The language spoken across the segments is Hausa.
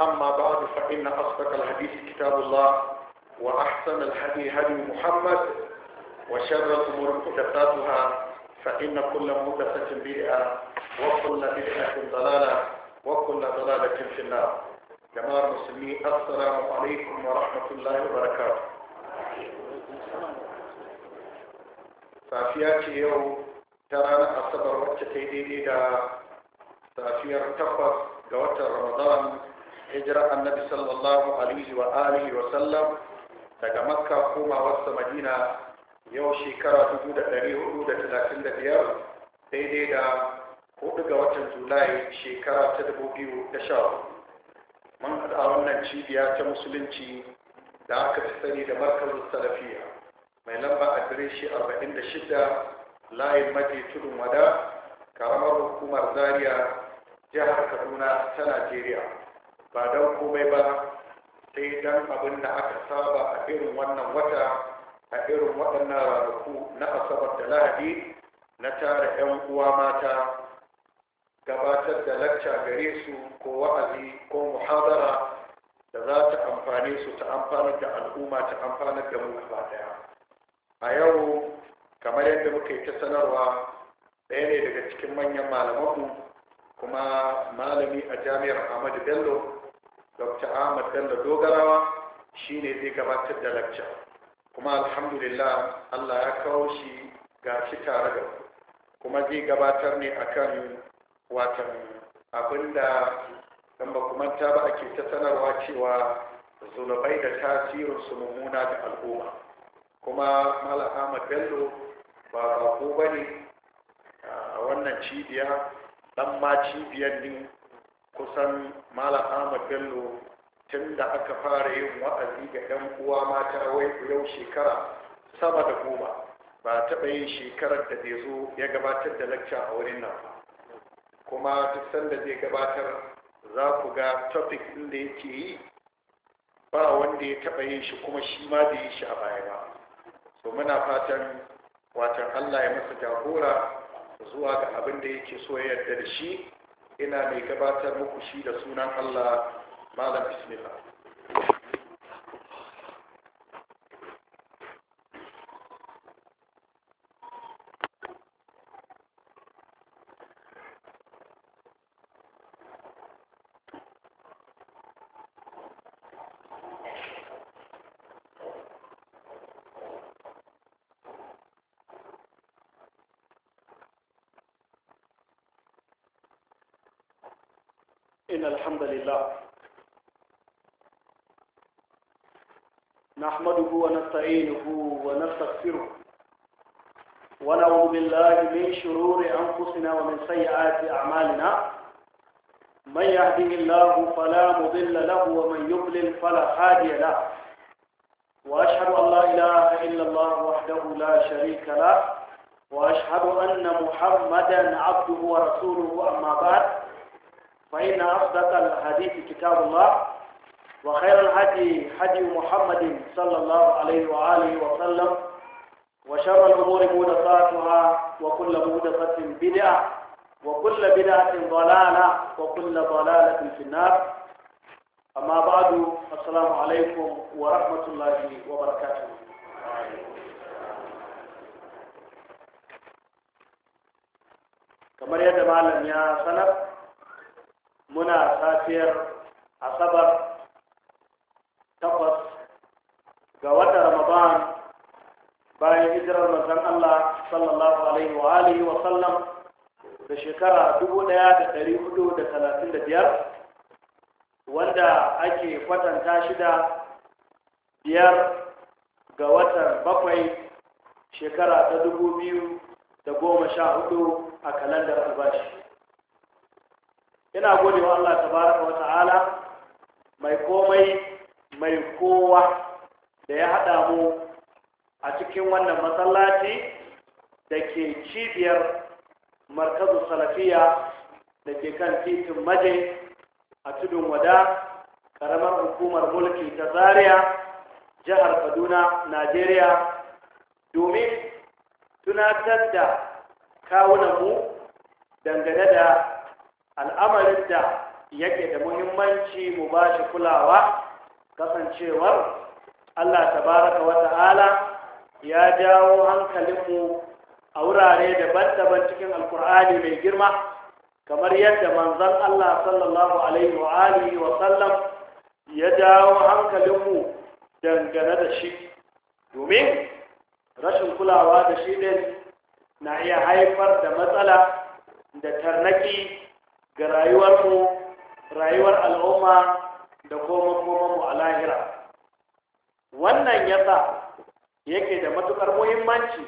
أما بعد فإن أصدق الحديث كتاب الله وأحسن الحديث هدي محمد وشر الأمور محدثاتها فإن كل محدثة بدعة وكل بدعة ضلالة وكل ضلالة في النار جماعة المسلمين السلام عليكم ورحمة الله وبركاته safiya ce yau ta ranar asabar wacce ta yi daidai da safiyar ga watan ramadan hijira annabi sallallahu alaihi wa alihi wa sallam daga makka koma wasu madina yau shekara 435 daidai da 4 ga watan julai shekara ta 2014 mun haɗa wannan cibiya ta musulunci da aka fi sani da markazin salafiya mai lamba adireshi 46 layin maje tudun wada karamar hukumar zaria jihar kaduna ta najeriya ba don komai ba sai don abin da aka saba a irin wannan wata a irin waɗannan ranaku na asabar da lahadi na tara 'yan uwa mata gabatar da lacca gare su ko wa'azi ko muhadara da za ta amfani su ta amfanar da al'umma ta amfanar da mu gaba daya a yau kamar yadda muka yi ta sanarwa ɗaya ne daga cikin manyan malamanku, kuma malami a jami'ar ahmadu bello Dokta ahmad bello dogarawa shi ne zai gabatar da lakca kuma alhamdulillah allah ya kawo shi ga shi tare da kuma zai gabatar ne akan watan abinda dan ba ta ba ake ta sanarwa cewa zunubai da tasirin su mummuna da al'umma kuma mala ahmad bello ba bako ba ne a wannan cibiya dan ma cibiyar din kusan malam ahmad bello tun da aka fara yin wa'azi ga 'yan uwa mata wai yau shekara sama da goma ba taɓa yin shekarar da zai zo ya gabatar da lacca a wurin nan kuma duk sanda zai gabatar za ku ga topic ɗin da yake yi ba wanda ya taɓa yin shi kuma shi ma da yi shi a baya ba so muna fatan watan allah ya masa jagora zuwa ga abin da yake so ya da shi ina mai gabatar muku shi da sunan Allah malam bismillah الحديث كتاب الله وخير الهدي هدي محمد صلى الله عليه وآله وسلم وشر الأمور مهدفاتها وكل مهدفة بدعة وكل بدعة ضلالة وكل ضلالة في النار أما بعد السلام عليكم ورحمة الله وبركاته kamar yadda malam ya sanar muna safiyar asabar takwas ga watan ramadan bayan hijirar manzon Allah sallallahu alaihi wa alihi wa sallam da shekara 1435 wanda ake kwatanta shi da biyar ga watan bakwai shekara ta 2014 a kalandar albashi ina gode wa Allah tabaraka wa ta'ala mai komai mai kowa da ya haɗa mu a cikin wannan masallaci da ke cibiyar markazu salafiya da ke kan titin maje a tudun wada karamar hukumar mulki ta zaria jihar kaduna najeriya domin tunatar da kawunanmu dangane da al'amarin da yake da muhimmanci mu ba shi kulawa kasancewar Allah tabaraka wa ta'ala ya jawo hankalinmu a wurare daban-daban cikin alkur'ani mai girma kamar yadda manzon Allah sallallahu alaihi wa wa sallam ya jawo hankalinmu dangane da shi domin rashin kulawa da shi ne na iya haifar da matsala da tarnaki ga rayuwarmu rayuwar al'umma da koma mu a lahira wannan yasa yake da matukar muhimmanci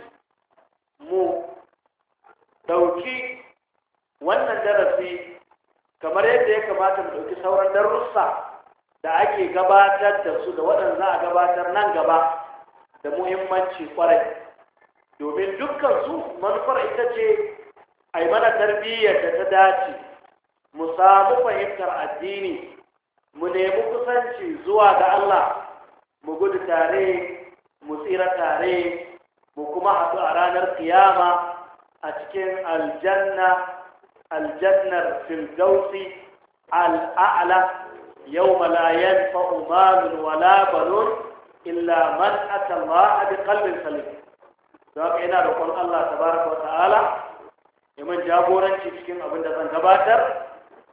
mu dauki wannan darasi kamar yadda ya kamata mu dauki sauran darussa da ake gabatar da su da waɗanda za a gabatar nan gaba da muhimmanci kwarai domin dukkan su manufar ita ce ai mana tarbiyyar da ta dace mu samu fahimtar addini mu nemi kusanci zuwa ga Allah mu gudu tare mu tsira tare mu kuma haɗu a ranar kiyama a cikin aljanna aljannar firdausi al'a'la yau malayan fa'umarin wala banon illa man aka a bi kalbin salim don haka yana roƙon Allah tabaraka wa ta'ala jagoranci cikin abin da zan gabatar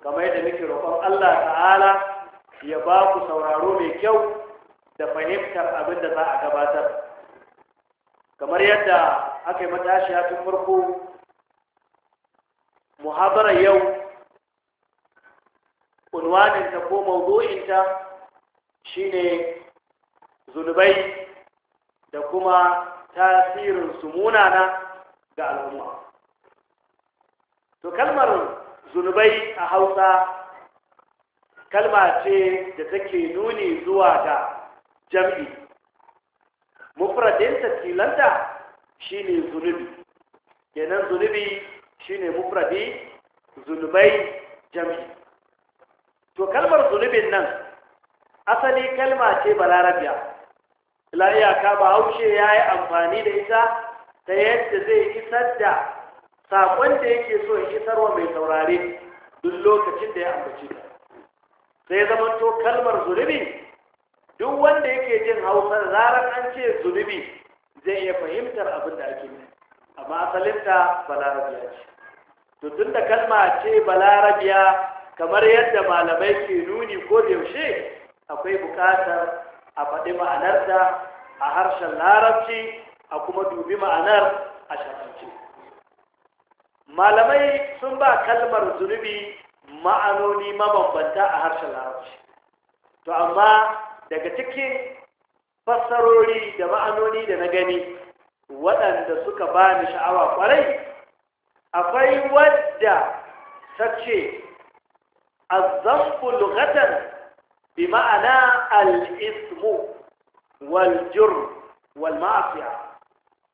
kamar yadda muke roƙon Allah ta'ala ya ba ku sauraro mai kyau da fahimtar abin da za a gabatar kamar yadda aka yi matashi ya tun farko muhabarar yau unwaninta ko mawdu'inta shine zunubai da kuma tasirin su munana ga al'umma to kalmar zunubai a hausa kalma ce da take nuni zuwa ga jam'i ta tilanta shine zunubi kenan zunubi shine mufradi zunubai jam'i to kalmar zunubin nan asali kalma ce balarabiya ila iyaka ba haushe ya yi amfani da ita ta yadda zai isar da saƙon da yake so ya isarwa mai saurare duk lokacin da ya ambaci ta sai to kalmar zunubi duk wanda yake jin hausa zarar an ce zunubi zai iya fahimtar abin da ake yi amma asalinta balarabiya ce to tun da kalma ce balarabiya kamar yadda malamai ke nuni ko da yaushe akwai buƙatar a faɗi ma'anarta a harshen larabci a kuma dubi ma'anar a sharance malamai sun ba kalmar zunubi ma'anoni mabambanta a harshen larabci to amma daga cikin fassarori da ma'anoni da na gani waɗanda suka ba ni sha'awa ƙwarai akwai wadda ta ce azamfu lugatan bi ma'ana al'ismu waljur wal ma'afiya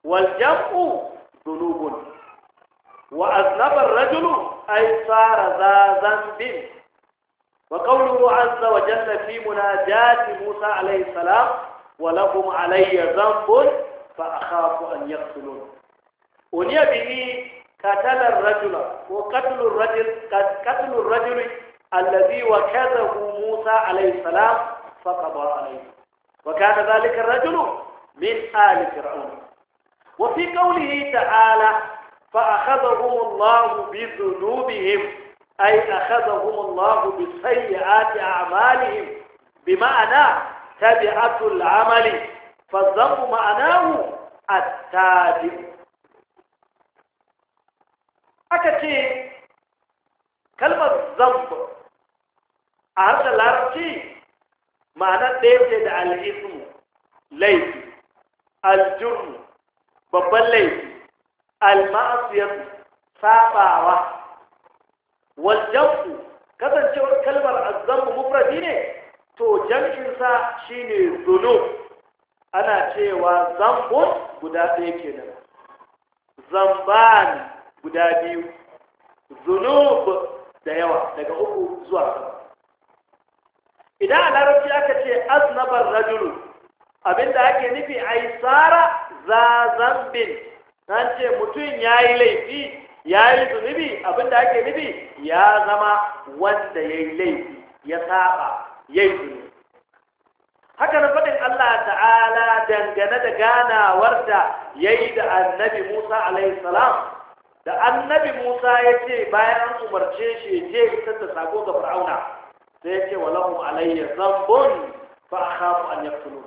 waljam'u zunubun وأذنب الرجل أي صار ذا ذنب وقوله عز وجل في مناجاة موسى عليه السلام ولهم علي ذنب فأخاف أن يقتلون أني به قتل الرجل وقتل الرجل قتل الرجل الذي وكذه موسى عليه السلام فقضى عليه وكان ذلك الرجل من آل فرعون وفي قوله تعالى فأخذهم الله بذنوبهم أي أخذهم الله بسيئات أعمالهم بمعنى تبعة العمل فالذنب معناه التادب أكتي كلمة ذنب أهل العربي معنى تيجد الإثم ليس الجرم بابا ليس al-ma'siyat safawa wal jam'u kasancewar kalmar azzamu mufradi ne to jam'in sa shine zunub ana cewa zambun guda ɗaya kenan zamban guda biyu zunub da yawa daga uku zuwa idan a larabci aka ce aznabar rajulu abinda ake nufi aisara za zambin an ce mutum ya yi laifi ya yi zunubi abinda ake nubi ya zama wanda ya yi laifi ya saba ya yi zunubi haka na faɗin Allah ta'ala dangane da ganawar da ya yi da annabi Musa alaihissalam da annabi Musa ya ce bayan an umarce shi ya je ta ta sako ga fir'auna sai ya ce walahu alayya zambon fa akhafu an yaqtulun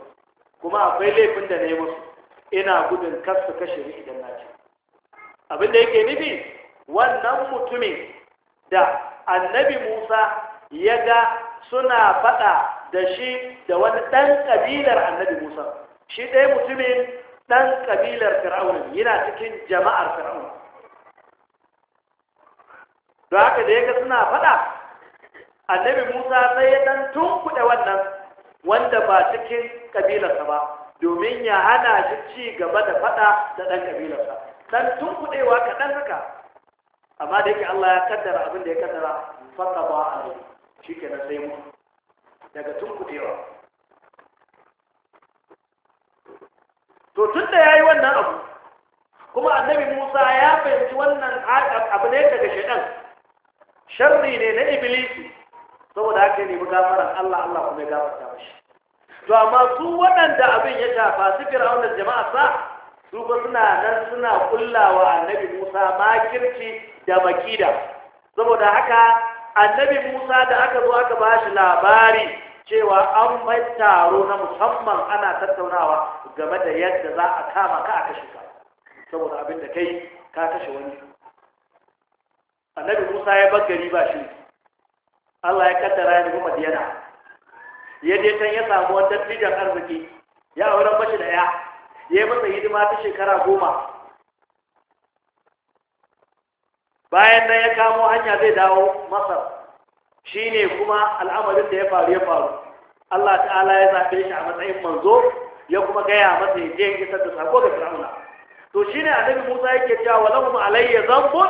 kuma akwai laifin da na yi musu ina gudun kar kashe ni idan na ce. abin da yake nufi wannan mutumin da annabi musa ya ga suna faɗa da shi da wani ɗan ƙabilar annabi musa shi ɗaya mutumin ɗan ƙabilar fir'aunin yana cikin jama'ar fir'aunin da haka da ya ga suna faɗa annabi musa sai ya ɗan tunkuɗe wannan wanda ba cikin ƙabilarsa ba domin ya hada shi ci gaba da fada da ɗan ƙabilarsa dan tun kuɗewa kaɗan haka amma da yake Allah ya kaddara abin da ya kaddara fata ba a rai shi ke na sai mu daga tun kuɗewa to tun da ya yi wannan abu kuma annabi musa ya fahimci wannan abu ne daga shaɗan sharri ne na iblisi saboda haka ne mu gafaran Allah Allah kuma ya gafarta mashi to amma su waɗanda abin ya shafa su fir'aunar jama'a sa su ba suna nan suna kullawa annabi musa makirci da makida saboda haka annabi musa da aka zo aka ba shi labari cewa an bai taro na musamman ana tattaunawa game da yadda za a kama ka a kashe ka saboda abin da kai ka kashe wani annabi musa ya bar gari ba shi Allah ya kaddara ya nufi madiyana ya je can ya samu wata dattijan arziki ya auren mashi da ya ya masa hidima ta shekara goma bayan nan ya kamo hanya zai dawo masar shine kuma al'amarin da ya faru ya faru Allah ta'ala ya zaɓe shi a matsayin manzo ya kuma gaya masa ya je ya isar da sako ga fir'auna to shine annabi Musa yake cewa wa lahum alayya dhanbun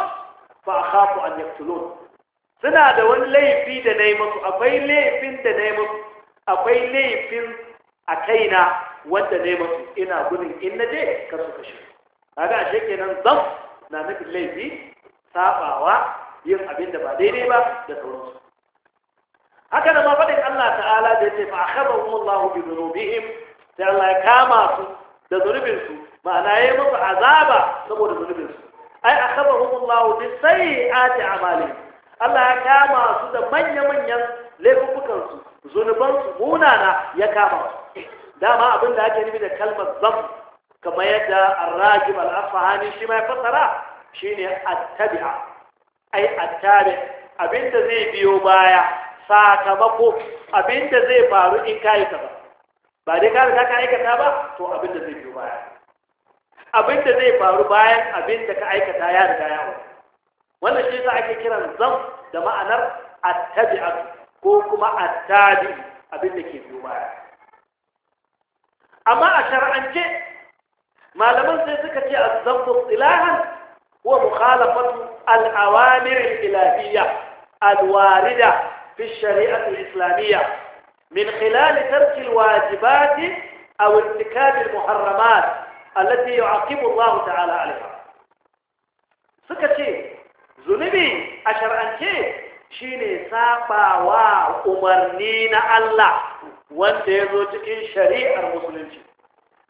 fa akhafu an yaqtulun suna da wani laifi da nayi musu akwai laifin da nayi musu akwai laifin a kaina wanda ne masu ina gudun in na je kar su kashe kaga ashe nan zam na nufin laifi sabawa yin abin da ba daidai ba da sauransu haka da faɗin Allah ta'ala da yake fa a Allah bi dhunubihim sai Allah ya kama su da zunubinsu su ma'ana yi musu azaba saboda zunubin su ai akhadahum Allah bi ti a'malihim Allah ya kama su da manya-manyan laifukan su zunuban munana ya kama dama abin da ake nufi da kalmar zam kamar yadda arrajib al-asfahani shi ma ya fassara shine attabi'a ai attabi da zai biyo baya sakamako abin da zai faru in kai ta ba Ba dai ka riga ka aikata ba to abin da zai biyo baya Abin da zai faru bayan abin da ka aikata ya riga ya wannan shi yasa ake kiran zam da ma'anar attabi'a ko kuma attabi abin da ke biyo baya amma a shar'ance malaman sai suka ce azzabtu ilahan wa mukhalafatu al-awamir al-ilahiyya al-warida fi shari'ah al-islamiyya min khilal tark al-wajibat aw irtikab al-muharramat التي يعاقب الله تعالى عليها suka ce zunubi a shar'ance shine sabawa umarni na Allah wanda ya zo cikin shari'ar musulunci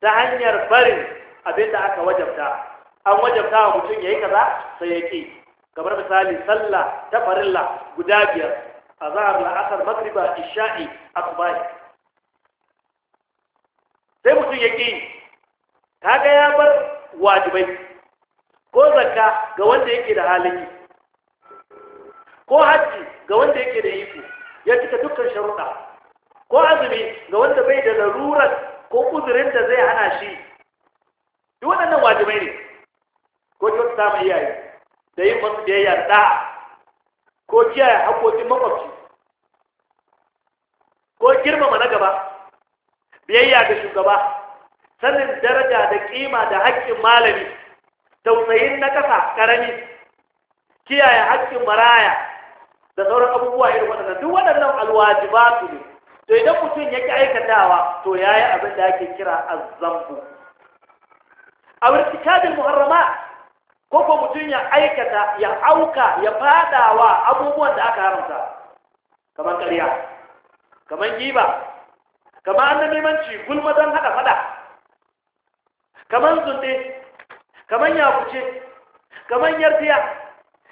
ta hanyar barin abinda aka wajabta an wajabta wa mutum ya yi kaza sai ya ƙi kamar misali sallah ta farilla guda biyar a za'ar la'asar makriba isha'i asbahi sai mutum ya ta kaga ya bar wajibai ko zakka ga wanda yake da halin ko hajji ga wanda yake da iko ya cika dukkan sharuɗa ko azumi ga wanda bai da larurar ko uzurin da zai hana shi duk waɗannan wajibai ne ko kyautata mai iyaye da yin masu ya da ko kiyaye haƙoƙin makwabci ko girmama na gaba biyayya ga shugaba sanin daraja da ƙima da haƙƙin malami tausayin na ƙasa ƙarami kiyaye haƙƙin maraya da sauran abubuwa irin waɗannan duk waɗannan su ne to idan mutum ya ki aikatawa to ya yi abin da ake kira azzambu a wurtikadin muharrama ko ko mutum ya aikata ya auka ya fadawa abubuwan da aka haramta kamar ƙarya kamar giba kamar annamimanci gulma don haɗa fada kamar zunde kamar yakuce kamar yarfiya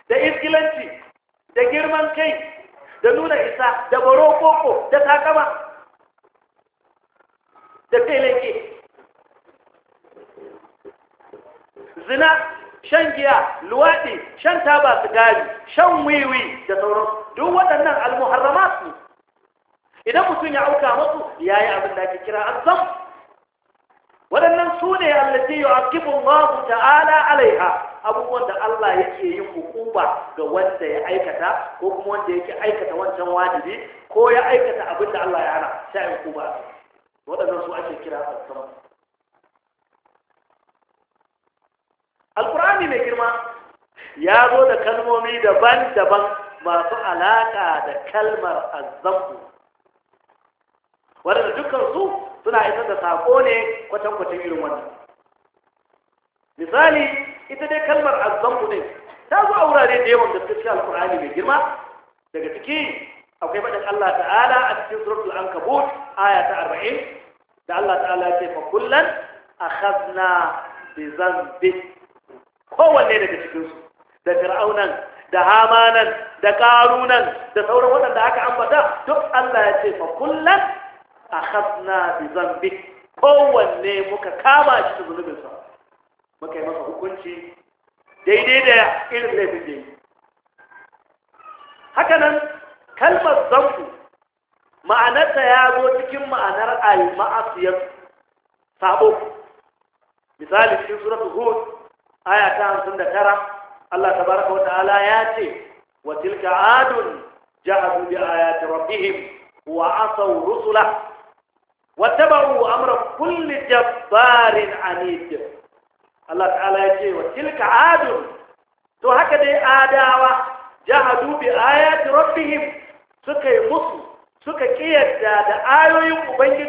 da iskilanci da girman kai da nuna isa da baro koko da takama da tailake zina shan giya luwaɗi shan taba sigari shan wiwi da sauran. duk waɗannan almuharramat idan mutum ya auka masu ya yi abin da ake kira azam waɗannan su ne allazi yu'aqibu ta'ala alaiha abubuwan da Allah yake yin hukuma ga wanda ya aikata ko kuma wanda yake aikata wancan wajibi ko ya aikata abin da Allah ya hana sai ya hukuma waɗannan su ake kira al-sama alkur'ani mai girma ya zo da kalmomi daban-daban masu alaƙa da kalmar azzabu waɗanda dukkan su suna isar da saƙo ne kwatankwacin irin wannan misali ita dai kalmar azzambu ne ta zo a wurare da yawan gaske alkur'ani mai girma daga ciki akwai faɗin Allah ta'ala a cikin suratul ankabut aya ta arba'in, da Allah ta'ala ce fa kullan akhadna bi zambi kowanne daga cikinsu, da fir'aunan da hamanan da karunan da sauran waɗanda aka ambata duk Allah ya ce fa kullan akhadna bi zambi kowanne muka kama shi da zunubinsa maka yi maka hukunci daidai da irin laifin da yi hakanan kalmar zanku ma'anarta ya zo cikin ma'anar al-ma'asiyar sabo misali cikin suratul hud aya ta tara. Allah ta baraka wa ta'ala ya ce wa tilka adun jahadu bi ayati rabbihim wa asaw rusula wa tabu amra kulli jabbarin anid Allah ta'ala ya ce wa tilka adun to haka dai adawa jahadu bi ayati rabbihim suka yi musu suka kiyarda da ayoyin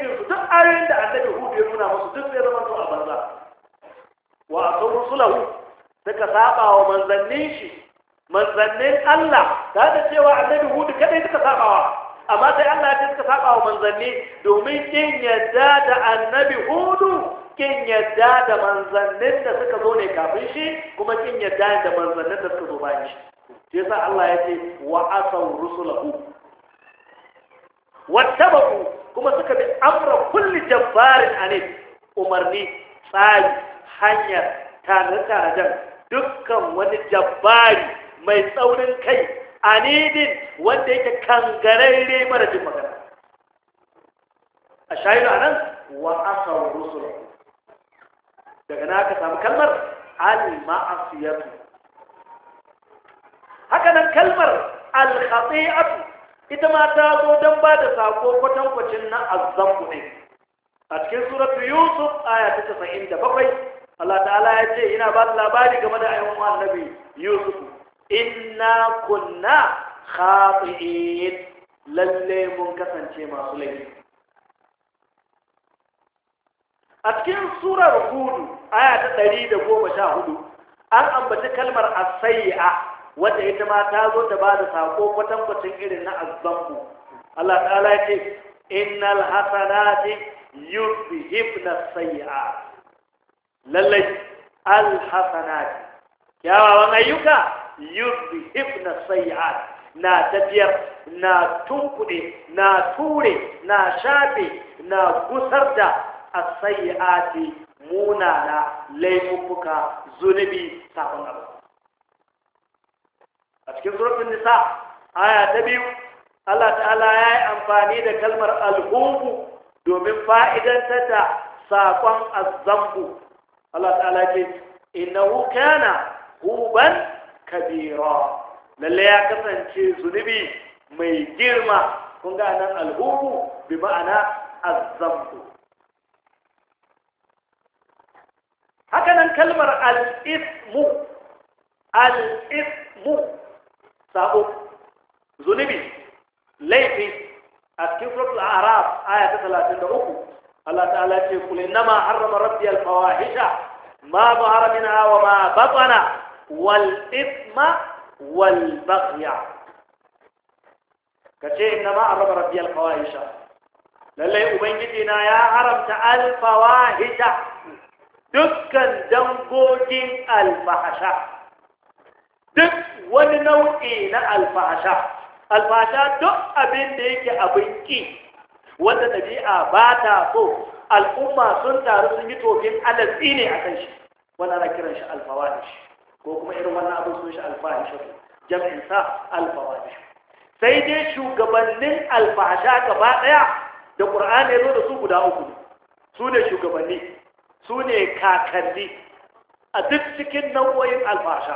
su duk ayoyin da annabi hudu ya nuna musu duk sai zama a banza wa asau rusulahu suka saba wa manzannin shi manzannin Allah ta da cewa annabi hudu kadai suka wa amma sai Allah ya suka saba wa manzanni domin kin yadda da annabi hudu kin yadda da manzannin da suka zo ne kafin shi kuma kin yadda da manzannin da suka zo bayan shi shi yasa Allah ya ce wa asaw rusulahu wattabu kuma suka bi amra kulli jabbarin anid umarni tsari hanyar tare-taren dukkan wani jabbari mai tsaurin kai anidin wanda yake kangararre mara jin magana a anan wa daga na aka samu kalmar al-ma'asiyatu haka nan kalmar al-khati'atu ita ma ta zo don ba da sako kwatankwacin na azzabu ne a cikin suratu yusuf aya ta da bakwai. Allah ta'ala ya ce ina ba labari game da ayyukan annabi yusuf inna kunna khati'in lalle mun kasance masu laifi a cikin surar hudu aya ta ɗari da goma sha hudu an ambaci kalmar asayya wadda ita ma ta zo ta ba da saƙo kwatankwacin irin na azzambu Allah ta'ala ya ce innal hasanati yuzhibna sayya lallai al hasanati kyawawan ayyuka yuzhibna sayya na tafiyar na tunkuɗe na ture na shafe na gusar da asayyati sayyiati munana laifuka zunubi sabon abu a cikin surfin nisa aya ta biyu Allah ta'ala ya yi amfani da kalmar alhubu domin fa'idanta da sakon azambu Allah ta'ala ce ina hukana huban kabira lalle ya kasance zunubi mai girma kun ga nan alhubu bi ma'ana azambu haka nan kalmar al'ismu al'ismu sabo zunubi laifi a cikin suratul araf aya ta uku, Allah ta'ala ce kul innama harama rabbi al fawahisha ma zahara minha wa ma batana wal ithma wal baghya kace innama harrama rabbi al fawahisha ubangiji na ya haramta al fawahisha dukkan dangogin alfahasha duk wani nau'i na alfahasha alfahasha duk abin da yake abin ki wanda ɗabi'a ba ta so al'umma sun taru sun yi tofin alatsi ne a kan shi wani ana kiran shi alfawahish ko kuma irin wannan abin sun shi alfahish jam'in sa alfawahish sai dai shugabannin alfahasha gaba ɗaya da ƙur'ani ya zo da su guda uku ne su ne shugabanni su ne kakanni a duk cikin nau'o'in alfasha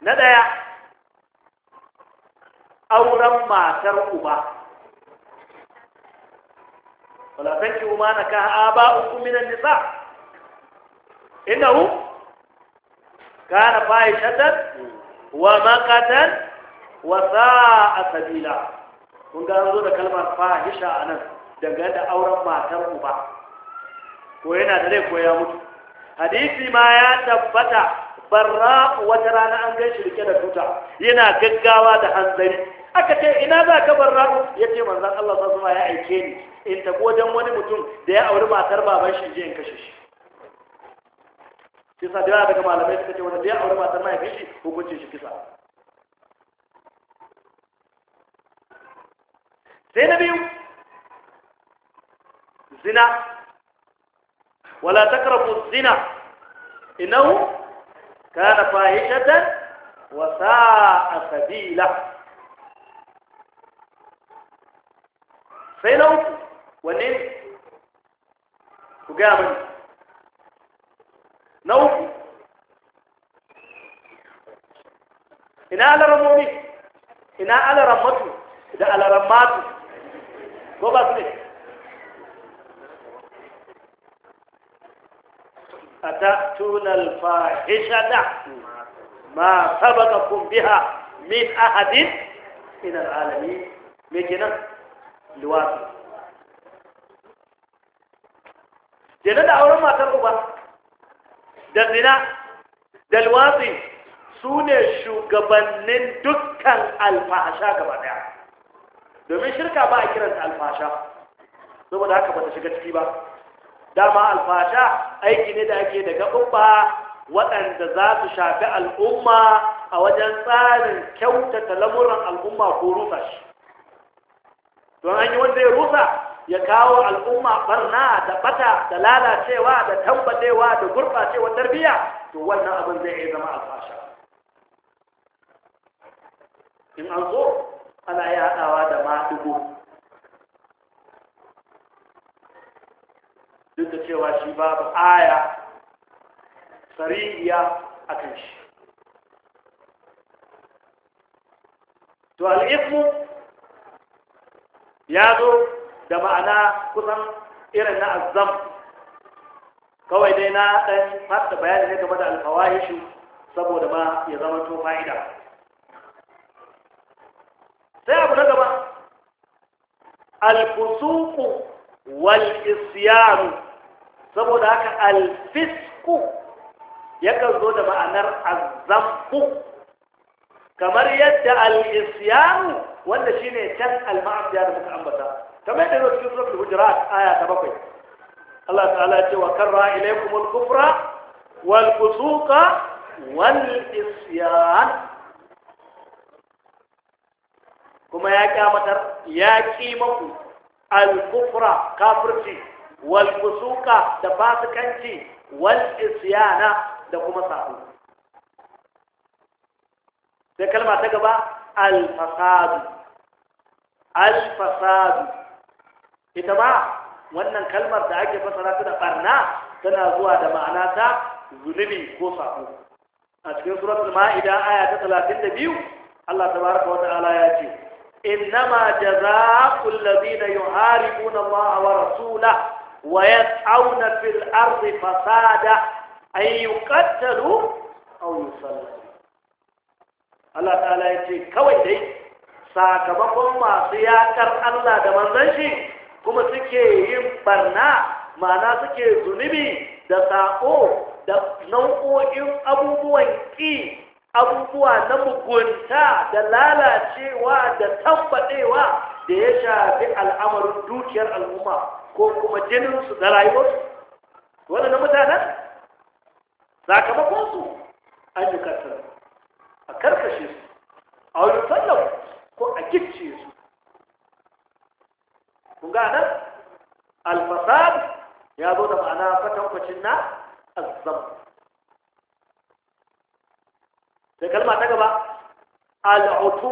na ɗaya auren matar uba wala tanki uba na ka aba uku minan nisa innahu kana fahishatan wa makatan wa sa'a sabila kun ga an zo da kalmar fahisha anan daga da auren matar uba ko yana da rai ya mutu hadisi ma ya tabbata barra wata rana an gan shi rike da tuta yana gaggawa da hanzari aka ce ina za ka barra ya ce manzan Allah sa zuma ya aike ni in ta wajen wani mutum da ya auri matar baban shi je in kashe shi kisa da yawa daga malamai suka ce wanda da ya auri matar mai shi hukuncin shi kisa sai na biyu الزنا ولا تقربوا الزنا إنه كان فاهشة وساء سبيلا فينو ونين وقامل نو إنا على رموني إنا على رمتي إذا على رماتي قبضني أتأتون الفاحشة ما سبقكم بها من أحد من العالمين مجنة لواسي جنة دعوة ما ترغبا دزنا دلواسي سونة شوغبنن دكان الفاحشة كبدا domin shirka ba a kiranta alfasha saboda haka ba ta shiga ciki ba dama alfasha aiki ne da ake da gaɓuɓɓa waɗanda za su shafi al'umma a wajen tsarin kyautata lamuran al'umma ko rusa shi don an yi wanda ya rusa ya kawo al'umma barna da bata da lalacewa da tambadewa da gurɓacewa tarbiyya to wannan abin zai iya zama alfasha in an zo ana yaɗawa da maɗigo duk da cewa shi babu aya sari'iya a kan shi to al'ifmu ya zo da ma'ana kusan irin na azam kawai dai na ɗan haɗa bayani ne game da alfawahishu saboda ma ya zama to fa'ida sai abu na gaba alfusuku wal isyanu saboda haka alfisku yakan zo da ma'anar azambu kamar yadda al-isyanu wanda shine can al da ya ambata kamar yadda cikin da hujurat aya ta bakwai Allah ta'ala ya ce wa karra ilaykum al-kufra wal fusuqa wal isyan kuma ya kyamatar ya ki maku al-kufra kafirci wal da fasikanci wal da kuma sabo sai kalma ta gaba alfasadu. Alfasadu. ita ma wannan kalmar da ake fasara ta da barna tana zuwa da ma'ana ta zunubi ko sabo a cikin suratul ma'ida aya ta 32 Allah tabaraka wa ta'ala ya ce innama jazaa'ul ladina yuharibuna Allah wa rasulahu ويسعون auna الأرض فسادا أن يقتلوا أو يصلبوا Allah ta'ala ya ce kawai dai sakamakon masu yaƙar Allah da manzan shi kuma suke yin barna ma'ana suke zunubi da saƙo da nau'o'in abubuwan ƙi abubuwa na mugunta da lalacewa da tambaɗewa da ya shafi al'amarin dukiyar al'umma ko kuma jininsu da rayuwarsu na mutanen sakamakonsu an yi kasar a karkashe su a wani sallar ko a gicce su kun gane alfasad ya zo da ma'ana kwatankwacin na azam sai kalma ta gaba al'utu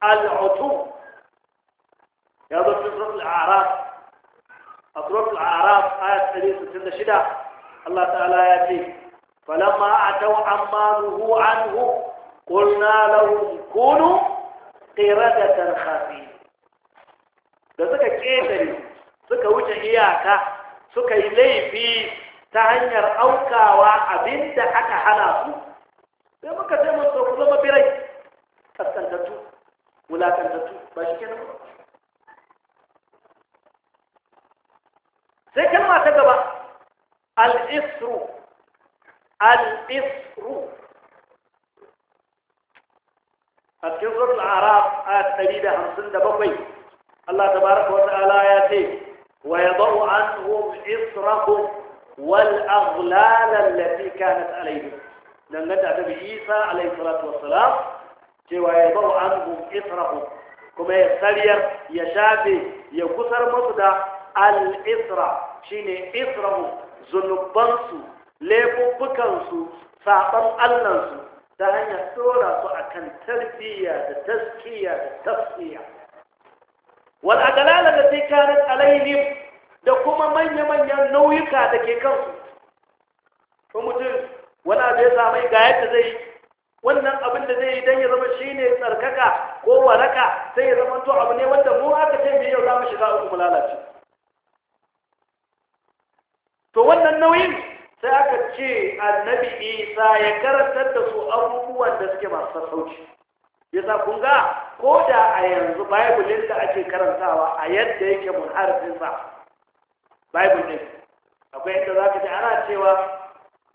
al'utu ya zo cikin surat al'araf a suratul araf ayat 166 Allah ta'ala ya ce falamma atau amma nuhu anhu qulna lahum kunu qiradatan khafin da suka ketare suka wuce iyaka suka yi laifi ta hanyar aukawa abinda aka hana su sai muka ce musu ku zama birai kaskantattu wulakantattu ba shi kenan ba sai kalma ta gaba al-isru al-isru a cikin suratul araf a bakwai. Allah ta tabaraka wata Ala ya ce wa ya yadau anhum israhum wal aghlal allati kanat alayhim danganta da bi Isa alayhi salatu wassalam cewa yadau anhum israhum kuma ya sariyar ya shafe ya kusar musu da al-isra shine israhu zunubansu laifukansu saɓan allansu ta hanyar tsora su kan tarbiyya da taskiya da tafsiya wal adalala da sai kanat alaihim da kuma manya-manyan nauyuka da ke kansu ko mutum wani abu ya samu ga yadda zai wannan abin da zai yi don ya zama shi ne tsarkaka ko waraka sai ya zama to abu ne wanda mu aka ce yau za mu shiga uku mu lalace to wannan nauyin sai aka ce annabi isa ya karantar da su abubuwan da suke masu sassauci yasa kun ga ko da a yanzu bible da ake karantawa a yadda yake munharfin sa bible ne akwai yadda za ka ji ana cewa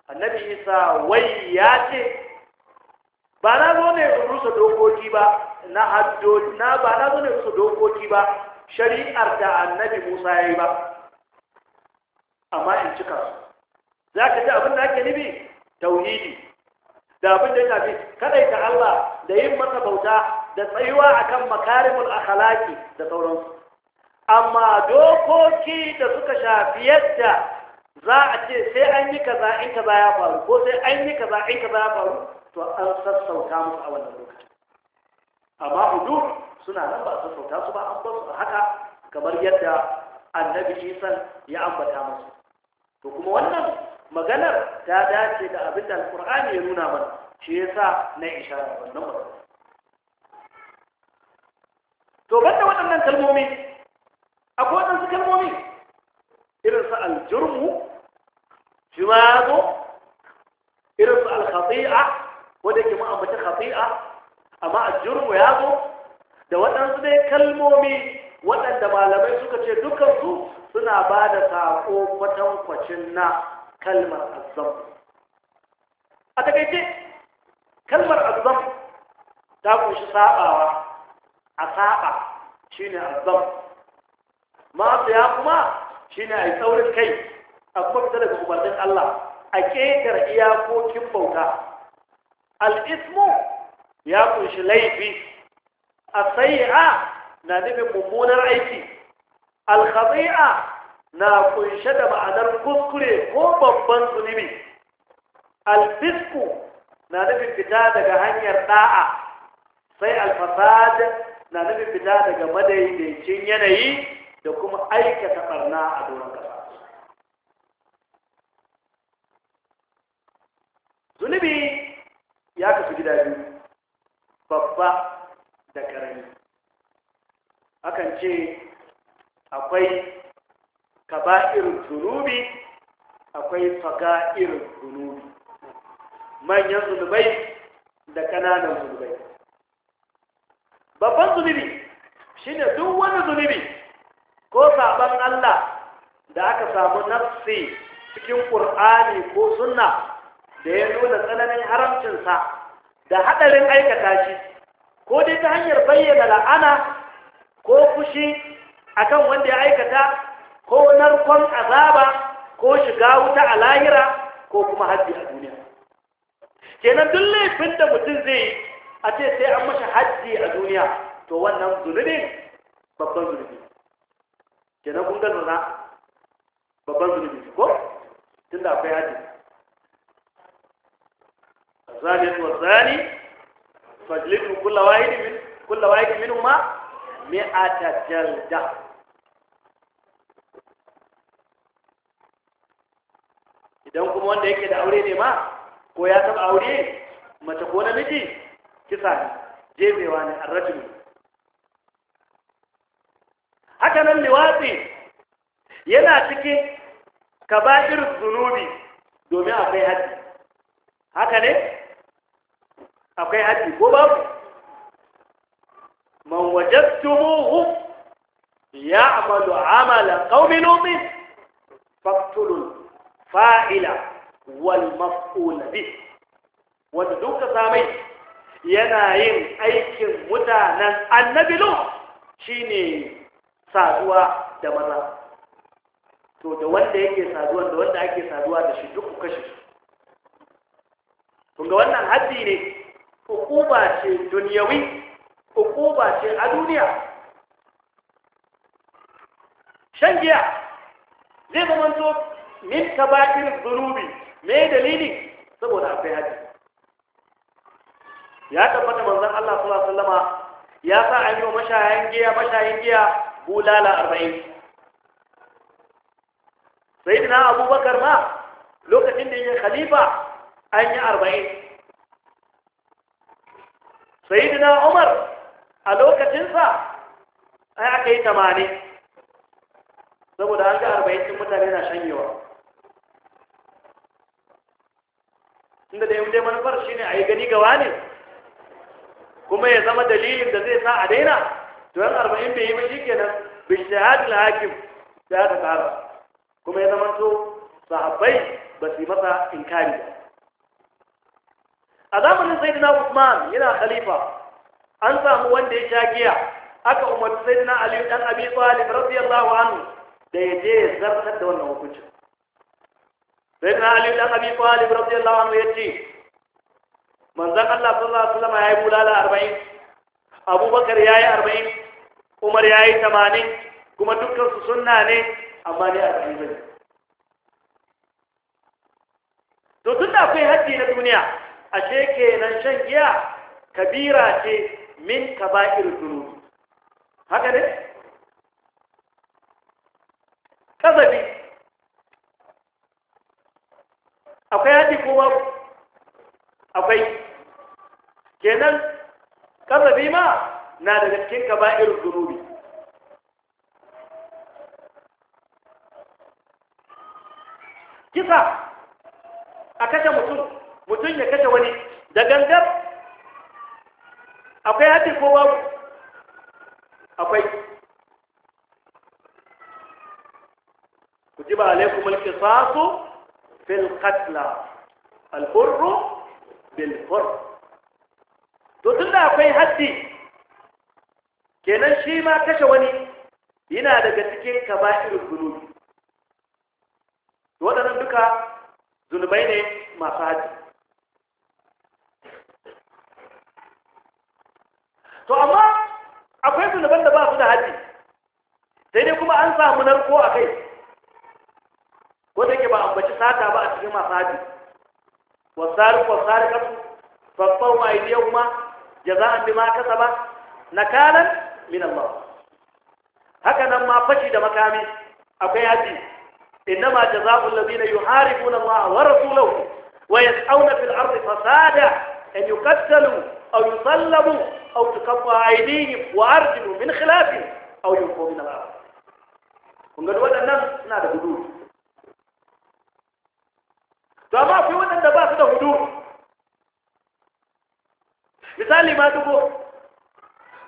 annabi isa wai ya ce ba na zo ne rusa dokoki ba na haddo na ba na zo ne rusa dokoki ba shari'ar da annabi musa ya yi ba cika su za ka ji abin da ake nufi tauhidi da abin da ya shafi kadai ta Allah da yin masa bauta da tsayuwa akan makarimul akalaki da sauransu amma dokoki da suka shafi yadda za a ce sai an yi kaza in kaza ya faru ko sai an yi kaza in kaza ya faru to an sassauta musu a wannan lokaci amma hudu suna nan ba sassauta su ba an ba su haka kamar yadda annabi isan ya ambata musu to kuma wannan maganar ta dace da abin da alkur'ani ya nuna mana shi yasa na ishara wannan magana to banda waɗannan kalmomi akwai waɗansu kalmomi irin su aljurmu shi ma ya zo irin su alkhati'a wanda ke ma'ambata khati'a amma aljurmu ya zo da waɗansu dai kalmomi waɗanda malamai suka ce dukansu suna ba da saƙo kwatankwacin na kalmar azzam a takaice kalmar azzam ta kunshi saɓawa a saɓa shi ne azzam masu ya kuma shi ne a yi tsaurin kai a kuma fita daga umarnin Allah a ƙetar iyakokin bauta al'ismu ya kunshi laifi a A. na nufin mummunar aiki alkhati'a na kunshe da ma'anar kuskure ko babban zunubi alfisku na nufin fita daga hanyar da'a sai alfasad na nufin fita daga madaidaicin yanayi da kuma aikata barna a doron kasa zunubi ya kasu gida biyu babba da karami akan ce akwai kaba'ir zunubi akwai faga'irin zunubi manyan zunubai da kananan zunubai babban zunubi shine duk wani zunubi ko saban Allah da aka samu nafsi cikin ƙur'ani ko sunna da ya nuna tsananin haramcinsa da haɗarin aikata shi ko dai ta hanyar bayyana la'ana ko fushi akan wanda ya aikata ko narkon azaba ko shiga wuta a lahira ko kuma haddi a duniya kenan duk laifin da mutum zai yi a ce sai an mashi haddi a duniya to wannan zunubi babban zunubi kenan kun gano na babban zunubi ko tun da akwai haddi zani wa zani fajlitu kulla wahidin min kulla wahidin ma? mi'ata jalda idan kuma wanda yake da aure ne ma ko ya taba aure mace ko namiji kisa ne jefewa ne haka nan liwatsi yana cikin kaba'ir zunubi domin akwai haji haka ne akwai haji ko babu man wajadtumuhu ya'malu amala qaumin lutin faqtulul fa'ila wal maf'ul bih wanda duka samai yana yin aikin mutanen annabi lut shine saduwa da maza to da wanda yake saduwa da wanda ake saduwa da shi duk kashe shi kun ga wannan haddi ne hukuma ce dunyawi hukuba ce a duniya shan giya zai zamanto min kaba'ir zunubi me dalili saboda akwai haji ya tabbata manzon Allah sallallahu alaihi wasallama ya sa an yi wa giya mashayin giya bulala arba'in sai na abubakar ma lokacin da yake khalifa an yi arba'in sai na umar a lokacinsa yi aka yi tamani saboda an ga arba'in ɗin mutane na shanyewa inda da yawon manufar shi ne a yi gani gawa ne kuma ya zama dalilin da zai sa a daina to yan arba'in bai yi ba shi kenan bishahadul hakim da aka tsara kuma ya zama to sahabbai ba su yi masa inkari ba a zamanin saidina usman yana khalifa an samu wanda ya sha giya aka umarci sai na aliyu dan abi talib radiyallahu anhu da ya je ya zartar da wannan hukuncin sai na aliyu dan abi talib radiyallahu anhu ya ce manzon Allah sallallahu alaihi wasallam ya yi bulala 40 abubakar ya yi 40 umar ya yi 80 kuma dukkan su sunna ne amma ne cikin bane to tunda da akwai haddi na duniya ashe kenan shan giya kabira ce min kaba'ir dunubi haka ne kazabi akwai haɗi ko ba akwai kenan kazabi ma na da cikin kaba'ir dunubi kisa a kashe mutum mutum ya kashe wani da gangar akwai haddi ko babu akwai kujiba alaikum alqisasu fil qatla al hurru bil hurr to tunda akwai haddi kenan shi ma kashe wani yana daga cikin kaba'irul zunubi wadannan duka zunubai ne masu haddi to amma akwai zunuban da ba su da haji sai dai kuma an samu narko a kai ko da ke ba ambaci sata ba a cikin masu haji wasari wasari kasu babban wa idiyar kuma jaza'an bi ma kasa ba na nakalan minan Allah haka nan ma fashi da makami akwai haji innama jazaa'ul ladina yuharibuna Allah wa rasulahu wa yas'awna fil ardi fasada an yuqtalu aw yusallabu أو تقطع أيديهم وأرجلهم من خلافهم أو ينفوا من الأرض kun ga waɗannan suna da hudu to amma akwai waɗanda ba su da hudu misali ma dubu,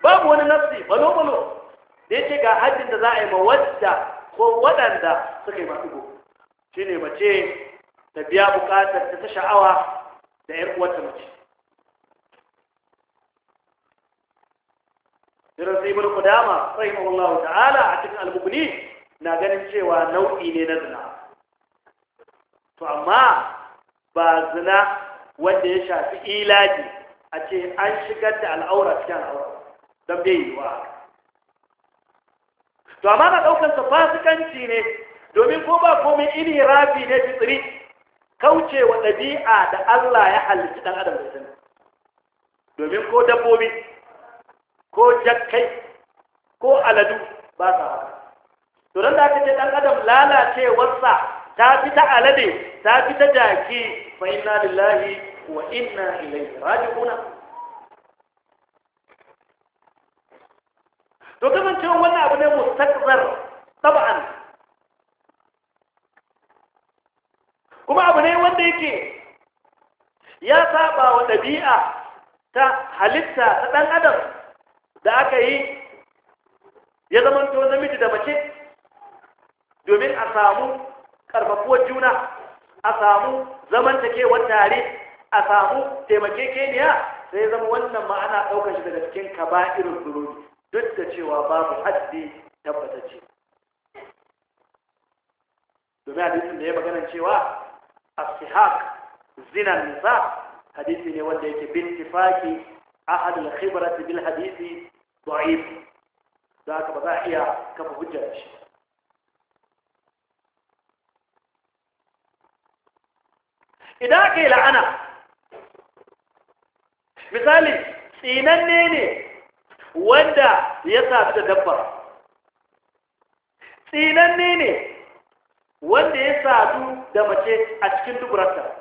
babu wani nafsi balo-balo da ga haddin da za a yi ma wadda ko waɗanda suka yi ma dubo shi ne mace ta biya buƙatar ta sha'awa da 'yar uwarta mace irin sai ibn qudama rahimahullahu ta'ala a cikin al na ganin cewa nau'i ne na zina to amma ba zina wanda ya shafi ilaji a ce an shigar da al'aura cikin al'aura don bai yi wa to amma na daukar sa fasikanci ne domin ko ba komai ini rafi ne fitri kauce wa ɗabi'a da Allah ya halitta ɗan adam da domin ko dabbobi ko jakkai ko aladu ba sa haka to don da aka ce dan adam lalacewarsa ta fi ta alade ta fi ta jaki fa inna lillahi wa inna ilaihi raji'un to cewa wannan abu ne mustaqbar tab'an kuma abu ne wanda yake ya saba wa ɗabi'a ta halitta ta ɗan adam da aka yi ya zamanto namiji da mace domin a samu ƙarfafuwar juna a samu zamantakewar tare a samu taimakekeniya sai zama wannan ma'ana ɗaukar shi daga cikin kaba'irin zurubi duk da cewa babu haddi ce. domin hadisin da ya magana cewa a zinan nisa hadisi ne wanda yake bin tifaki ahad al-khibrat bil hadisi da'if da ka ba za a iya kafa hujja shi idan ka la'ana misali tsinanne ne wanda ya sadu da dabba tsinanne ne wanda ya sadu da mace a cikin duburarta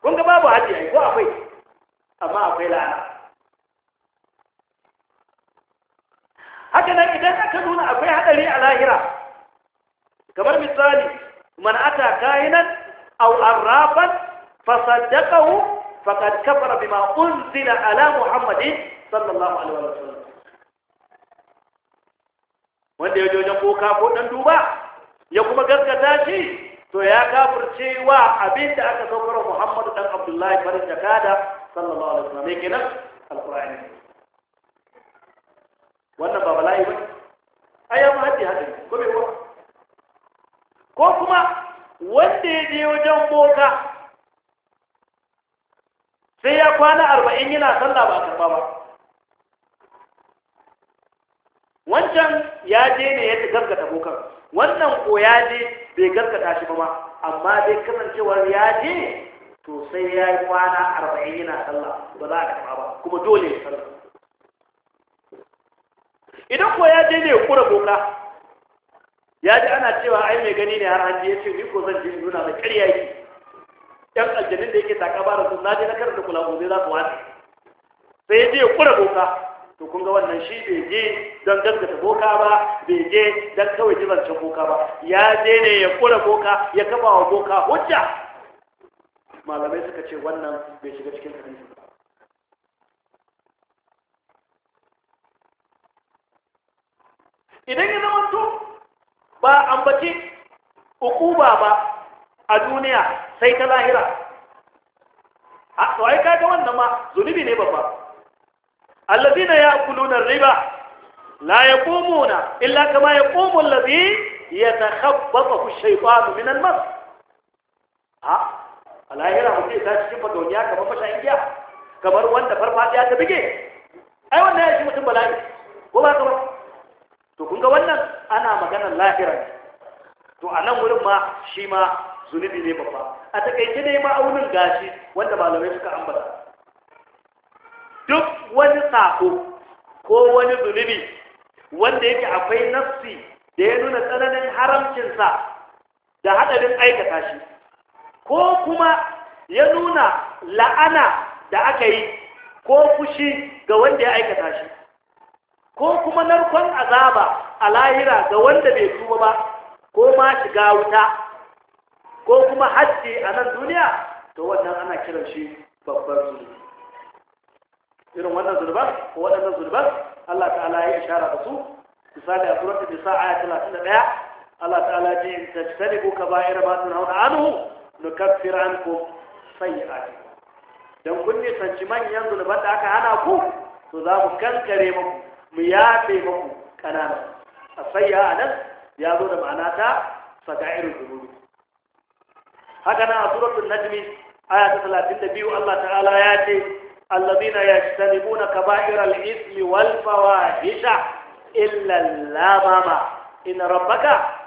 kun ga babu hajji ko akwai amma akwai la'ana haka nan idan aka nuna akwai haɗari a lahira kamar misali man ata kayinan aw arrafan fasaddaqahu faqad kafara bima zina ala muhammadin sallallahu alaihi wa sallam wanda ya jojo koka ko dan duba ya kuma gaskata shi to ya kafurce wa abinda aka saukar Muhammadu ɗan Abdullahi farin jakada sallallahu alaihi wasallam ne kenan alqur'ani wannan ba bala'i ba ayya ma haddi haddi ko bai ko kuma wanda ya je wajen boka sai ya kwana arba'in yana sallah ba a karba ba wancan ya je ne ya gaskata bokan wannan ko ya je bai gaskata shi ba ma amma dai kasancewar ya je to sai ya yi kwana arba'in yana sallah ba za a karɓa ba kuma dole ya sallah idan ko ya je ne ya kura boka ya ji ana cewa ai mai gani ne har hanji ya ce ni ko zan je nuna mai ƙarya yi ɗan aljanin da yake taka bara sun zaje na karanta kula gobe za su wata. sai ya je ya kura boka to kun ga wannan shi bai je don gaskata boka ba bai je don kawai jizancin boka ba ya je ne ya kura boka ya kafa wa boka hujja malamai suka ce wannan bai shiga cikin hadisi ba idan ya zama to ba ambaci ukuba ba a duniya sai ta lahira a to ai kaga wannan ma zunubi ne babba allazina Na riba la yaqumuna illa kama yaqumu allazi yatakhabbathu ash-shaytanu min al-mas ha a lahira mutum ta cikin fadoniya kamar mashayin giya kamar wanda farfadiya ta bige ai wannan ya shi mutum bala'i ko ba kamar? to kun ga wannan ana maganar lahira ne to a nan wurin ma shi ma zunubi ne babba a takaice ne aunin gashi wanda malamai suka ambata duk wani sako ko wani zunubi wanda yake akwai nafsi da ya nuna tsananin haramcinsa da haɗarin aikata shi ko kuma ya nuna la'ana da aka yi ko fushi ga wanda ya aikata shi ko kuma narkon azaba a lahira ga wanda bai tuba ba ko ma shiga wuta ko kuma hajji a nan duniya to wannan ana kiran shi babbar zunubi irin wannan zunuban ko waɗannan zunuban Allah ta'ala ya ishara da su misali a suratul nisa aya 31 Allah ta'ala ya ce in tajtanibu kaba'ira ma tunhauna anhu nukaffir ankum sayyi'atikum dan kun sanci manyan zunuban da aka hana ku to za mu kankare muku mu yafe muku kanana a sayya a nan ya zo da ma'ana ta saga'irin zunubi haka nan a suratul najmi aya ta talatin da biyu Allah ta'ala ya ce allazina yajtanibuna kaba'iral ismi wal illan illa al-lamama in rabbaka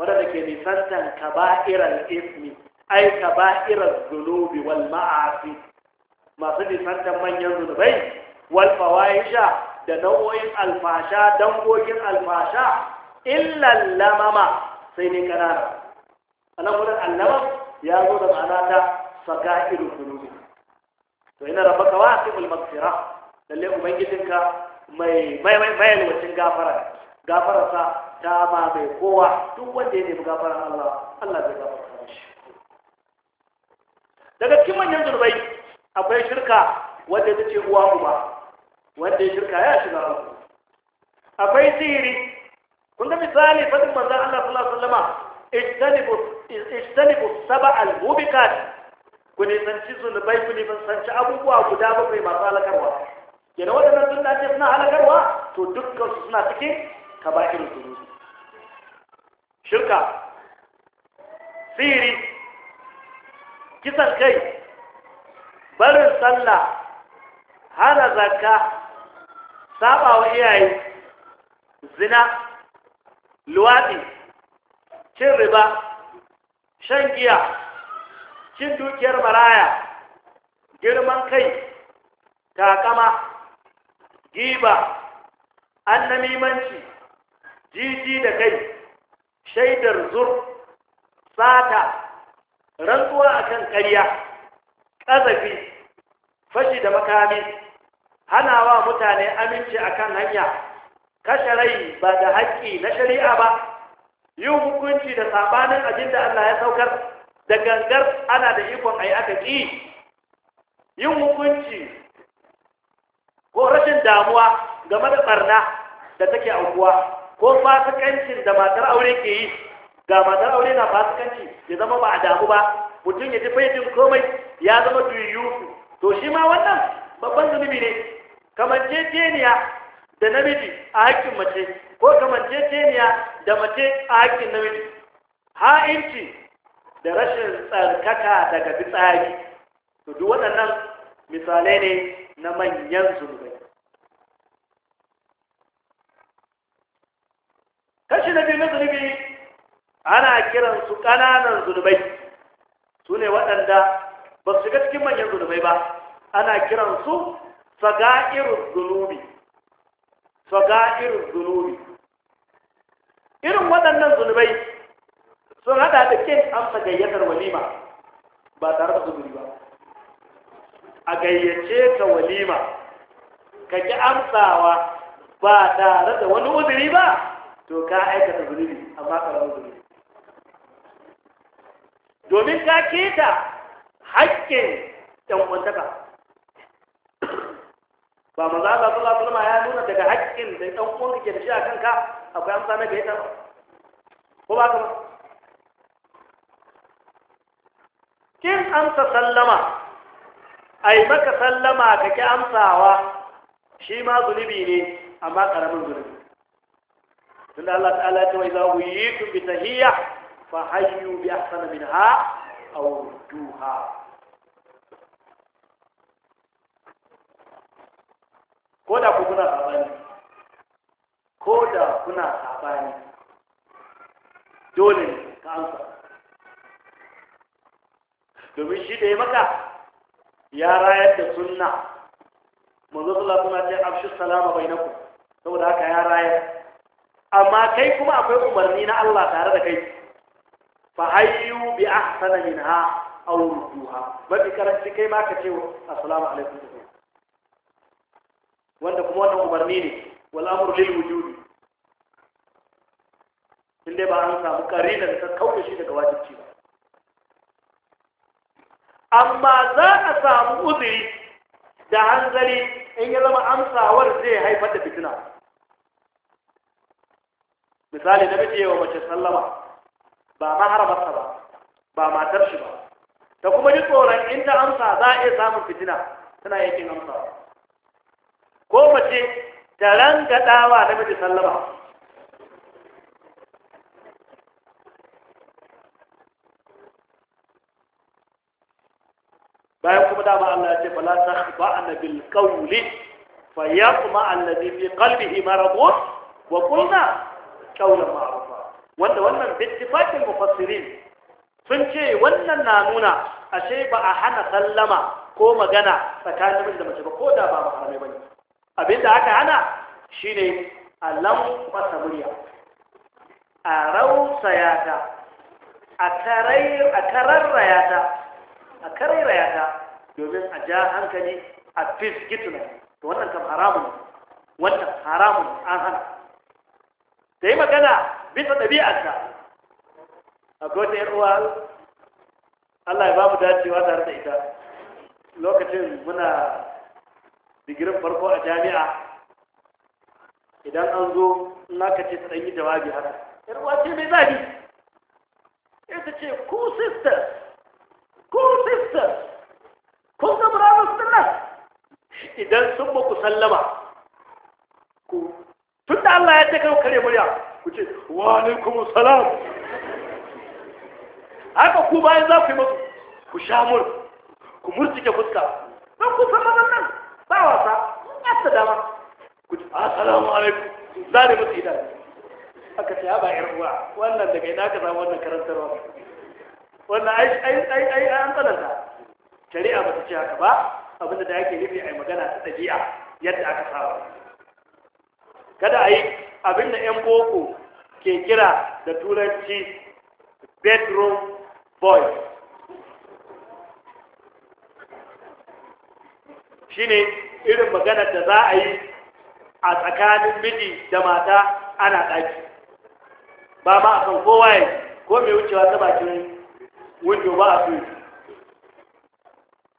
waɗanda ke nisantan kaba'irar ismi ai kaba'irar zunubi wal ma'asi masu nisantan manyan zunubai wal fawaisha da nau'o'in alfasha dangogin alfasha illan lamama sai ne kanana a nan wurin allama ya zo da ma'ana ta saka irin zunubi to ina kawa baka wasi ulmaksira lalle ubangijinka mai mai mai gafara gafararsa ba mai kowa duk wanda ya nemi gafara Allah Allah zai gafarta shi. daga cikin manyan zurbai akwai shirka wanda ta ce uwa uba wanda ya shirka ya shiga uku akwai sihiri kun ga misali fadin manzon Allah sallallahu alaihi wasallama ijtanibu ijtanibu sab'al mubikat ku nisanci zunubai san ci abubuwa guda bakwai masu halakarwa Yana waɗannan sun dace suna halakarwa to dukkan su suna cikin kaba'ir zunubi shirka sihiri kisan kai barin sallah hana zarka saba wa iyaye zina luwaɗi cin riba shan giya cin dukiyar maraya girman kai takama giba annamimanci jiji da kai shaidar zur sata rantsuwa a kan ƙarya ƙazafi fashi da makami Hana wa mutane aminci kan hanya kashe rai ba da haƙƙi na shari'a ba yin hukunci da sabanin abin da Allah ya saukar da gangar ana da ikon a yi aka ƙi yin hukunci ko rashin damuwa game da ɓarna da take aukuwa ko fasikancin da matar aure ke yi ga matar aure na fasikanci ya zama ba a damu ba mutum ya ji faifin komai ya zama duyu to shi ma wannan babban zunubi ne jejeniya da namiji a haƙƙin mace ko jejeniya da mace a haƙƙin namiji ha'inci da rashin tsarkaka daga fitsari to duk waɗannan misalai ne na manyan zunubai kashi na biyu na zunubi ana kiran su ƙananan zunubai su ne waɗanda ba su shiga cikin manyan zunubai ba ana kiran su saga'irun zunubi saga'irun zunubi irin waɗannan zunubai sun hada da ƙin amsa gayyatar walima ba tare da zunubi ba a gayyace ka walima ka ki amsawa ba tare da wani uzuri ba to ka aikata zunubi amma karamin zunubi domin ka keta haƙƙin ɗan'uwantaka ba maza zafi zafi zama ya nuna daga haƙƙin da ɗan uwan ke da shi a kanka akwai amsa na gaita ko ba kuma kin amsa sallama ai maka sallama ka ki amsawa shi ma zunubi ne amma ƙaramin zunubi ثم الله تعالى وإذا أويتم بتهية فحيوا بأحسن منها أو ردوها كودا كنا خباني كودا كنا خباني دولي كأنصر domin shi da ya maka ya rayar da sunna mazubula kuma ce abshi salama bai na ku saboda haka ya rayar amma kai kuma akwai umarni na Allah tare da kai fa hayyu bi ahsana minha aw rudduha mafi karanci kai ma ka ce assalamu alaikum wanda kuma wannan umarni ne wal amru lil wujudi in dai ba an samu karina da ta kauce shi daga wajibci ba amma za a samu uzuri da hanzari in ya zama amsawar zai haifar da fitina misali namiji wa mace sallama ba maharamarsa ba ba matar shi ba da kuma ji tsoron inda amsa za a iya samun fitina tana yakin amsa ko mace ta na namiji sallama bayan kuma dama Allah ya ce fala takhba'na bil qawli fayaqma alladhi fi qalbihi maradun wa qulna kaulan ma'rufa wanda wannan bittifakin mufassirin sun ce wannan na nuna ashe ba a hana sallama ko magana tsakanin miji da mace ba ko da ba maharamai bane da aka hana shine a lamfasa murya a rausaya ta a kararra ya ta a ya ta domin a ja hankali a fiskituna to wannan kam haramun wannan haramun an hana ta yi magana bisa ɗabi'arta akwai wata yarwa Allah ya ba mu dacewa tare da ita lokacin muna digirin farko a jami'a idan an zo in ka ce ta yi jawabi haka yarwa ce mai zafi ita ce ku sisters ku sisters kun ga murabus din idan sun ba ku sallama ku tun da Allah ya ce kawo kare murya ku ce wa alaikum salam haka ku bayan za ku yi masu ku sha mur ku murtike fuska don ku san mazan nan ba wasa ya dama ku ce assalamu alaikum za ne musu idan aka ce ba yar uwa wannan daga ina ka samu wannan karantarwa wannan ai ai ai ai an tsananta shari'a ba ta ce haka ba abinda da yake nufi yi magana ta dabi'a yadda aka saba kada a yi abin da 'yan boko ke kira da turanci bedroom boy Shi ne irin maganar da za a yi a tsakanin miji da mata ana ɗaki ba ma a kan kowa ko mai wucewa ta bakin wujo ba a fi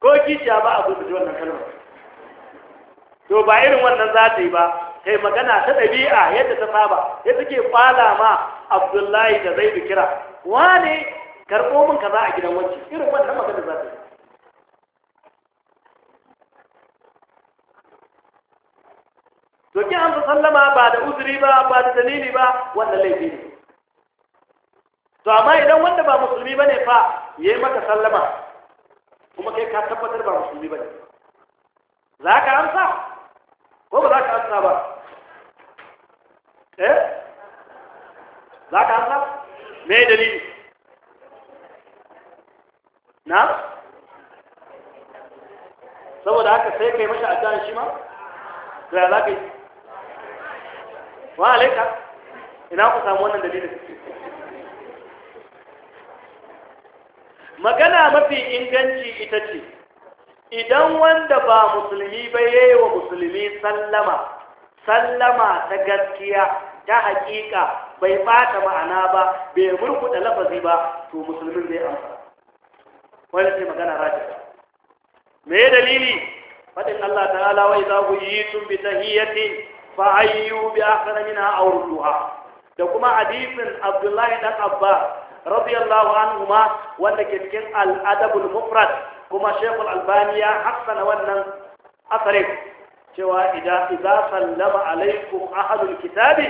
ko kishiya ba a gudu wannan kalmar to ba irin wannan za ta yi ba kai magana ta ɗabi'a yadda ta saba ya take fala ma abdullahi da zai kira Wani karɓo min kaza a gidan wacce irin wannan magana za ta yi to ki an sallama ba da uzuri ba ba da dalili ba wannan laifi ne to amma idan wanda ba musulmi bane fa yayi maka sallama kuma kai ka tabbatar ba musulmi bane za ka amsa ko ba za ka amsa ba eh za ka hasa me dalili na saboda haka sai kai mashi addu'a shi ma to ya za ka yi wa alaika ina ku samu wannan dalilin magana mafi inganci ita ce idan wanda ba musulmi ba yi wa musulmi sallama sallama ta gaskiya ta hakika bai bata ma'ana ba bai da lafazi ba to musulmin zai amsa wani ce magana rajin me dalili faɗin Allah ta'ala wa idza sun bi tahiyatin fa ayyu bi akhra minha aw rudduha da kuma hadisin Abdullahi dan Abba radiyallahu anhuma wanda ke cikin al-adabul mufrad kuma Sheikhul Albani ya hassana wannan asarin cewa idan idza sallama alaikum ahadul kitabi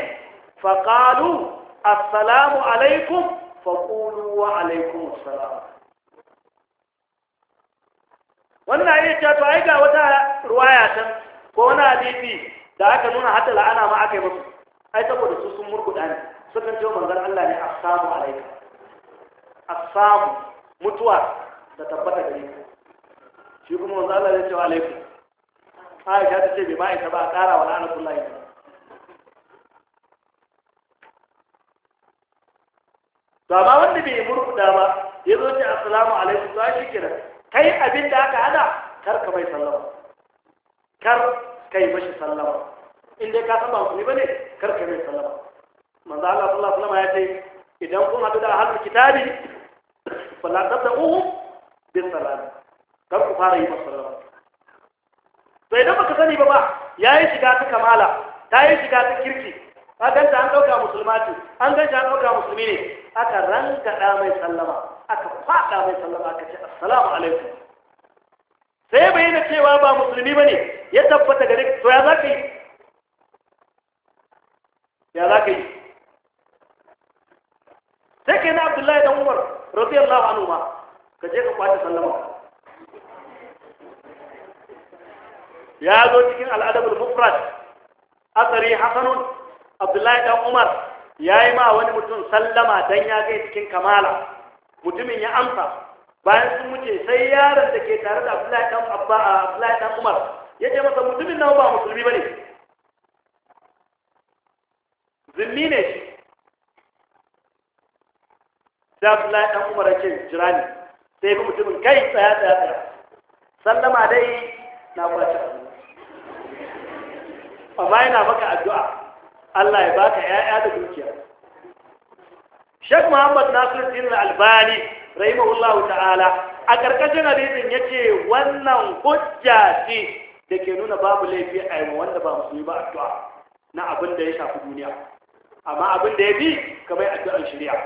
فقالوا السلام عليكم فقولوا وعليكم السلام wannan ya ce to ai ga wata ruwaya can ko wani hadisi da aka nuna hatta la'ana ma aka yi musu ai saboda su sun murkuda ne sukan ce manzon Allah ne assalamu alaikum assamu mutuwa da tabbata gare ku shi kuma manzon Allah ya ce wa alaikum Aisha ta ce bai ba ma'aikata ba a ƙara wa la'anatullahi to amma wanda bai yi murkuda ba ya zo ce assalamu alaikum to shi kenan kai abin da aka hada kar ka mai sallama kar kai mashi sallama in dai ka saba ne bane kar ka mai sallama manzo Allah sallallahu alaihi wasallam ya ce idan kun hadu da ahlul kitabi fala tabda'u bis salam kar ku fara yi masa sallama to idan baka sani ba ba yayi shiga ta kamala ta yi shiga ta kirki ka ganta an dauka musulma ce an ganta an dauka musulmi ne aka rankada mai sallama aka fada mai sallama aka ce assalamu alaikum sai bai da cewa ba musulmi bane ya tabbata gare to ya zaka yi ya zaka yi sai kai na Abdullahi dan Umar radiyallahu anhu ma ka je ka kwace sallama ya zo cikin al'adabul mufrad asari hasanun Abdullahi dan Umar ya yi ma wani mutum sallama don ya kai cikin kamala mutumin ya amsa bayan sun wuce sai yaron da ke tare da abdullahi dan umar ya ce masa mutumin nan ba musulmi ba ne zimmi ne shi da abdullahi dan umar ya ce jira ne sai bi mutumin kai tsaya tsaya tsaya sallama dai na kwace amma yana maka addu'a Allah ya baka ƴaƴa da dukiya Sheikh Muhammad Nasiruddin Albani rahimahullahu ta'ala a karkashin hadisin yace wannan hujja ce da ke nuna babu laifi a yi wanda ba mu ba addu'a na abin da ya shafi duniya amma abin da ya bi kamar addu'ar shari'a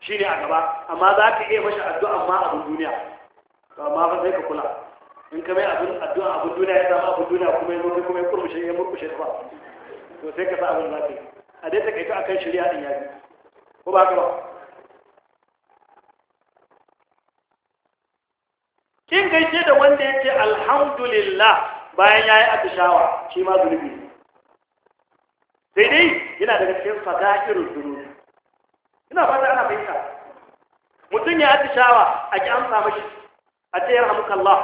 shine a gaba amma za ka iya mashi addu'a ma abin duniya amma ba sai ka kula in kamar abin addu'a abin duniya ya zama abin duniya kuma ya zo kuma ya kurmushe ya murkushe ba to sai ka sa abin za ka yi a dai takaitu a kan shirya ɗin yaji ko ba ka ba kin gaishe da wanda ya ce alhamdulillah bayan ya yi atishawa shi ma zunubi sai dai yana daga cikin fada'irin zunubi ina fata ana fahimta mutum ya atishawa a ki amsa mashi a ce yarhamukallah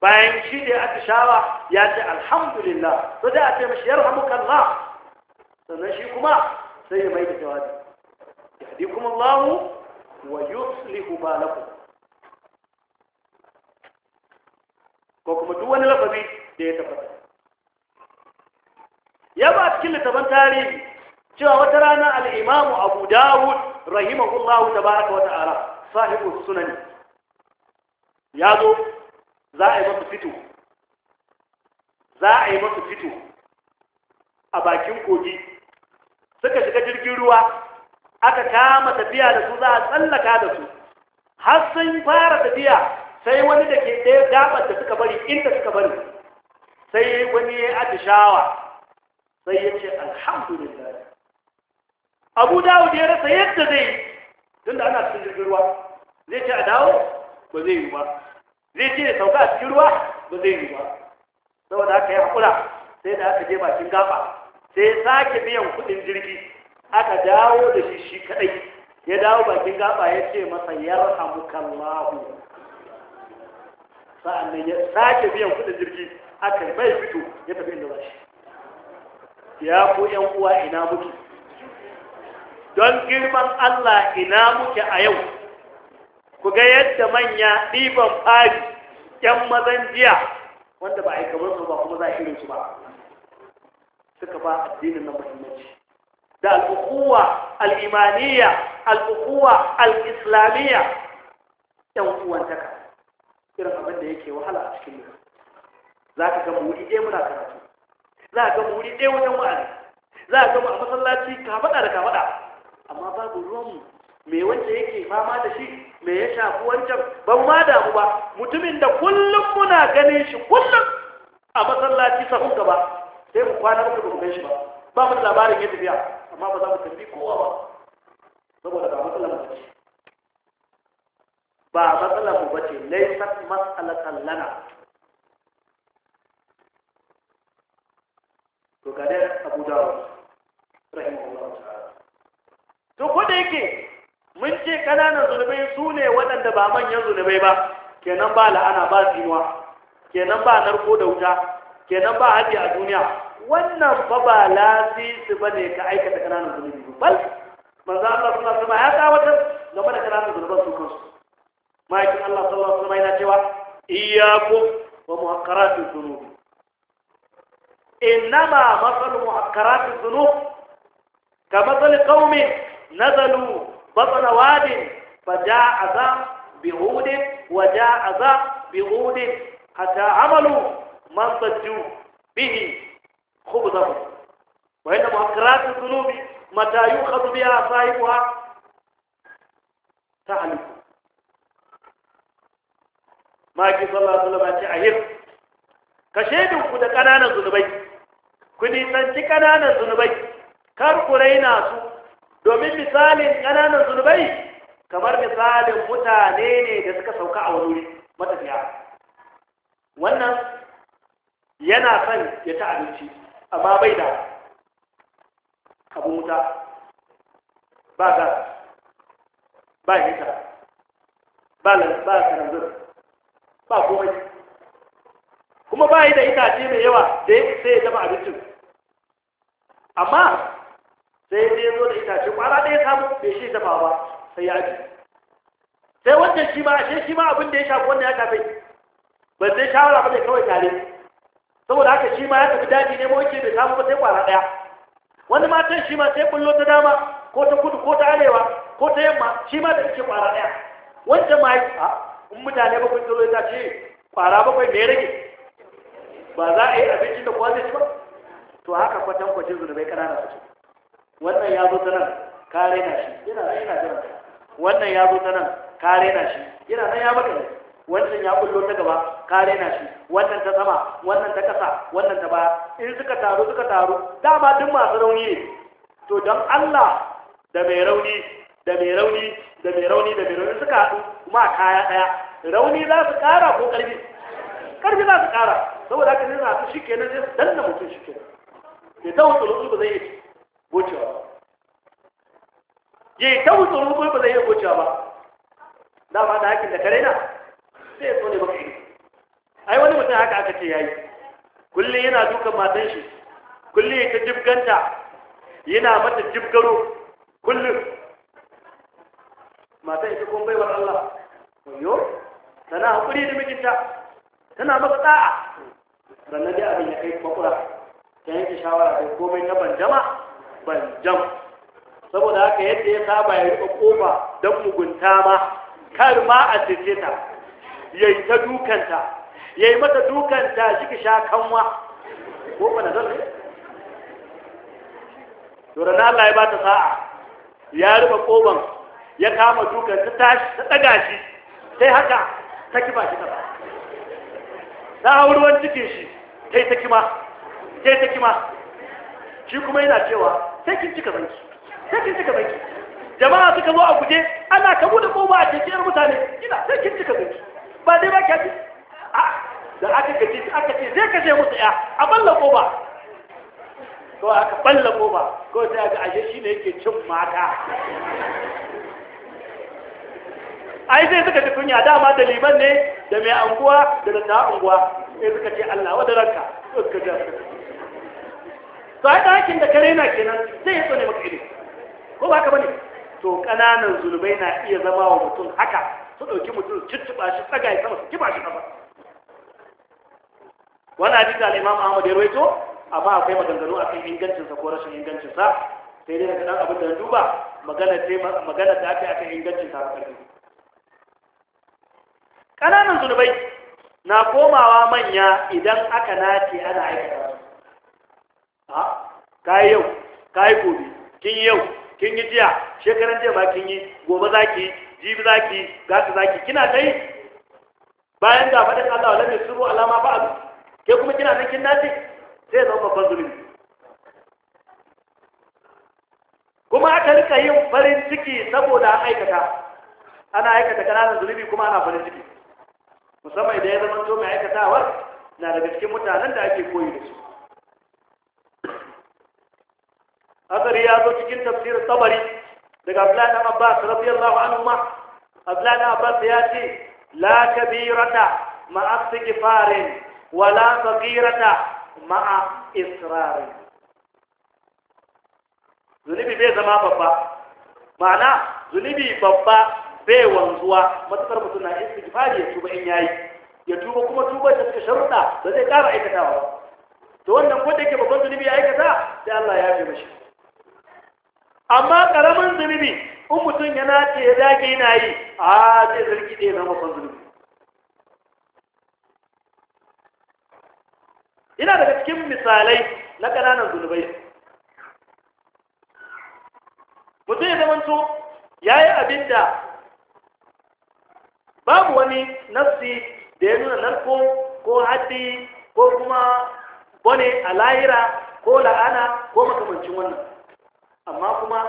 bayan shi da ya atishawa ya ce alhamdulillah to da a ce mashi yarhamukallah sannan shi kuma sai ya mai da jawabi yahdikumullahu wa yuslihu balakum ko kuma duk wani lafazi da ya tabbata ya ba cikin littafin tarihi cewa wata rana al-Imam Abu Dawud rahimahullahu tabaraka wata ta'ala sahibu sunani. ya zo za a yi masa fito za a yi masu fito a bakin kogi suka shiga jirgin ruwa aka kama tafiya da su za a tsallaka da su har sun fara tafiya sai wani da ke ɗaya gabar da suka bari inda suka bari sai wani ya shawa. sai ya ce alhamdulillah abu da ya rasa yadda zai tun da ana cikin jirgin ruwa zai ce a dawo ba zai yi ba zai ce sauka a cikin ruwa ba zai yi ba saboda haka ya hakura sai da aka je bakin gaba sai ya sake biyan kudin jirgi aka dawo da shi shi kadai ya dawo bakin gaba ya ce masa yarhamukallahu sa'annan ya sake biyan kudin jirgi aka bai fito ya tafi inda bashi ya ku yan uwa ina muke don girman Allah ina muke a yau ku ga yadda manya ɗiban fari 'yan mazan jiya wanda ba a yi kamar su ba kuma za a irin su ba suka ba addinin na muhimmanci da al'ukuwa al'imaniya al'ukuwa al'islamiya yan uwantaka irin abin da yake wahala a cikin mu za ka ga muri ɗaya muna karatu za ka ga muri ɗaya wajen wa'azi za ka ga a masallaci ka faɗa da ka faɗa amma babu ruwanmu me wanda yake fama da shi me ya shafi wancan ban ma damu ba mutumin da kullum muna ganin shi kullum a masallaci sahun gaba sai mu kwana muka dubbe shi ba ba mu labarin ya tafiya amma ba za mu tambi kowa ba saboda ba matsala mu bace ba matsala mu bace laysat mas'alatan lana to ga dai Abu Dawud rahimahullahu ta'ala to ko da yake mun ce ƙananan zunubai su ne waɗanda ba manyan zunubai ba kenan ba la'ana ba zinuwa kenan ba narko da wuta kenan ba haɗi a duniya wannan ba ba lasisi ba ne ka aikata ƙananan zunubi bal manzo Allah suna suna wasallam ya tsawatar game da ƙananan zunuban su kansu ma'aikin Allah sallallahu alaihi wasallam yana cewa Ina wa muhaqqaratiz dhunubi إنما مثل محقرات الذنوب كمثل na نزلوا Batswara waɗanda ba za a za bi hude, wa za a za bi hude, hatta amalu masu da juu bihi, kuɓu za mu. Wai na muhakiratu zunubi mata yiwu ka zunubi a Fahimu a? Ta hali ku. Makin faɗawa sun labaraci a hirar. Kashe dukku da ƙananan zunubai. Ku nisanci ƙananan zunubai, kar ku raina su. domin misalin ƙananan zunubai kamar misalin mutane ne da suka sauka a wani wuri matafiya wannan yana son ya ta abinci amma bai da abin wuta ba ga ba hita ba lalata, ba komai kuma ba yi da itace mai yawa da sai ya taba abincin amma sai dai zo da itace kwana ɗaya samu bai shi da ba sai ya ji sai wancan shi ma ashe shi ma abin da ya shafi wannan ya shafi. ba sai shawara ba sai kawai tare saboda haka shi ma ya tafi daji ne yake bai samu ba sai kwara ɗaya wani matan shi ma sai bullo ta dama ko ta kudu ko ta arewa ko ta yamma shi ma da yake kwara ɗaya wancan ma a ah, in mutane bakwai zo ya ce kwara bakwai me rage ba za a yi abincin da kowa zai ci ba to haka kwatan kwacin zunubai ƙanana su ce wannan ya zo ta nan na shi yana nan yana jiran wannan ya zo ta nan na shi yana nan ya baka ne ya kullo ta gaba kare na shi wannan ta sama wannan ta kasa wannan ta baya in suka taru suka taru dama duk masu rauni ne to don Allah da mai rauni da mai rauni da mai rauni da mai rauni suka haɗu kuma a kaya ɗaya rauni za su ƙara ko ƙarfi ƙarfi za su ƙara saboda haka ne za su shi kenan sai su danna mutum shi kenan da ta wasu ba zai yi gocewa yi ta wuce ruwa ba zai iya gocewa ba na ba da hakin da kare na sai ya tsone maka ido ai wani mutum haka aka ce yayi kulle yana dukan matan shi kulle ya ta jibganta yana mata jibgaro kulle matan ita kuma baiwar Allah wayo tana hakuri da mijinta tana maka da'a sannan dai abin ya kai kwakwara ta yanke shawara da komai na jama banjam saboda haka yadda ya saba ya riƙa ƙofa don mugunta ma kar ma a cece ta ya yi ta dukanta ya yi mata dukanta shi ka sha kanwa ko ba na zan ne to da Allah ya ta sa'a ya riƙa ƙoban ya kama dukanta ta tashi ta ɗaga shi sai haka ta kiba shi kasa ta hauruwan cikin shi ta yi ta kima ta yi ta kima shi kuma yana cewa sai kin cika banki sai kin cika banki jama'a suka zo a guje ana ka bude koma a cikin mutane ina sai kin cika banki ba dai ba ka ji a da aka gaji aka ce zai kashe musu ya a balla koma to aka balla koma ko sai aka shi ne yake cin mata ai sai suka ji kunya dama da liman ne da mai anguwa da da unguwa. anguwa sai suka ce Allah wa wadaranka suka ji to a ɗakin da kare na kenan zai yi tsone maka ilimi ko ba ka bane to ƙananan zunubai na iya zama wa mutum haka su ɗauki mutum su shi tsaga ya sama su kiba shi sama wani abin al-imam ahmad ya rawaito amma akwai maganganu akan ingancinsa ko rashin ingancinsa sai dai daga ɗan abin da na duba magana ta magana ta aka akan ingancin ta ƙarfi ƙananan zunubai na komawa manya idan aka nace ana aikata ka yi yau ka yi gobe kin yau kin yi jiya shekaran jiya ba kin yi gobe za ki jibi za ki gata za ki kina ta yi bayan da fadin Allah wala ne suru alama ba abu ke kuma kina nan kin nace sai zama babban zulmi kuma aka rika yin farin ciki saboda an aikata ana aikata kananan zunubi kuma ana farin ciki musamman idan ya zama to mai aikatawar na daga cikin mutanen da ake koyi da su هذا رياضه تجين تفسير الطبري لقبلان عباس رضي الله عنهما قبلان عباس ياتي لا كبيرة مع استغفار ولا صغيرة مع إصرار زنبي بي زمان بابا معنى زنبي بابا بي وانزوا ما تقرب سنة استغفار يتوب إن ياي يتوب كما توبا تسك شرطة بذي كار عيكتا وانا قد يكي بابا زنبي عيكتا سي الله يا بي مشكلة amma ƙaramin zunubi in mutum yana ce ya dage yana yi a zai zargi da ya zama kan zunubi ina daga cikin misalai na ƙananan zunubai mutum ya ya yi abin da babu wani nafsi da ya nuna narko ko haddi ko kuma bane a lahira ko la'ana ko makamancin wannan amma kuma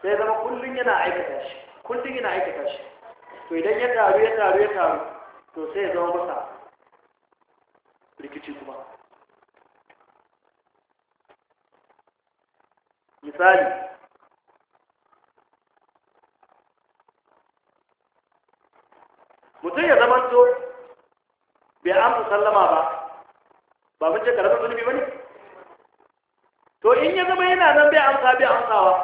sai zama kullum yana aikata shi kullum yana aikata shi to idan ya taru ya taru ya taru to sai ya zama masa rikici kuma misali mutum ya zama to bai amsa sallama ba ba mun ce karamin zunubi ba ne to in ya zama yana nan bai amsa bai amsawa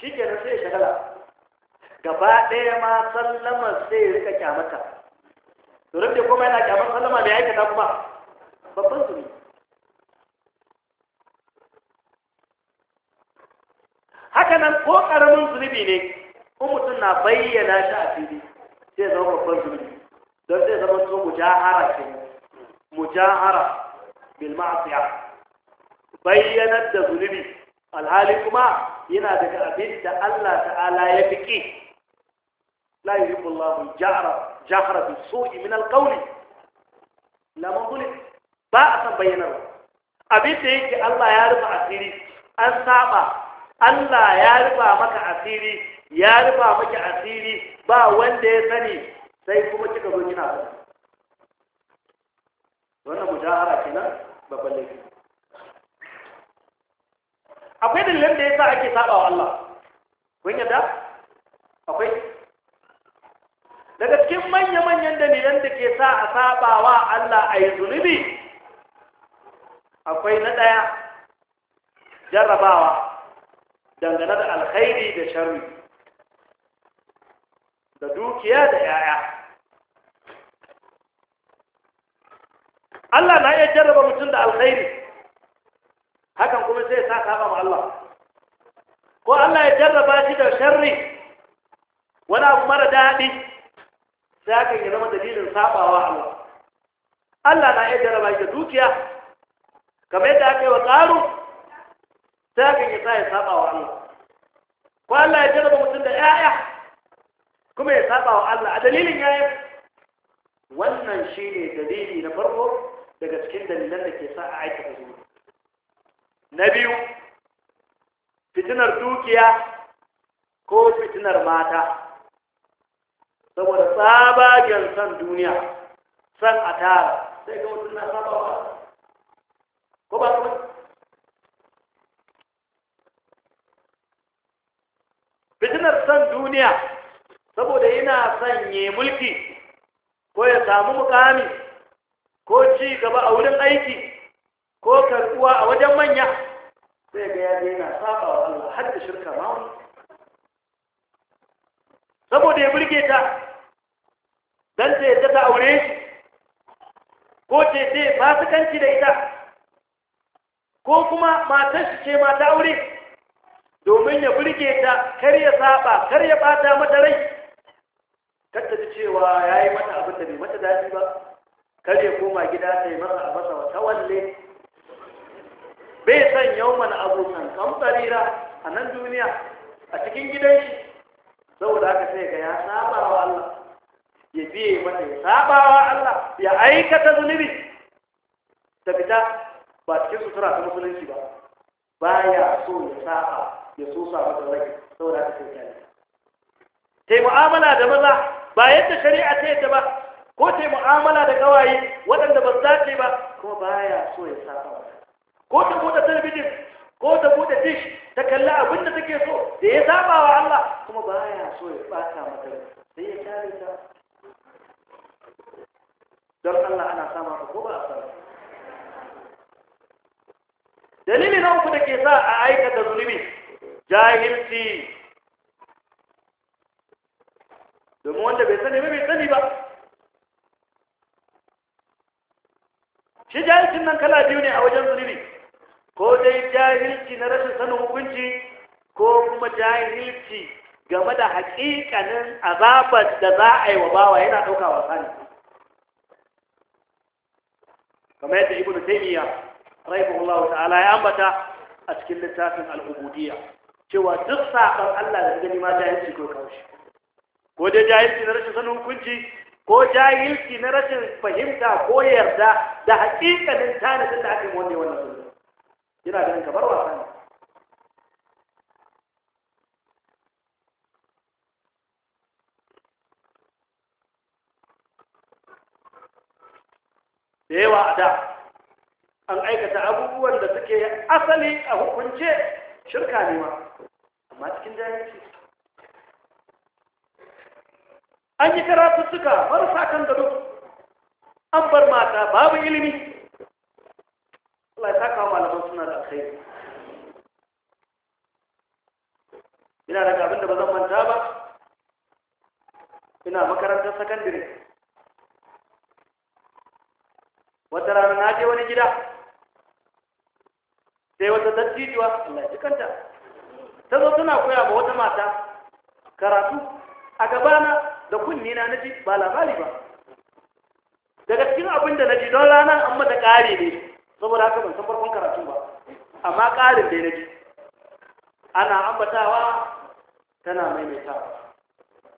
shi ke sai ya shagala gaba ɗaya ma sallama sai ya rika kyamata to rabbi kuma yana kyamar sallama mai aikata kuma babban su ne haka nan ko ƙaramin zunubi ne ko mutum na bayyana shi a fili sai zama babban zunubi don sai zama su mujahara ke mujahara bil ma'asiya bayyanar da zunubi alhali kuma yana daga abin da Allah ta'ala ya fiƙi la yuhibbu Allahu jahra jahra bi su'i min al-qawli la mazlim ba a san bayyanar abin da yake Allah ya rufa asiri an saba Allah ya rufa maka asiri ya rufa maka asiri ba wanda ya sani sai kuma kika zo kina wannan mujahara kenan babban laifi akwai dalilin da yasa ake saba wa Allah kun yadda akwai daga cikin manya-manyan dalilan da ke sa a saba wa Allah a yi zunubi akwai na ɗaya jarrabawa dangane da alkhairi da sharri da dukiya da 'ya'ya Allah na iya jarraba mutum da alkhairi hakan kuma sai sa saba ma Allah ko Allah ya jarraba shi da sharri wani abu mara daɗi sai hakan ya zama dalilin sabawa Allah Allah na iya jarraba shi da dukiya kamar yadda aka yi wa tsaro, sai hakan ya sa ya sabawa Allah ko Allah ya jarraba mutum da 'ya'ya kuma ya sabawa Allah a dalilin yayin wannan shine dalili na farko daga cikin dalilan da ke sa a aikata zuwa na biyu fitinar dukiya ko fitinar mata saboda tsabagen san duniya san a tara sai ga wasu na ko ba su fitinar san duniya saboda yana sanye mulki ko ya samu mukami ko ci gaba a wurin aiki ko karbuwa a wajen manya sai ga yaje yana saba wa Allah har da shirka ma saboda ya burge ta dan ta yadda ta aure shi ko ce ce fasikanci da ita ko kuma matar shi ce ma ta aure domin ya burge ta kar ya saba kar ya bata mata rai kar ta ji cewa yayi mata abin da bai mata daɗi ba kar ya koma gida ta yi masa a masa wata walle bai san mana abokan kamfarira a nan duniya a cikin gidan shi saboda haka sai ga ya saba wa Allah ya biye mata ya saba wa Allah ya aikata zunubi ta fita ba cikin sutura ta musulunci ba ba ya so ya saba ya so sa mata rai saboda haka sai kai tai mu'amala da maza ba yadda shari'a ta yadda ba ko tai mu'amala da gawaye waɗanda ba su dace ba kuma ba ya so ya saba wa ko ta buɗe talabijin ko ta buɗe dish ta kalli abin da take so da ya saba wa Allah kuma ba ya so ya bata mata sai ya kare ta don Allah ana sama ka ko ba a sama dalili na uku da ke sa a aikata zulumi jahilci domin wanda bai sani ba bai sani ba shi jahilcin nan kala biyu ne a wajen zulumi ko dai jahilci na rashin sanin hukunci ko kuma jahilci game da haƙiƙanin azabar da za a yi wa bawa yana ɗauka wasa ne kamar yadda ibnu taymiya rahimahullah ta'ala ya ambata a cikin littafin al'ubudiyya cewa duk saɓon Allah da gani ma jahilci ko kawo ko dai jahilci na rashin sanin hukunci ko jahilci na rashin fahimta ko yarda da haƙiƙanin tanadin da aka yi wannan wannan yana ganin kamar wasa ne da yawa a da an aikata abubuwan da suke asali a hukunce shirka ne ma amma cikin jahilci an yi karatuttuka marasa kan da an bar mata babu ilimi Allah ta saka malaman suna da alkhairi ina daga abin da ba zan manta ba ina makarantar sakandare wata rana na je wani gida sai wata dattijuwa Allah ya jikanta ta zo tana koya ba wata mata karatu a gabana da kunni na naji ba labari ba daga cikin abin da naji don rana an mata ƙari ne saboda haka ban san farkon karatu ba amma ƙarin da nake ana ambatawa tana maimaitawa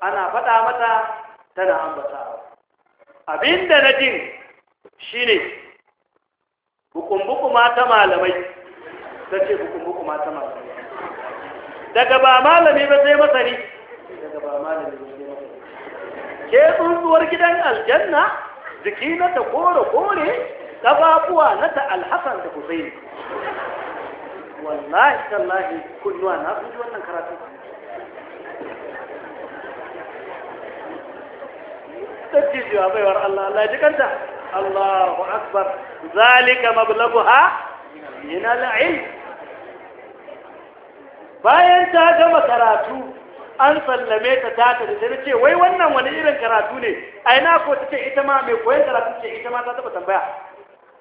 ana faɗa mata tana ambatawa abinda na jin shine bukumbuku mata malamai ta ce bukumbuku mata malamai daga ba malami ba sai masani daga ba malami ba sai masani ke tsuntsuwar gidan aljanna jiki na ta kore kore gababuwa na ta alhassan da yi wallahi tallahi kunnuwa na sun ji wannan karatu tattijiwa baiwar Allah Allah ji kanta Allahu akbar zalika mablaghuha ha al-ilm bayan ta gama karatu an sallame ta ta ta da ce wai wannan wani irin karatu ne ai na ko ce ita ma mai koyon karatu ce ita ma ta taba tambaya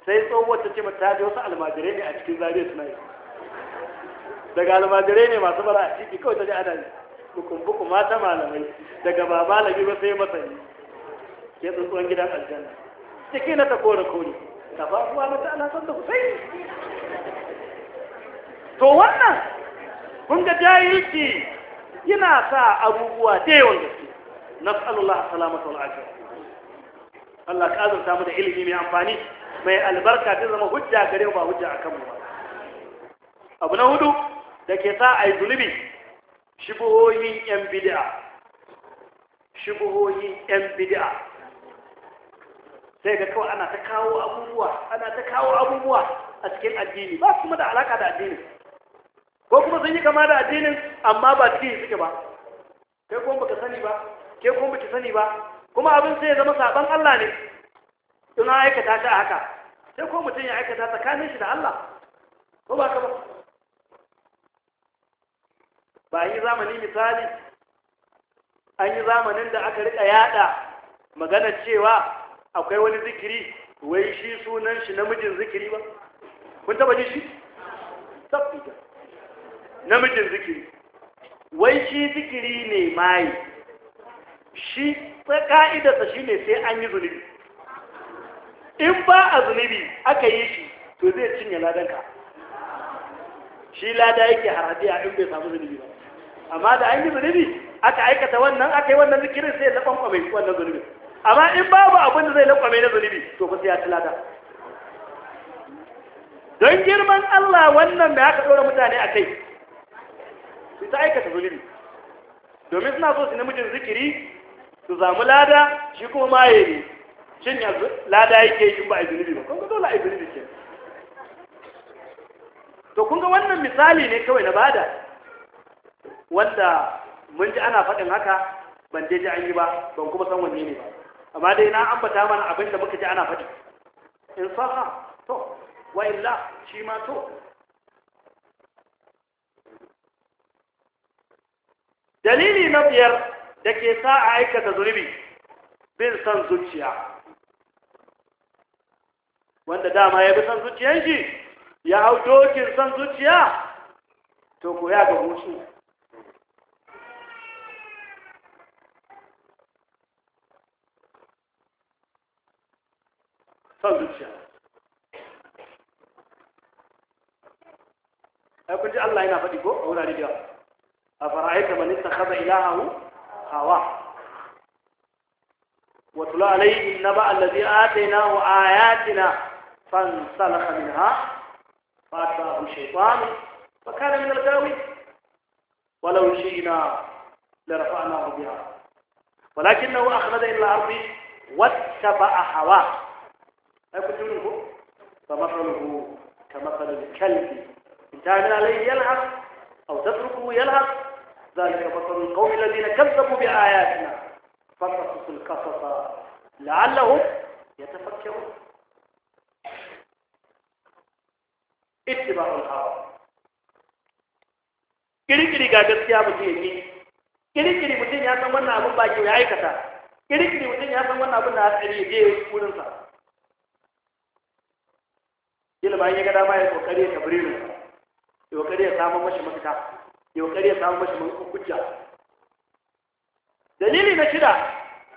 sai tsohuwar ta ce mata ji wasu almajirai ne a cikin zariya suna yi daga almajirai ne masu bara a ciki kawai ta ji ana yi bukumbuku mata malamai daga ba malami ba sai masani ke tsuntsuwan gidan aljanna ciki na ta kore kore ta ba kuwa mata ana son da kusai to wannan kun ga jahilci yana sa abubuwa da yawan gaske nas'alullah salamata salamatu al'adu. Allah ka azurta mu da ilimi mai amfani mai albarka ta zama hujja gare ba hujja a kanmu ba abu na hudu da ke sa a yi zunubi shibuhoyin yan bidi'a, shibuhoyin yan bidi'a. sai ga kawai ana ta kawo abubuwa ana ta kawo abubuwa a cikin addini ba su da alaka da addinin ko kuma sun yi kama da addinin amma ba cikin suke ba kai kuma baka sani ba ke kuma baki sani ba kuma abin sai ya zama saban Allah ne in aikata ta haka sai ko mutum ya aikata tsakanin shi da Allah ko ba ka ba ba yi zamani misali an yi zamanin da aka rika yada magana cewa akwai wani zikiri wai shi sunan shi namijin zikiri ba kun taba ji shi sabbi namijin zikiri wai shi zikiri ne mai shi ta ka'idarsa shi ne sai an yi zunubi in ba a zunubi aka yi shi to zai cinye ladanka shi lada yake haradiya in bai samu zunubi ba amma da an yi zunubi aka aikata wannan aka yi wannan zikirin sai laban kwamai wannan zunubi amma in babu abin da zai lakwame na zunubi to kusa sai ya ci lada don girman Allah wannan da aka ɗora mutane a kai su ta aikata zunubi domin suna so su namijin zikiri su zamu lada shi kuma maye ne shin yanzu lada yake yi ba a ba kun ga dole a zunubi ke to kun ga wannan misali ne kawai na bada wanda mun ji ana faɗin haka ban je ji an yi ba ban kuma san wanne ne ba amma dai na ambata mana abin da muka ji ana faɗi in saha to wa illa shi ma to dalili na biyar da ke sa a aikata zunubi bin san zuciya wanda dama ya bi san zuciyar shi ya hau dokin san zuciya to ko ya ga hutu san zuciya ai kun ji Allah yana faɗi ko a wurare da a mani ta ittakhadha ilahahu hawa واتل عليه النبأ الذي آتيناه آياتنا فانسلخ منها فأتبعه الشيطان فكان من الغاوين ولو شئنا لرفعناه بها ولكنه أخلد إلى الأرض واتبع هواه أكنت منه فمثله كمثل الكلب إن تعمل عليه يلعب أو تتركه يلعب ذلك مثل القوم الذين كذبوا بآياتنا فقصص القصص لعلهم يتفكرون ittiba'ul hawa kirikiri ga gaskiya mutum yake kirikiri mutum ya san wannan abin baki ya aikata kirikiri mutum ya san wannan abin da hatsari je ya wurin sa ilma ya ga dama ya kokari ya ne ya kokari ya samu mashi mafita ya kokari ya samu mashi hujja dalili na shida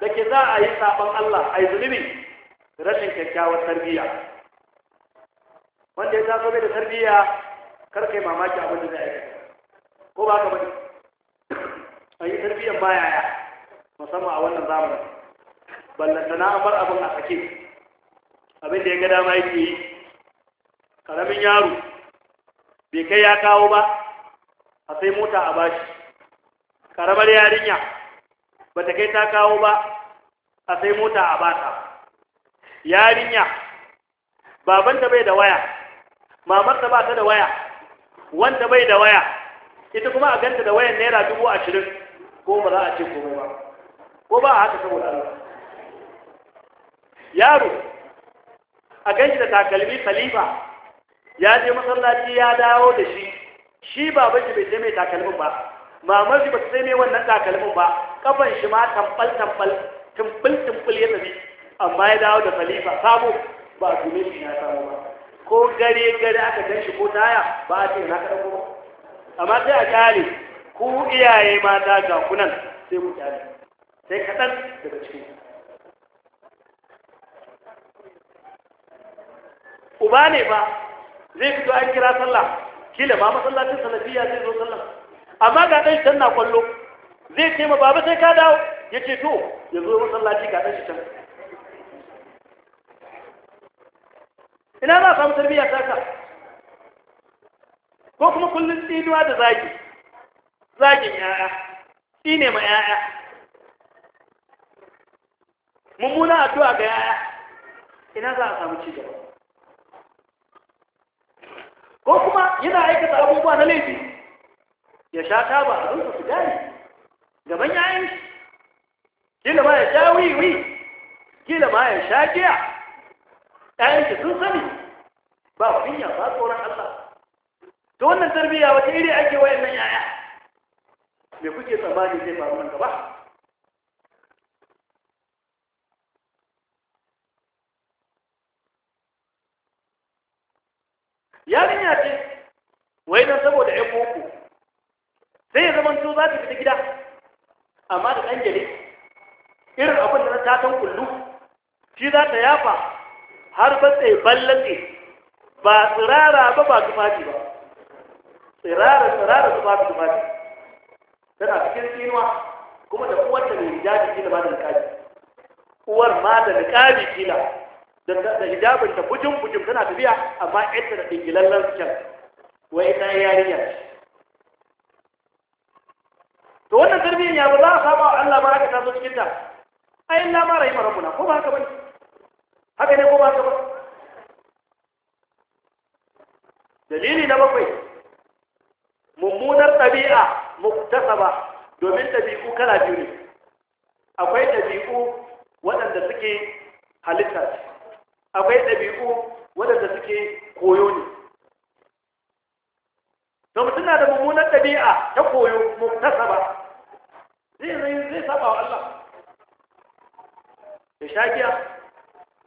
da ke za a yi sabon Allah a yi zunubi rashin kyakkyawar tarbiyya wanda ya taso bai da tarbiyya kar mamaki abin da zai aikata ko ba ka bane an yi tarbiyyar baya ya musamman a wannan zamanin ballantana an bar abin a sake abin da ya ga dama yake yi karamin yaro bai kai ya kawo ba a sai mota a bashi karamar yarinya ba ta kai ta kawo ba a sai mota a bata yarinya babanta bai da waya mamar ba ta da waya wanda bai da waya ita kuma a ganta da wayan naira dubu ashirin ko ba za a ce komai ba ko ba a haka saboda Allah yaro a ganshi da takalmi khalifa ya je masallaci ya dawo da shi shi baban shi bai je mai takalmin ba mamar shi ba sai mai wannan takalmin ba kafan shi ma tambal tambal tumbul tumbul ya tafi amma ya dawo da khalifa sabo ba a tuni shi ya samu ba ko gare gare aka gan shi ko taya ba a ce na ka ba amma sai a kyale ku iyaye mata ga kunan sai mu kyale sai kaɗan daga cikin uba ne ba zai fito an kira sallah kila ba masallacin salafiya zai zo sallah amma ga ɗan shi na kwallo zai ce ma baba sai ka dawo ya ce to ya zo masallaci ga ɗan shi can ina za a samu tarbiyya ta ka ko kuma kullum tsinuwa da zagi zagin ya'ya ne ma ya'ya mummuna addu'a ga ya'ya ina za a samu ci gaba ko kuma yana aikata abubuwa na laifi ya sha taba a zuwa su gani gaban yayin shi kila ma ya sha wiwi kila ma ya sha giya ɗayan shi sun sani ba kunya ba tsoron Allah to wannan tarbiyya wata iri ake wayannan yaya me kuke tsammani zai faru nan gaba yarinya ce wai nan saboda ƴan boko sai ya zama za ta fita gida amma da ɗan gele irin abin da na tatan kullu shi za ta yafa har tsaye ballaɗe ba tsirara ba ba tufafi ba tsirara tsirara su tufafi tufafi tana cikin tsinuwa kuma da da mai hijabi kila ba da niƙabi uwar ma da niƙabi kila da hijabin ta bujin bujin tana tafiya amma yadda da ɗingilallen sikin wa ita yarinya to wannan ne ya ba za a saba wa Allah ba haka ta zo cikin ta ai Allah ma rahimar rabbuna ko ba haka bane haka ne ko ba ka ba dalili na bakwai mummunar ɗabi'a muktasaba domin ɗabi'u kala biyu ne akwai ɗabi'u waɗanda suke halitta ce akwai ɗabi'u waɗanda suke koyo ne to mutum na da mummunar ɗabi'a ta koyo muktasaba zai zai saba wa Allah ya sha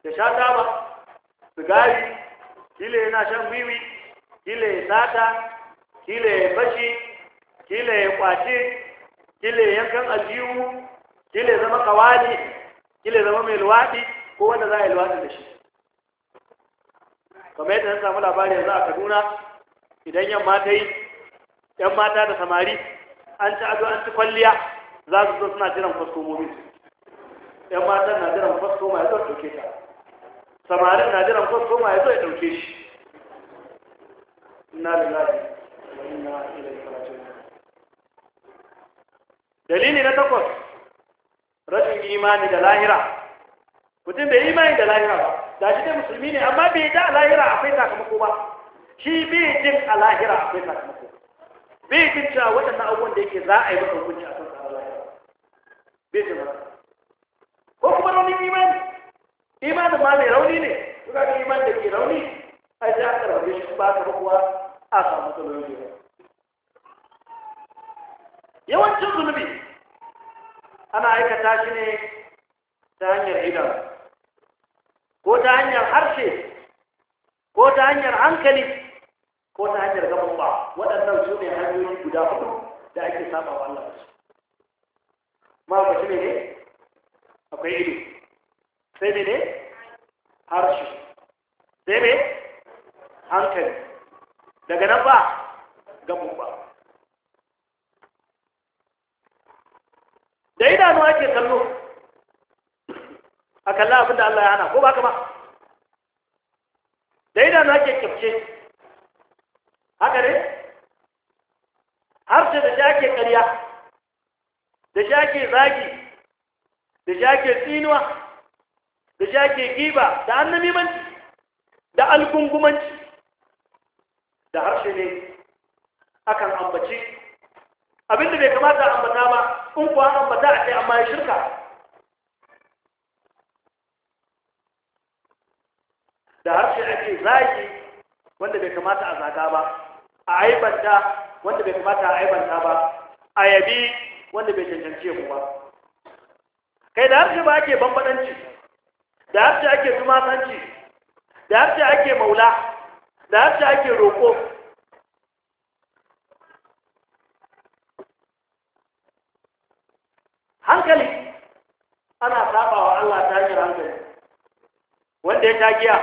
ya sha taba sigari kile yana shan wiwi kile ya sata kile ya fashi kile ya yankan aljihu kile zama kawali kile zama mai luwaɗi ko wanda za a yi luwaɗi da shi kamar yadda na samu labari yanzu a kaduna idan yan mata yi yan mata da samari an ci ado an ci kwalliya za su zo suna jiran kwastomomin yan matan na jiran fasko mai zo ɗauke ta samarin na jiran ko soma ya zo ya ɗauke shi na da wa dalili na takwas rashin imani da lahira mutum bai imani da lahira ba da shi dai musulmi ne amma bai da lahira akwai sakamako ba shi bai jin a lahira akwai sakamako bai jin cewa waɗannan abubuwan da yake za a yi masa hukunci a kan sa lahira bai jin ba ko kuma raunin imani imanin ma mai rauni ne suka ga iman da ke rauni a ji aka rauni shi ba ta kuwa a samu matsaloli ne yawancin zunubi ana aikata shi ne ta hanyar idan, ko ta hanyar harshe ko ta hanyar hankali ko ta hanyar gaban ba waɗannan su ne hanyoyi guda hudu da ake sabawa wa Allah su ma ba shi ne akwai ido sai ne harshe sai me hankali daga nan ba gabu ba da idanu ake kallo a kalla abin da Allah ya hana ko ba ka ba da idanu ake kyafce haka ne harshe da shi ake karya da shi ake zagi da shi ake tsinuwa da ke giba da annamimanci da algungumanci da harshe ne akan ambaci abinda bai kamata a ambata ba in kuwa ambata a kai amma ya shirka da harshe ake zagi wanda bai kamata a zaga ba a aibanta wanda bai kamata a aibanta ba a yabi wanda bai cancance mu ba kai da harshe ba ake bambadanci da harshe ake tumasanci da harshe ake maula da harshe ake roƙo hankali ana saba wa Allah ta yi hankali wanda ya tagiya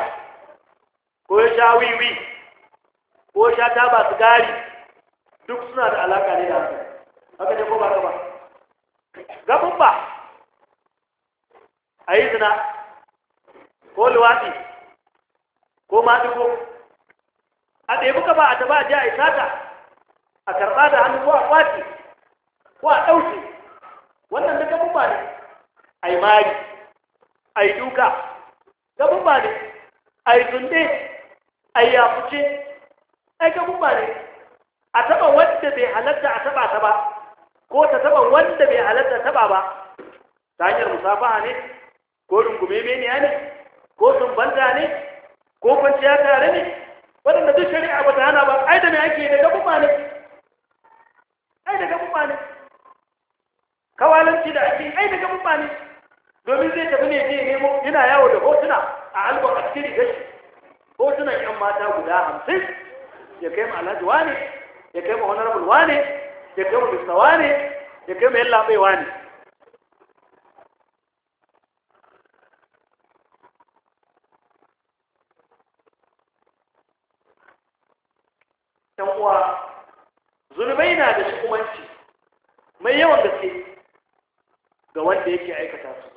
ko ya sha wiwi ko ya sha taba sigari duk suna da alaka ne da hankali haka ne ko ba ka ba gabin ba a yi zina ko luwaɗi ko maɗigo a ɗebi ka ba a taba a ji a isata a karɓa da hannu ko a kwace ko a ɗauki? wannan da ba ne a yi mari a yi duka ba ne a yi tunde a yi yafuce ai ba ne a taɓa wanda bai halatta a taba ta ba ko ta taɓa wanda bai halatta taɓa ba ta hanyar musafaha ne ko rungume ne ne ko sun banta ne ko kwanciya tare ne waɗanda duk shari'a ba ta hana ba ai da me ake da kuma ne ai da kuma ne kawalanci da ake ai da kuma ne domin zai tafi ne je nemo yana yawo da hotuna a albon a cikin rigar hotunan yan mata guda hamsin ya kai ma alhaji wane ya kai ma honorable wane ya kai ma mista wane ya kai ma yallaɓai wane ɗan uwa zunubai na da shukumanci mai yawan gaske ga wanda yake aikata su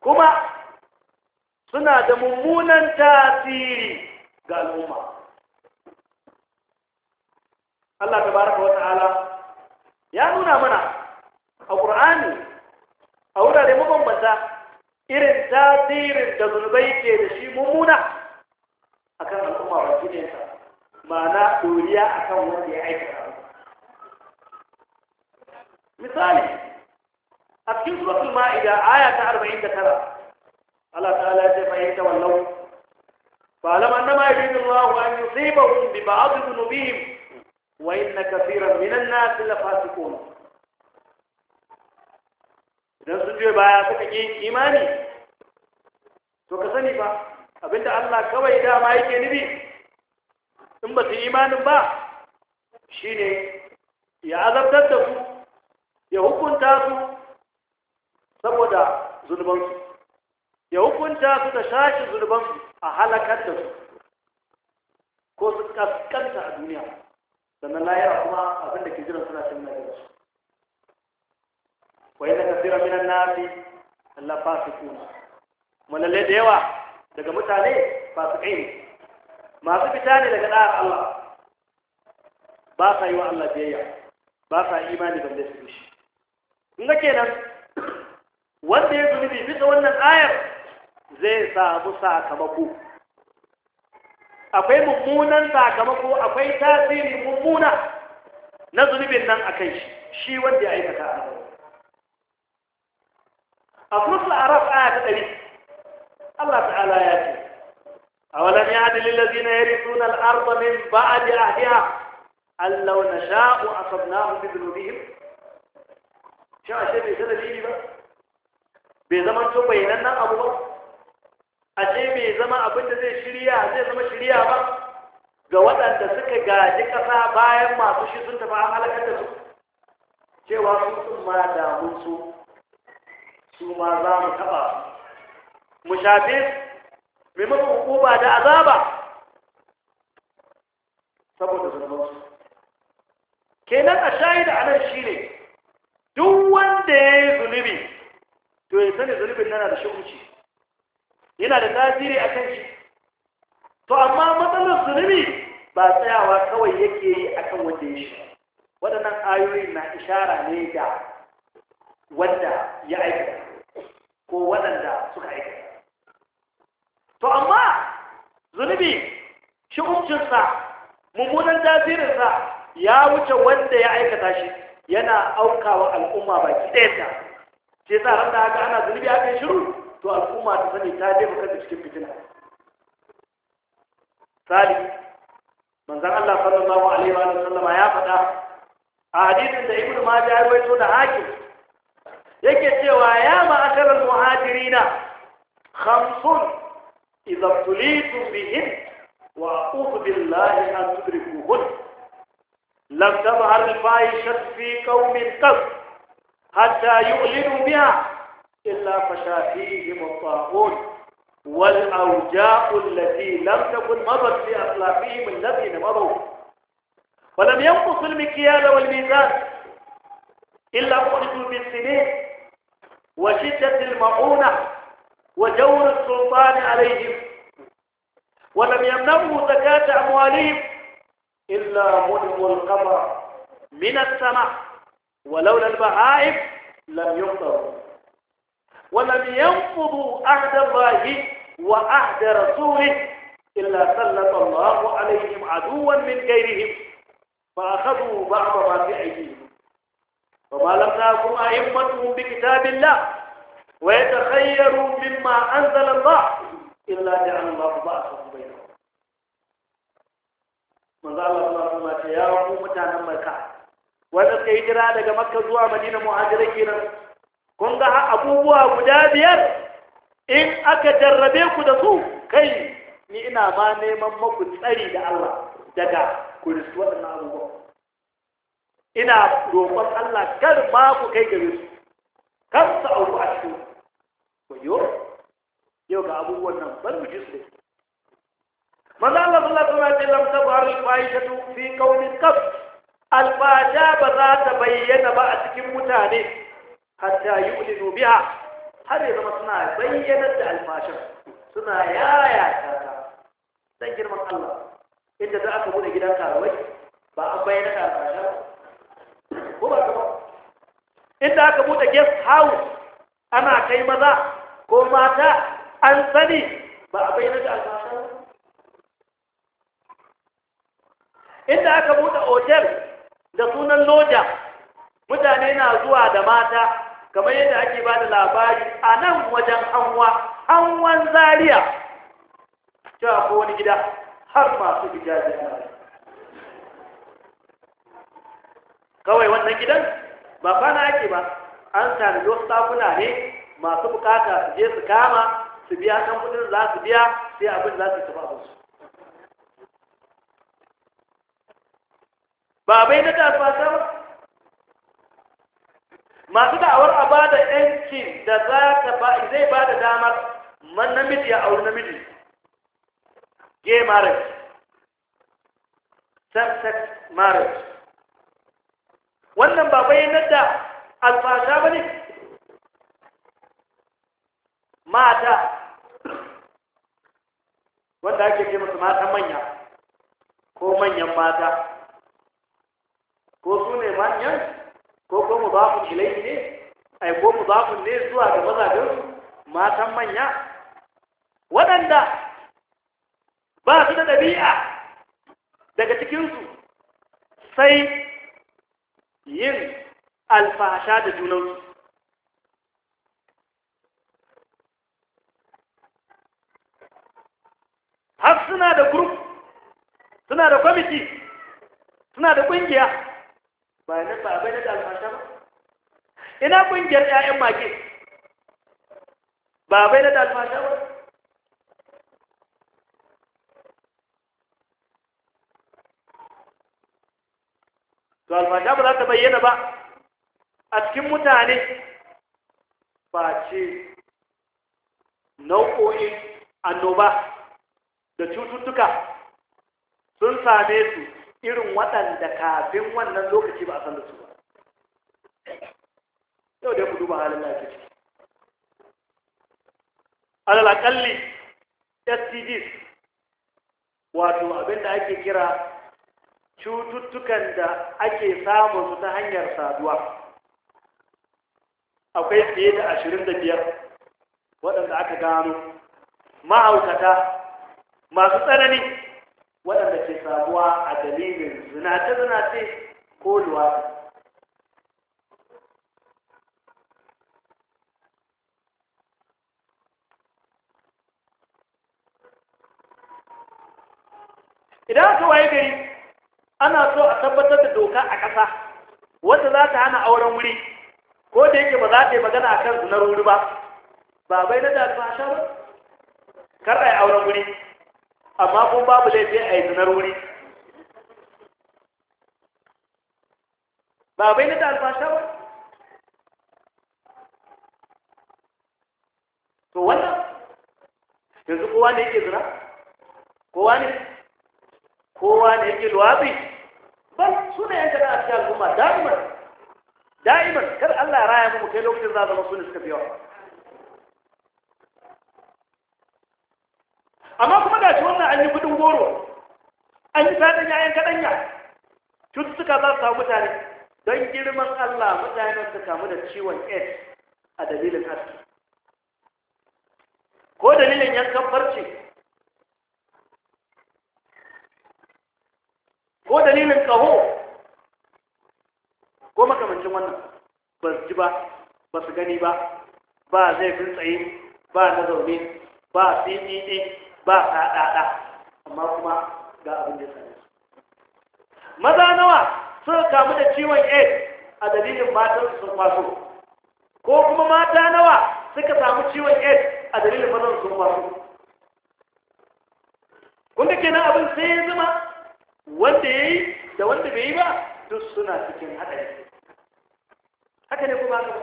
kuma suna da mummunan tasiri ga al'umma Allah ta wa ta'ala ya nuna mana a ƙur'ani a wurare mabambanta irin tasirin da zunubai ke da shi mummuna akan al'umma wajen sa ma'ana doriya akan wanda ya aikata misali a cikin suratul ma'ida aya ta 49 Allah ta'ala ya ce, fa yata wallahu fa alam annama yuridu Allahu an yusibahum bi ba'd dhunubihim wa inna katiran minan nas la fasiqun idan sun je baya suka yi imani to ka sani fa abinda Allah kawai da dama yake nufi in ba su imanin ba Shi ne. ya azabtar da su ya hukunta su saboda zunubansu ya hukunta su da shashin zunubansu a halakar da su ko su kaskanta a duniya sannan lahira kuma abinda ke jiran suna cin nan yanzu wai na kasira kathira minan nasi la fasiquna malalle da yawa daga mutane fasikai ne masu fita ne daga ɗa'ar Allah ba sa yi wa Allah biyayya ba sa imani ban da su shi in ke nan wanda ya zunubi bisa wannan ayar zai samu sakamako akwai mummunan sakamako akwai tasiri mummuna na zunubin nan a kai shi shi wanda ya aikata a a kursu araf aya ta ɗari Allah ta'ala ya ce أولم يعد للذين يرثون الأرض من بعد أهلها أن لو نشاء أصبناهم بذنوبهم شو أشياء بيزن الإيلي بقى بيزمن شو بيننا أبو بقى أشياء بيزمن أبنت زي شريعة زي زمن شريعة بقى ga waɗanda suka gaji ƙasa bayan ما تشي sun tafi على halakar da su cewa ما sun سو سو ما su ma مشابه mai maka hukuma da azaba saboda zunubansu kenan a shahida a nan shi ne duk wanda ya yi zunubi to ya sani zunubin nana da shi yana da tasiri a kan shi to amma matsalar zunubi ba tsayawa kawai yake yi akan wanda ya shi waɗannan ayoyi na ishara ne da wanda ya aikata ko waɗanda suka aikata to amma zunubi shi'umcinsa mummunan tasirinsa ya wuce wanda ya aikata shi yana aukawa al'umma baki ɗayanta ce sa ran haka ana zunubi a kan shiru to al'umma ta sani ta jefa kanta cikin fitina sali manzan Allah sallallahu alaihi wa sallama ya faɗa a hadisin da Ibn Majah ya rawaito da hakim yake cewa ya ma'asharal muhajirina khamsun إذا ابتليتم بهن وأعوذ بالله أن تدركوهن لم تظهر الفائشة في قوم قط حتى يؤلنوا بها إلا فشافيهم الطاغون والأوجاع التي لم تكن مضت في أخلاقهم الذين مضوا ولم ينقص المكيال والميزان إلا بعد بالسنين وشدة المعونة وجور السلطان عليهم ولم يمنعوا زكاة أموالهم إلا منهم القمر من السماء ولولا البهائم لم يفطروا ولم ينقضوا عهد الله وعهد رسوله إلا سلط الله عليهم عدوا من غيرهم فأخذوا بعض ما في أيديهم وما لم تكن أئمتهم بكتاب الله ويتخيروا مما أنزل الله إلا جعل الله بأسهم بينهم manzo Allah sallallahu alaihi ya rabu mutanen Makka wanda suka hijira daga Makka zuwa Madina muhajirai kenan kun ga abubuwa guda biyar in aka jarrabe ku da su kai ni ina ma neman maku tsari da Allah daga ku risu waɗannan abubuwa ina roƙon Allah kar ma ku kai gare su kar su auru a cikin koyo yau ga abubuwan nan bar mu ji su manzo Allah sallallahu alaihi wasallam ta bar al-fahishatu fi qawli qaf al-fahsha ba za ta bayyana ba a cikin mutane hatta yu'linu biha har ya zama suna bayyana da al fashar suna yaya ta dan girman Allah inda za aka bude gidan karuwai ba an bayyana da al-fahsha ko ba inda aka bude guest house ana kai maza ko mata an sani ba a bayyana da inda aka buɗe otel da sunan loja mutane na zuwa da mata kamar yadda ake ba da labari a nan wajen hanwa hanwan zariya cewa ko wani gida har masu gidajen kawai wannan gidan ba kwana ake ba an sami wasu ne masu bukata su je su kama su biya kan kudin za su biya sai abin za su tafi abin su ba bai na kasuwa ta ba masu da'awar a ba da yanki da za ka ba zai ba da damar man namiji ya auri namiji gay marriage same-sex marriage wannan ba na da alfasha ba ne mata wanda ake ce musu mata manya ko manyan mata ko su ne manyan ko ko mu ba ku ilai ne ai ko mu ba ku ne zuwa ga mazajen su, matan manya waɗanda ba su da ɗabi'a daga cikinsu sai yin alfasha da junansu har suna da group suna da kwamiti suna da kungiya ba nan ba bai da alfasha ba ina kungiyar 'ya'yan maki ba bai da alfasha ba to alfasha ba za ta bayyana ba a cikin mutane Ba ce nau'o'in annoba da cututtuka sun same su irin waɗanda kafin wannan lokaci ba a san da su ba yau dai ku duba halin lafiya ciki alalakalli stds wato abinda ake kira cututtukan da ake samu su ta hanyar saduwa akwai fiye da ashirin da biyar waɗanda aka gano ma'aukata masu tsanani waɗanda ke samuwa a dalilin zinace-zinace ko luwaɗi idan aka waye gari ana so a tabbatar da doka a ƙasa wadda za ta hana auren wuri ko da yake ba za ta yi magana a kan zunar wuri ba ba bai na da kar a yi auren wuri amma kun babu laifi a yi zinar wuri ba bai na da albasha ba to wannan yanzu kowa ne yake zina kowa ne kowa ne yake luwabi ba su ne yanka da a cikin al'umma da'imar da'imar kar Allah ya raya mu kai lokacin za zama su ne suka fi yawa amma kuma da shi wannan an yi kudin goro an yi sadan yayan kaɗanya cututtuka za su samu mutane don girman Allah mutane su kamu da ciwon AIDS a dalilin haske ko dalilin yankan farce ko dalilin kaho ko makamancin wannan ba su ji ba ba su gani ba ba zai fi tsaye ba na zaune ba cdd ba ɗaɗa, amma kuma ga abin da sani maza nawa suka kamu da ciwon aids a dalilin matan sun kwaso ko kuma mata nawa suka samu ciwon aids a dalilin matan sun kwaso kun ke kenan abin sai ya zama wanda ya yi da wanda bai yi ba duk suna cikin haɗari haka ne kuma haka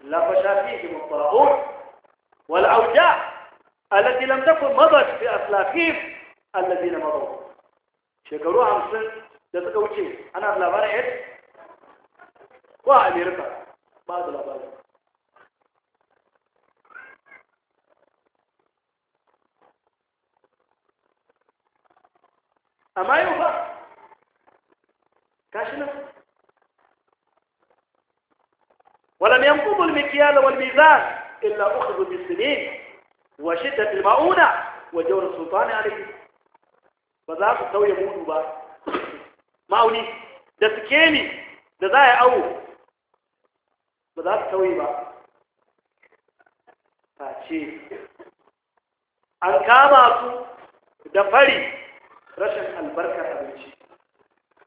لا fi himin والأوجاع التي لم تكن مضت في أسلافهم الذين مضوا شكروها مسلم لتقول شيء أنا بلا بارئت وأمير بارئت بعد لا بارئت أما يوفى كاشنا ولم ينقضوا المكيال والميزان إلا أخذوا بالسنين وشدة المؤونة وجور السلطان عليه فذاك سوى يموت با ma'auni da sikeli da za a awo ba za su sauyi ba ta ce an kama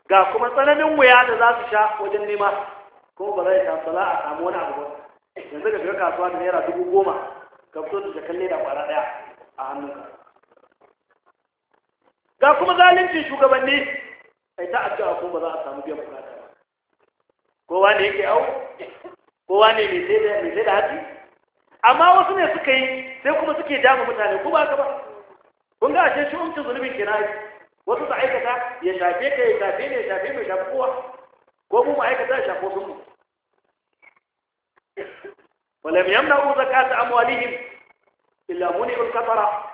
ga kuma tsananin wuya da za su sha wajen nema ko ba zai ta za a samu wani abu ba yanzu ka shiga kasuwa da naira dubu goma ka fito da jakan leda kwara daya a hannunka ga kuma zalunci shugabanni ai ta addu'a ko ba za a samu biyan bukata ba kowa ne yake au kowa ne mai sai da mai sai da haji amma wasu ne suka yi sai kuma suke damu mutane ko ba ka ba kun ga ashe shi umtu zunubin kenan wasu su aikata ya shafe ka ya shafe ne ya shafe mai shafi kowa ko mu aikata ya shafe sun mu ولم يمنعوا زكاة أموالهم إلا منئ الكفرة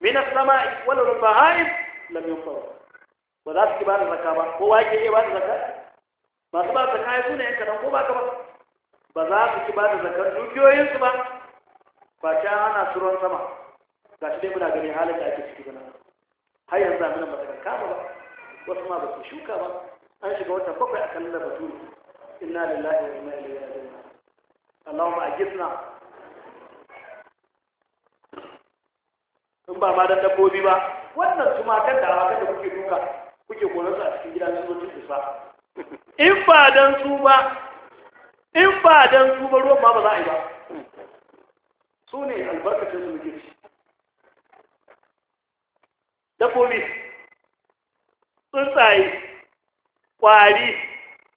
من السماء ولو البهائم لم ينفعوا وذلك كبار الركابة هو أي كبار الزكاة ما سبع الزكاة يسون عندك نمو ما كبار بذلك كبار الزكاة يوكيو ينسبا فاشاهنا سرون سما قاشده من أجل حالك أجل سكتنا هيا الزامنة مثلا كابا وسما بسوشوكا أنشي قوتا فوق أكلنا بطول إنا لله وإنا إليه أدنى Allahumma ajibna in ba ma da dabbobi ba wannan tumakan da hakan da kuke duka kuke koran su a cikin gida su zoci su sa in ba dan su ba in ba dan su ba ruwan ma ba za a yi ba su ne albarkacin su muke ci dabbobi tsuntsaye kwari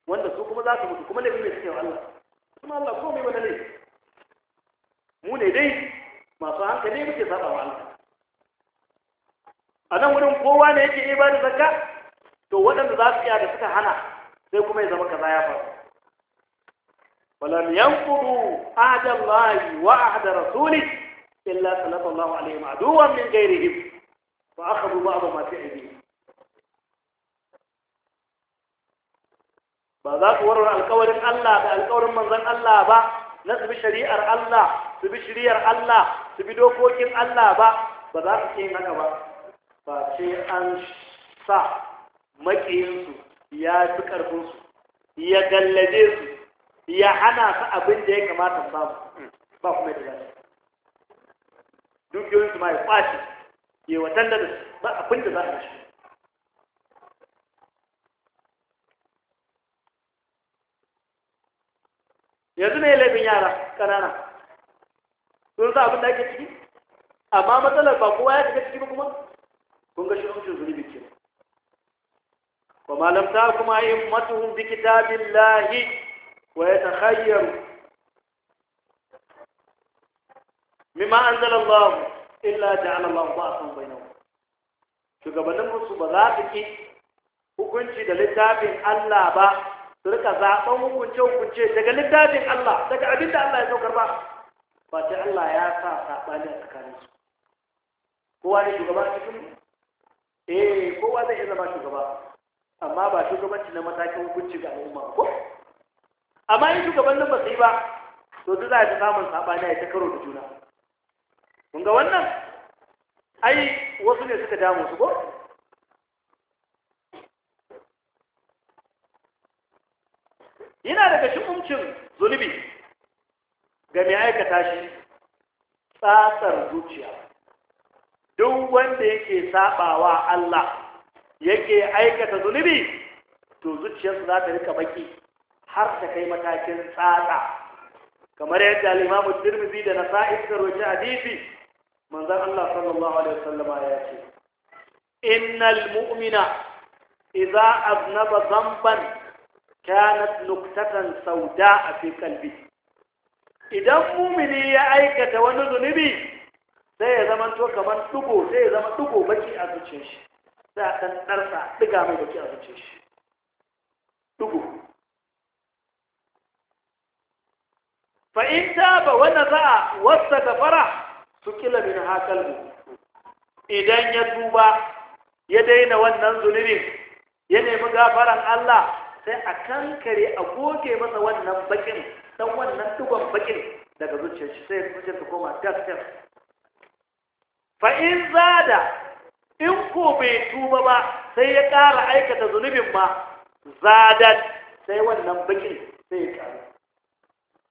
wanda su kuma za su mutu kuma da ne suke Allah kuma Allah ko mai wani dai masu hankali muke saba wa Allah a nan wurin kowa ne yake iya bada zakka to waɗanda za su iya da suka hana sai kuma ya zama kaza ya faru walam yanqudu ahda Allah wa ahda rasuli illa sallallahu alaihi wa aduwan min ghairihim fa akhadhu ba'd ma fi aydihim ba za su warware alkawarin Allah da alkawarin manzon Allah ba na su bi shari'ar Allah su bi shari'ar Allah su bi dokokin Allah ba ba za su yin haka ba ba sai an sa makiyinsu ya fi ƙarfinsu ya gallaje su ya hana su abin da ya kamata samu ba kuma da gani dukiyoyinsu ma ya kwace ya watan da su, ba abin da za a shi yanzu ne laifin yara ƙanana sun sa abin da ake ciki amma matsalar ba kowa ya shiga ciki ba kuma kun ga shirin zunubi bikin. wa malam ta kuma yin matuhun bi kitabin lahi wa ya takhayyaru mimma zala Allah illa ja'ala Allah bai nawa? shugabannin musu ba za su ki hukunci da littafin Allah ba su rika zaɓen hukunce-hukunce daga littafin Allah daga abin da Allah ya saukar ba ba ce Allah ya sa saɓani a tsakanin su kowa ne shugaba a cikin eh kowa zai iya zama shugaba amma ba shugabanci na matakin hukunci ga al'umma ko amma in shugaban nan ba su yi ba to duk za a fi samun saɓani a ta karo da juna kun ga wannan ai wasu ne suka damu su ko yana daga umcin zunubi ga mai aikata shi tsatsar zuciya duk wanda yake sabawa Allah yake aikata zunubi to zuciyarsu za ta rika baki har ta kai matakin tsatsa kamar yadda al-Imam Tirmidhi da Nasa'i suka rawaita hadisi manzon Allah sallallahu alaihi wasallama ya ce innal mu'mina idza aznaba dhanban كانت نكتة سوداء في قلبه idan mumini ya aikata wani zunubi sai ya zama to kamar dugo sai ya zama dugo baki a shi sai a dan darsa diga mai baki a zuciyar shi dugo fa idan ya tuba ya daina wannan zunubin ya nemi gafaran Allah sai a kankare a goge masa wannan bakin dan wannan dugon bakin daga zuciyar shi sai zuciyar ta koma gas gas fa in zada in ko bai tuba ba sai ya ƙara aikata zunubin ma zadat sai wannan bakin sai ya ƙaru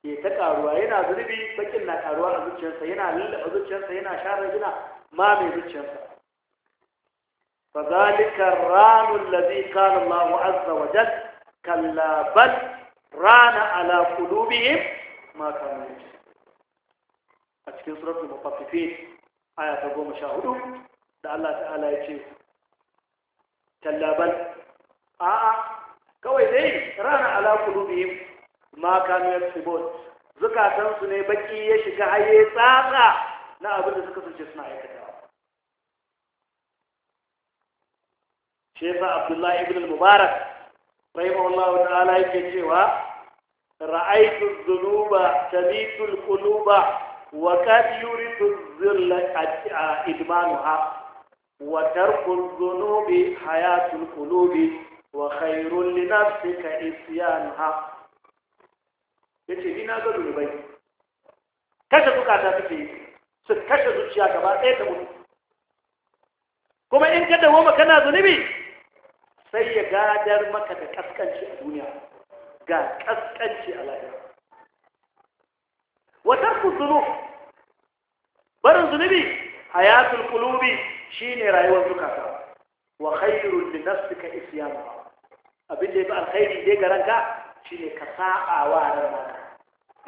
ke ta ƙaruwa yana zunubi bakin na ƙaruwa a zuciyarsa yana a zuciyarsa yana share ma mai zuciyarsa فذلك الران الذي قال الله عز وجل kalla bal rana ala kudubihim ma kanu a cikin suratul mutaffifin aya ta goma sha hudu da Allah ta'ala ya ce kalla bal a'a kawai dai rana ala kudubihim ma kanu yaksubun su ne baki ya shiga haye tsatsa na abin da suka sace suna aikatawa shefa abdullahi ibn al-mubarak رحمه الله تعالى يكتبوا رأيت الذنوب شديد القلوب وقد يريد الظل إدمانها وترك الذنوب حياة القلوب وخير لنفسك إسيانها yace ina ga dubai kashe duka ta take su kashe zuciya gaba ɗaya ta mutu kuma in ka dawo maka na zunubi sai ya gadar maka da kaskanci a duniya ga kaskanci a lahira wata kuzunu barin zunubi hayatul kulubi shine rayuwar zukata wa khairul li nafsika abin da yafi alkhairi dai ga ranka shine ka saba wa ranka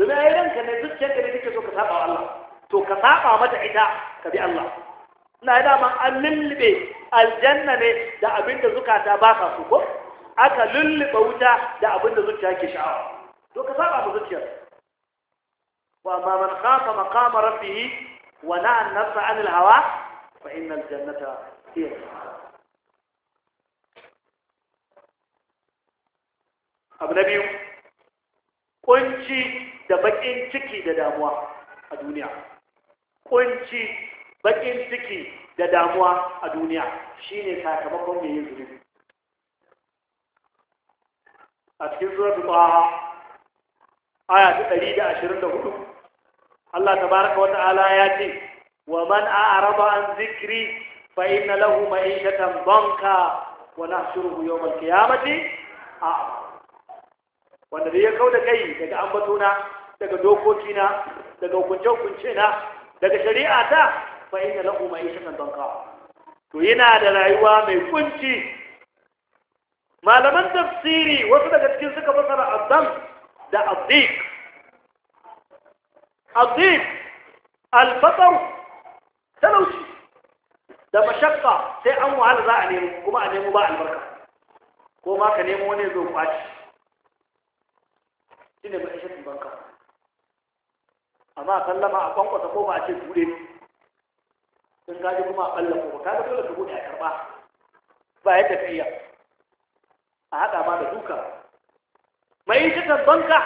domin ai ranka ne zuciyarka ne kake so ka saba wa Allah to ka saba mata ita ka bi Allah ina da man an lilbe aljanna ne da abinda zukata ba ka su ko aka lulluɓa wuta da abinda zuciya ke sha'awa to ka saba mu zuciya wa amma man khafa maqama rabbih wa na'a nafsa an al hawa fa inna al jannata hiya abu na kunci da bakin ciki da damuwa a duniya kunci bakin ciki da damuwa a duniya shine sakamakon mai yin zunubi a cikin suratul qaha aya ta hudu, Allah Ta baraka wata Ala ya ce wa man a araba an zikri fa inna lahu ma'ishatan banka wa nahshuruhu yawm qiyamati a wanda da ya da kai daga ambatona daga dokokina daga hukunce-hukunce na daga shari'a ta fa inna lahu ma'ishatan danqa to yana da rayuwa mai kunci malaman tafsiri wasu daga cikin suka fasara azzam da azzik Al-fatar, talauci da mashakka sai an wahala za a nemo kuma a nemo ba albarka ko ma ka nemo wani zo kwaci shine ma'ishatan danqa amma sallama a kwankwata ko ba a ce bude in kaji kuma a ɓalla kuma ka ga dole ka bude a karɓa ba ya tafiya a haɗa ma da duka mai cikin banka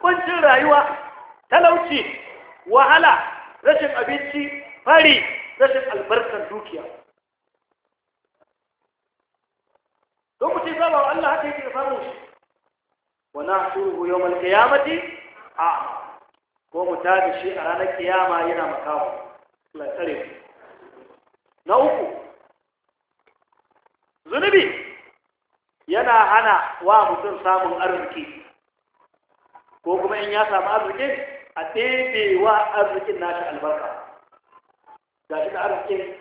kuncin rayuwa talauci wahala rashin abinci fari rashin albarkar dukiya don ku ce ba wa Allah haka yake da samun shi wa na suruhu yau malkiyamati a ko mu tafi shi a ranar kiyama yana makawa tsare na uku zunubi yana hana wa mutum samun arziki ko kuma in ya samu arzikin a ɗebe wa arzikin nashi albarka ga shi da arzikin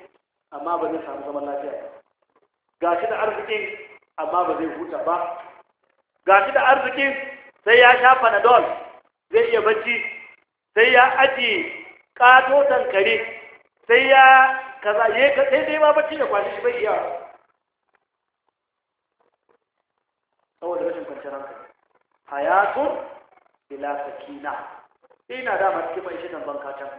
amma ba zai samu zaman lafiya ga shi da arzikin amma ba zai huta ba ga shi da arzikin sai ya sha panadol zai iya bacci sai ya ajiye ƙato tankare sai ya kaza ya sai dai ma bacci da kwashi bai iya saboda rashin kwanciyar hankali hayatu ila sakina ina da masu cikin mai dan banka can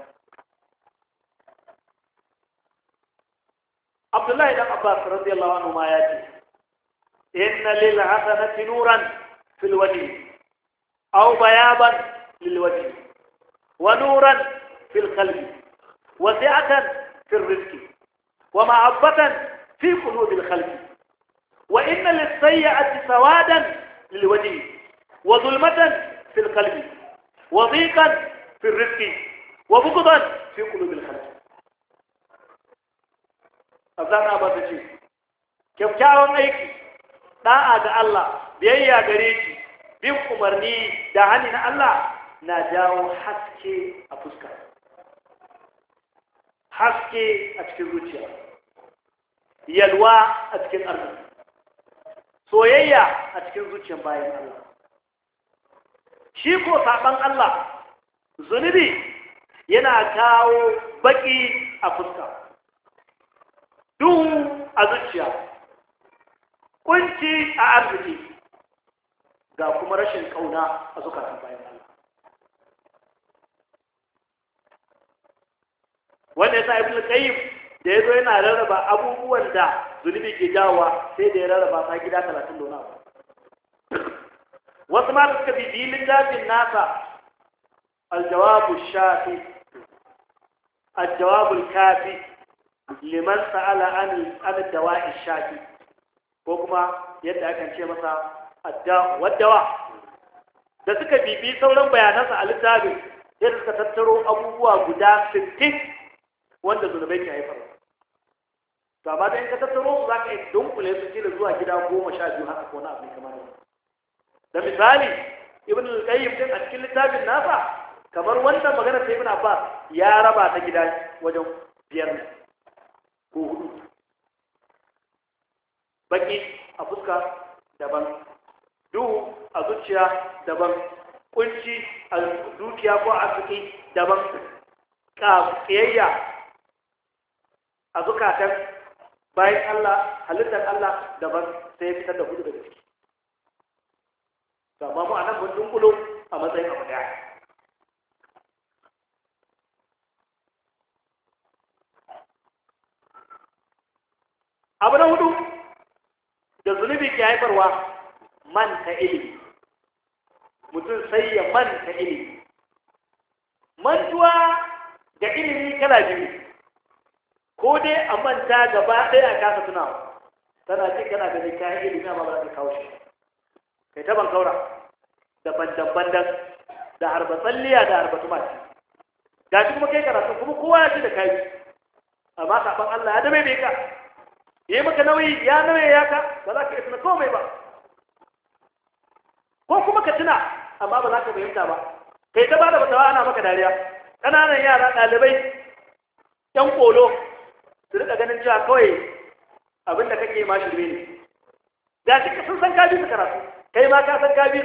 Abdullahi dan Abbas radiyallahu anhu ma ya ce inna lil hasanati nuran fil wajhi aw bayaban lil wajhi wa nuran fil qalbi وسعة في الرزق ومعبة في قلوب الخلق وإن للسيئة سوادا للوجه وظلمة في القلب وضيقا في الرزق وبغضا في قلوب الخلق أبدانا أبا تجيب كم da'a أيكي Allah biyayya الله shi bin umarni da hannu الله نجاو حتى jawo haske a cikin zuciya yalwa a cikin arziki soyayya a cikin zuciyar bayan Allah shi ko saban Allah zunubi yana kawo baki a fuska duhu a zuciya kunci a arziki ga kuma rashin kauna a zukatan bayan Allah wanda yasa ibnu qayyim da yazo yana rarraba abubuwan da zunubi ke jawowa sai da ya rarraba ta gida 30 dona wasu ma suka bibiyi littafin nasa aljawabu shafi aljawabu kafi liman sa'ala an an dawa'i shafi ko kuma yadda akan ce masa adda wadawa da suka bibi sauran bayanansa a littafin sai suka tattaro abubuwa guda 60 wanda zunubai ke haifarwa to amma da in ka tattaro su za ka yi dunkule su da zuwa gida goma sha biyu haka ko na abin kamar da da misali ibn al-qayyim din a cikin littafin nasa kamar wannan magana ta ibn abbas ya raba ta gida wajen biyar ne ko hudu baki a fuska daban duhu a zuciya daban kunci a dukiya ko a daban ƙiyayya a zukatan bayan Allah halittar Allah daban sai ya fitar da hudu daga ciki amma mu a nan mun dunkulo a matsayin abu daya abu na hudu da zunubi ke haifarwa man ta ilimi mutum sai ya man manta ilimi mantuwa da ilimi kala biyu ko dai a manta gaba ɗaya a kasa tunawa tana ce kana ganin kayan ilimi amma ba za ka kawo shi kai ta ban kaura da bandan bandan da harba tsalliya da harba tumaki ga shi kuma kai karatu kuma kowa ya ce da kayi amma kafin Allah ya dame bai ka yi maka nauyi ya nauye ya ka ba za ka isa tuna komai ba ko kuma ka tuna amma ba za ka fahimta ba kai ta ba da ana maka dariya ƙananan yara ɗalibai ƴan ƙolo su rika ganin cewa kawai abin da kake ma shirme ne ga shi ka sun san ka bi su karatu kai ma ka san ka bi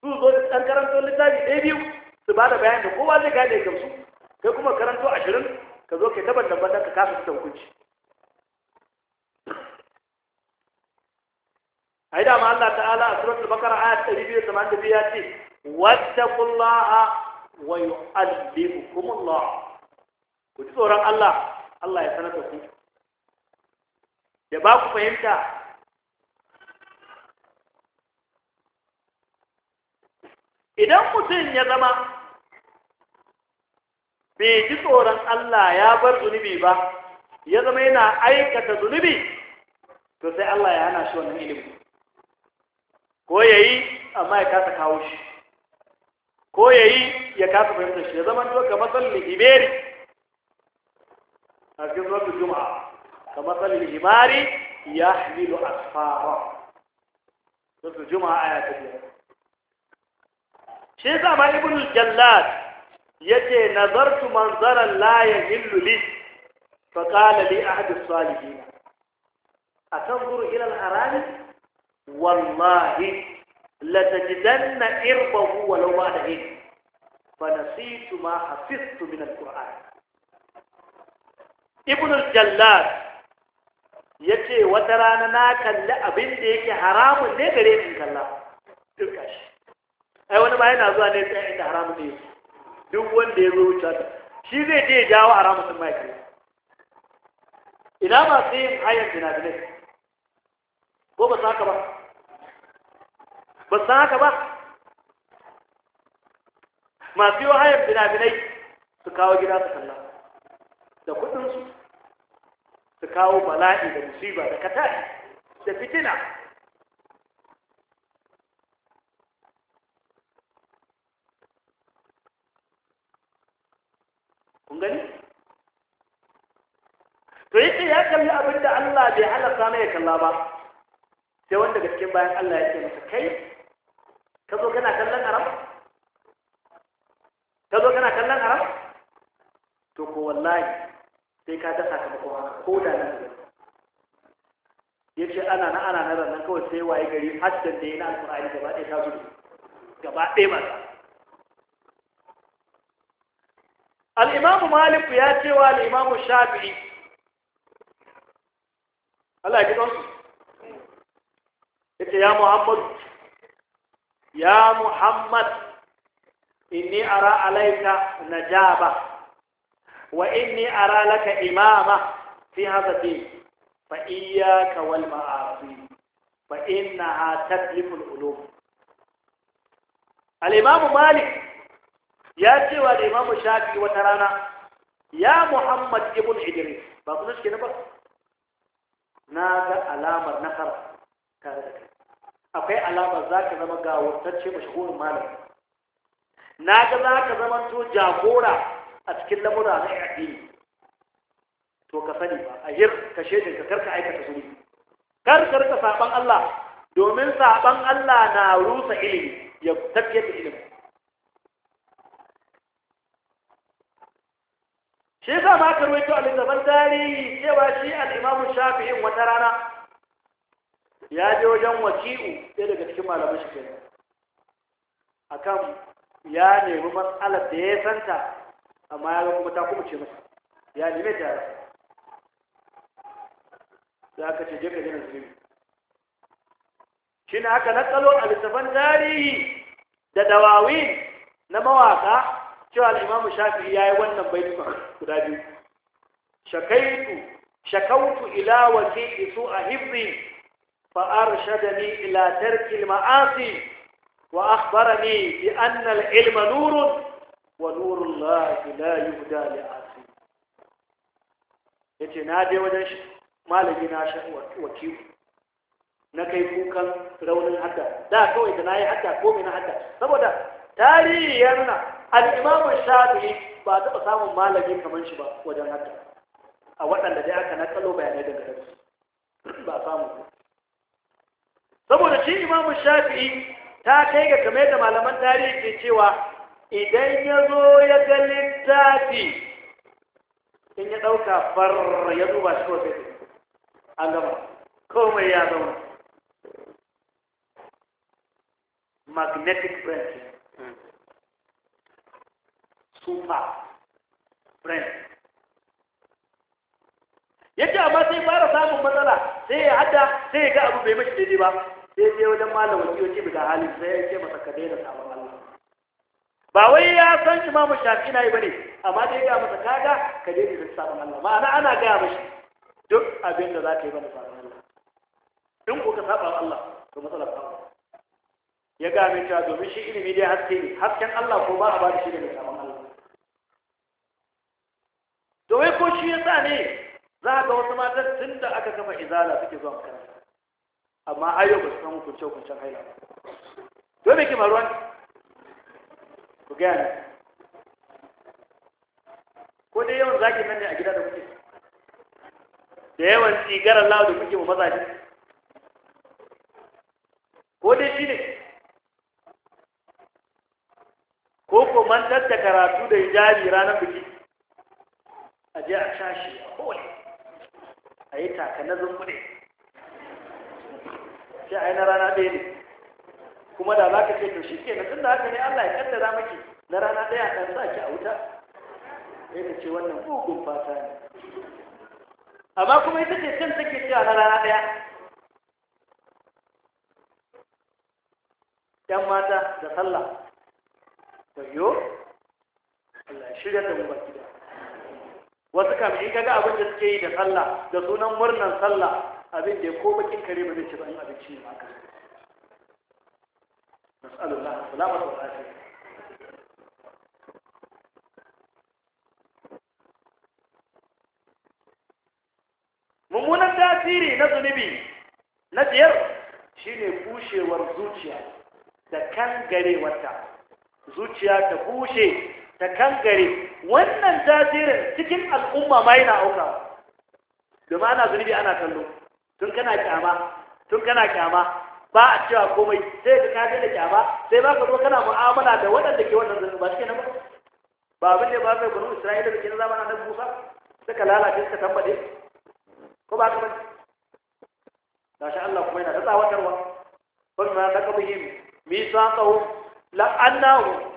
su su zo da ɗan karanto littafi ɗaya biyu su ba da bayan da kowa zai gane gamsu kai kuma karanto ashirin ka zo kai taban dabban ka kasa fita hukunci ai da ma Allah ta'ala a suratul bakara ayat 282 ya ce wattaqullaha wa yu'allimukumullah ku ji tsoron Allah Allah ya sanar da ku ya ba ku fahimta idan mutum ya zama bai ji tsoron Allah ya bar zunubi ba ya zama yana aikata zunubi to sai Allah ya hana shi wannan ilimi ko ya yi amma ya kasa kawo shi ko ya yi ya kasa fahimtar shi ya zama duka matsalin iberi أرجو رب الجمعة كمثل الحمار يحمل أسفارا رب الجمعة آيات الجمعة شيخ أبا ابن الجلاد يتي نظرت منظرا لا يهل لي فقال لي أحد الصالحين أتنظر إلى الحرام والله لتجدن إربه ولو ما فنسيت ما حفظت من القرآن ibn al-jallad yace wata rana na kalli abin da yake haramun ne gare ni kalla duka shi ai wani ba yana zuwa ne sai inda haramun ne duk wanda ya zo wuce shi zai je jawo haramun sun mai kai ina ba masu yin hayan ne ko ba sa haka ba ba sa haka ba masu yi hayan jinadinai su kawo gida su kalla da kudinsu su kawo bala'i da musiba da katari da fitina kun gani to yake ya kalli abin da Allah bai halarta mai kalla ba sai wanda gaske bayan Allah ya ce masa kai ka zo kana kallon haram ka zo kana kallon haram to ko wallahi sai ka dasa ka mako haka ko da nan ya ce ana na ana na nan kawai sai waye gari haddan da ya na alƙur'ani gaba ɗaya ta zuru gaba ɗaya masa. al'imamu maliku ya ce wa al'imamu shafi'i Allah ya gidansu ya ce ya muhammadu ya muhammad inni ara alaika najaba وإني أرى لك إمامة في هذا الدين فإياك والمعاصي فإنها تتلف القلوب الإمام مالك ياتي والإمام الشافعي وترانا يا محمد ابن إدريس بقولش كده بقى نادى علامة نخر كذلك akwai alamar za ka zama gawurtacce mashahur malam na ga za ka zama to jagora a cikin lamura na addini to ka sani ba a yir ka shedin ka karka aikata zuri kar rika saban Allah domin saban Allah na rusa ilimi ya tafiye da ilimi shi yasa ma ka rawaito a littafin tarihi cewa shi al shafi Shafi'in wata rana ya je wajen waki'u ɗaya daga cikin malamai shi kenan akan ya nemi matsalar da ya santa amma ya ga kuma ta kuma ce masa ya nime ta yara za ka ce je ka gina zunubi shi na aka nakalo a littafan tarihi da dawawi na mawaka cewa al'imamu shafi ya yi wannan bai baitukan guda biyu shakaitu shakautu ila wake isu a hibri fa'ar hifzi فأرشدني إلى ترك المعاصي وأخبرني بأن العلم نور ونور الله لا يهدى لعاصي yace na je wajen malami na shi wakilu na kai kukan raunin hadda da kawai da nayi hadda ko mai na hadda saboda tarihi ya nuna Shafi imam shafi'i ba taɓa samun malami kamar shi ba wajen hadda a waɗanda dai aka na nakalo bayanai daga gare ba samu saboda shi imam Shafi ta kai ga kamar da malaman tarihi ke cewa idan ya zo ya ga littafi in ya ɗauka far ya duba shi kawai sai an gama komai ya zama magnetic branch super branch ce amma sai fara samun matsala sai ya hada sai ya ga abu bai mashi daidai ba sai ya je wajen malam wani yau ce bi ga halin sai ya ce masa ka daina sabon Allah ba wai ya san imamu shafi na yi bane amma dai ga masa kaga ka je da sabon Allah ma'ana ana gaya mashi duk abin da za ka yi bane sabon Allah in ko ka saba Allah to matsalar ka ya ga mai cewa domin shi ilimi dai haske ne hasken Allah ko ba a ba shi da sabon Allah to wai ko shi ya sa ne za ga wasu matan tun da aka kafa izala suke zuwa makaranta amma ayyuka su san hukunce hukuncen haila ba dole ki maruwa ku gaya ni ko dai yawan zaki nan ne a gida da kuke da yawan tsigarar lawa da kuke mu ne? ko dai shi ne ko ko man tatta karatu da hijabi ranar biki a je a shashi a kowai? a yi takanazin na shi sai a yi na rana ɗaya ne kuma da za ka ce to shi ke na tun da haka ne Allah ya kaddara maki na rana ɗaya ɗan sa ki a wuta sai da ce wannan bugun fata ne amma kuma ita ce can take cewa na rana ɗaya ‘yan mata da sallah wayo Allah shirya da mu baki da wasu kam in kaga abin da suke yi da sallah da sunan murnan sallah abin da ko bakin kare ba zai ci ba in abinci ne ba نسأل الله السلامة والعافية mummunan tasiri na zunubi na biyar shine bushewar zuciya da wata zuciya ta bushe ta kangare wannan tasirin cikin al'umma ma yana auka domin ana zunubi ana kallo tun kana kyama tun kana kyama ba a cewa komai sai ka kaje da kyama sai ba ka zo kana mu'amala da waɗanda ke wannan zalunci ba shi ne ba ba abin da ba zai bunu Isra'ila da ke na zamanin Annabi Musa suka lalace suka tambaye? ko ba ka bane shi Allah kuma yana da tsawatarwa ban ma da kabihim misaqahu la'annahu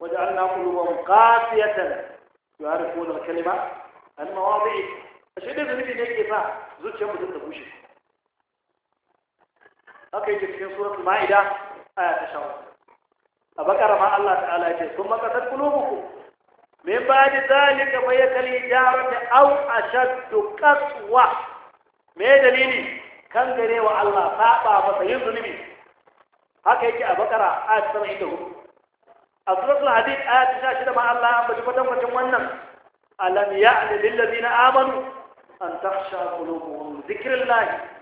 وجعلنا قلوبهم قاسية kalima an mawadi'i ashe da zubi ne ke sa zuciyar mutum ta bushe haka yake cikin suratul ma'ida aya ta shawo a bakara ma Allah ta'ala ce sun makasar kulubuku min ba'di zalika fa yakal hijarati aw ashaddu qaswa me dalili kan gare wa Allah saba masa yin zunubi? haka yake a bakara aya ta 74 a suratul hadid aya ta shida ma Allah an baji kwatankwacin wannan alam ya'ni lil ladina amanu an takhsha qulubuhum dhikrillah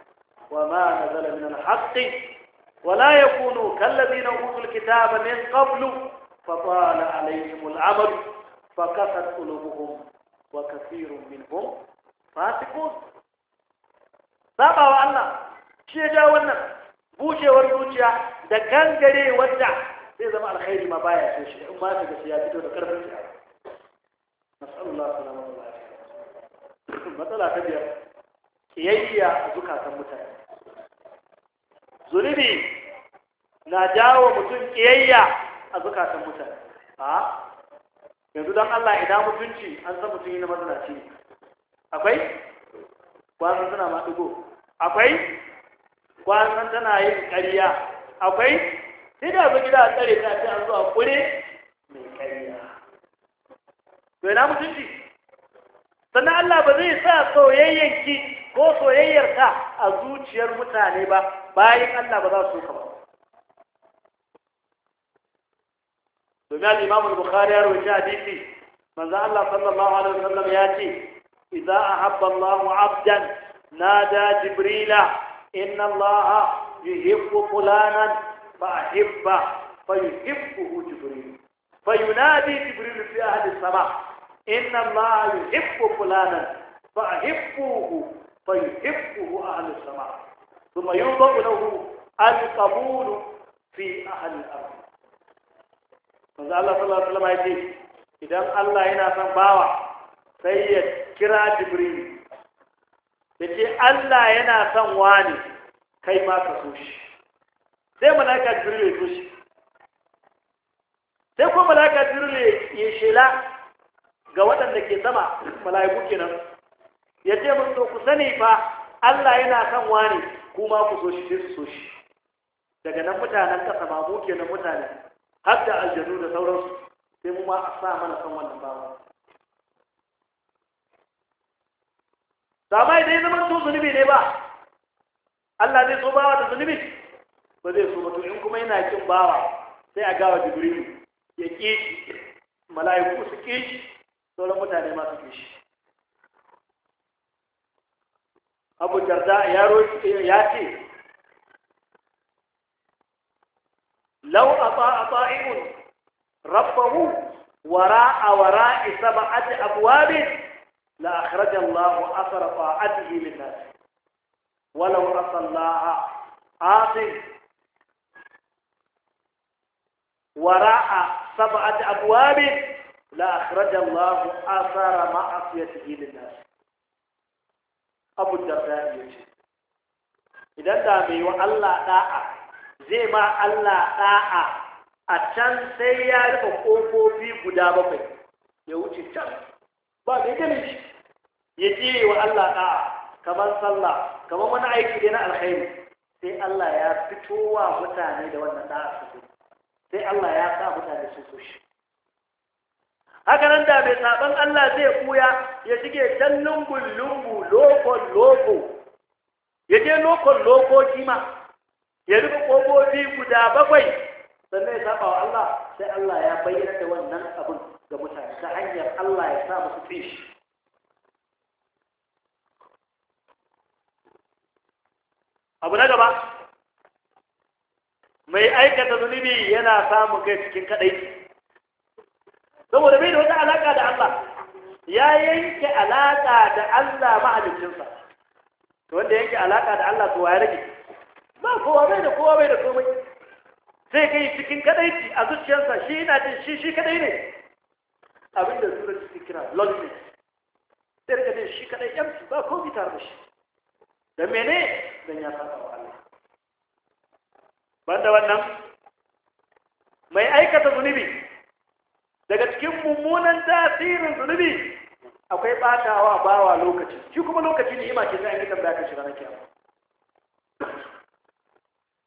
وما نزل من الحق ولا يكونوا كالذين أوتوا الكتاب من قبل فطال عليهم العمل فكفت قلوبهم وكثير منهم فاسقون سبع وعلا شيء جاء وانا بوشة والبوشة دا كان جريه وانا سيدة الخير ما بايع سيشي ما سيدة سيادة وذكر من سيادة نسأل الله السلامه والعافيه عليه وسلم مثلا يا زكاة متعلم zunubi na jawo mutum kiyayya a zukatan mutane a yanzu don Allah idan mutunci an san mutum yi na mazalaci ne akwai kwanan tana ma akwai kwanan tana yin ƙarya akwai sai da gida a tsare ta ce an zuwa kure mai ƙarya to ina mutunci sannan Allah ba zai sa soyayyanki ko soyayyarka a zuciyar mutane ba بايق الله بدا سوق دمال امام البخاري يروي حديثي من الله صلى الله عليه وسلم ياتي اذا احب الله عبدا نادى جبريل ان الله يحب فلانا فاحبه فيحبه جبريل فينادي جبريل في اهل السماء ان الله يحب فلانا فاحبه فيحبه اهل السماء ثم يوضع له القبول في أهل الأرض ماذا الله صلى الله عليه وسلم يقول son bawa sai ya kira Jibril. Ya yace Allah yana son wani kai ma ka so shi sai malaka jibril ya so shi sai kuma malaka jibril ya shela ga waɗanda ke sama mala'iku kenan yace mun so ku sani fa Allah yana son wani kuma ku so shi sai su so shi daga nan mutanen kasa ma mu kenan mutane har da aljanu da sauransu sai mu ma a sa mana san wannan bawa sama idan ya zama to zunubi ne ba Allah zai so bawa da zunubi ba zai so ba in kuma yana kin bawa sai a gawa jibrilu ya ƙi mala'iku su ƙi sauran mutane ma su ƙi أبو جرداء يروي ياتي لو أطاع طائم ربه وراء وراء سبعة أبواب لأخرج الله أثر طاعته للناس ولو اطاع الله عاصم وراء سبعة أبواب لأخرج الله أثر معصيته للناس abu da ya ce idan da mai wa Allah da'a zai ma Allah ɗa'a a can sai ya rufe ƙofofi guda bakwai ya wuce can ba mai ganin shi ya je wa Allah da'a kamar sallah kamar wani aiki dai na alkhairi sai Allah ya fitowa mutane da wannan da'a su sai Allah ya sa mutane su so shi haka nan da mai saban Allah zai kuya ya shige can lungu-lungu loko-loko ya je loko-loko kima ya rufe kofofi guda bakwai sannan ya saba wa Allah sai Allah ya bayyana da wannan abun ga mutane ta hanyar Allah ya sa musu fishi abu na gaba mai aikata zunubi yana samun kai cikin kadai saboda bai da wata alaka da Allah ya yanke alaka da Allah mahaliccinsa to wanda yanke alaka da Allah to ya rage ba kowa bai da kowa bai da komai sai kai cikin kadaici a zuciyarsa shi yana jin shi shi kadai ne abinda sura cikin kira loneliness sai rage jin shi kadai yanci ba komai tare da shi da mene dan ya saba wa Allah banda wannan mai aikata zunubi daga cikin mummunan tasirin zunubi akwai batawa bawa lokaci shi kuma lokaci ne ima ke sai an yi kan zaka shiga rakiya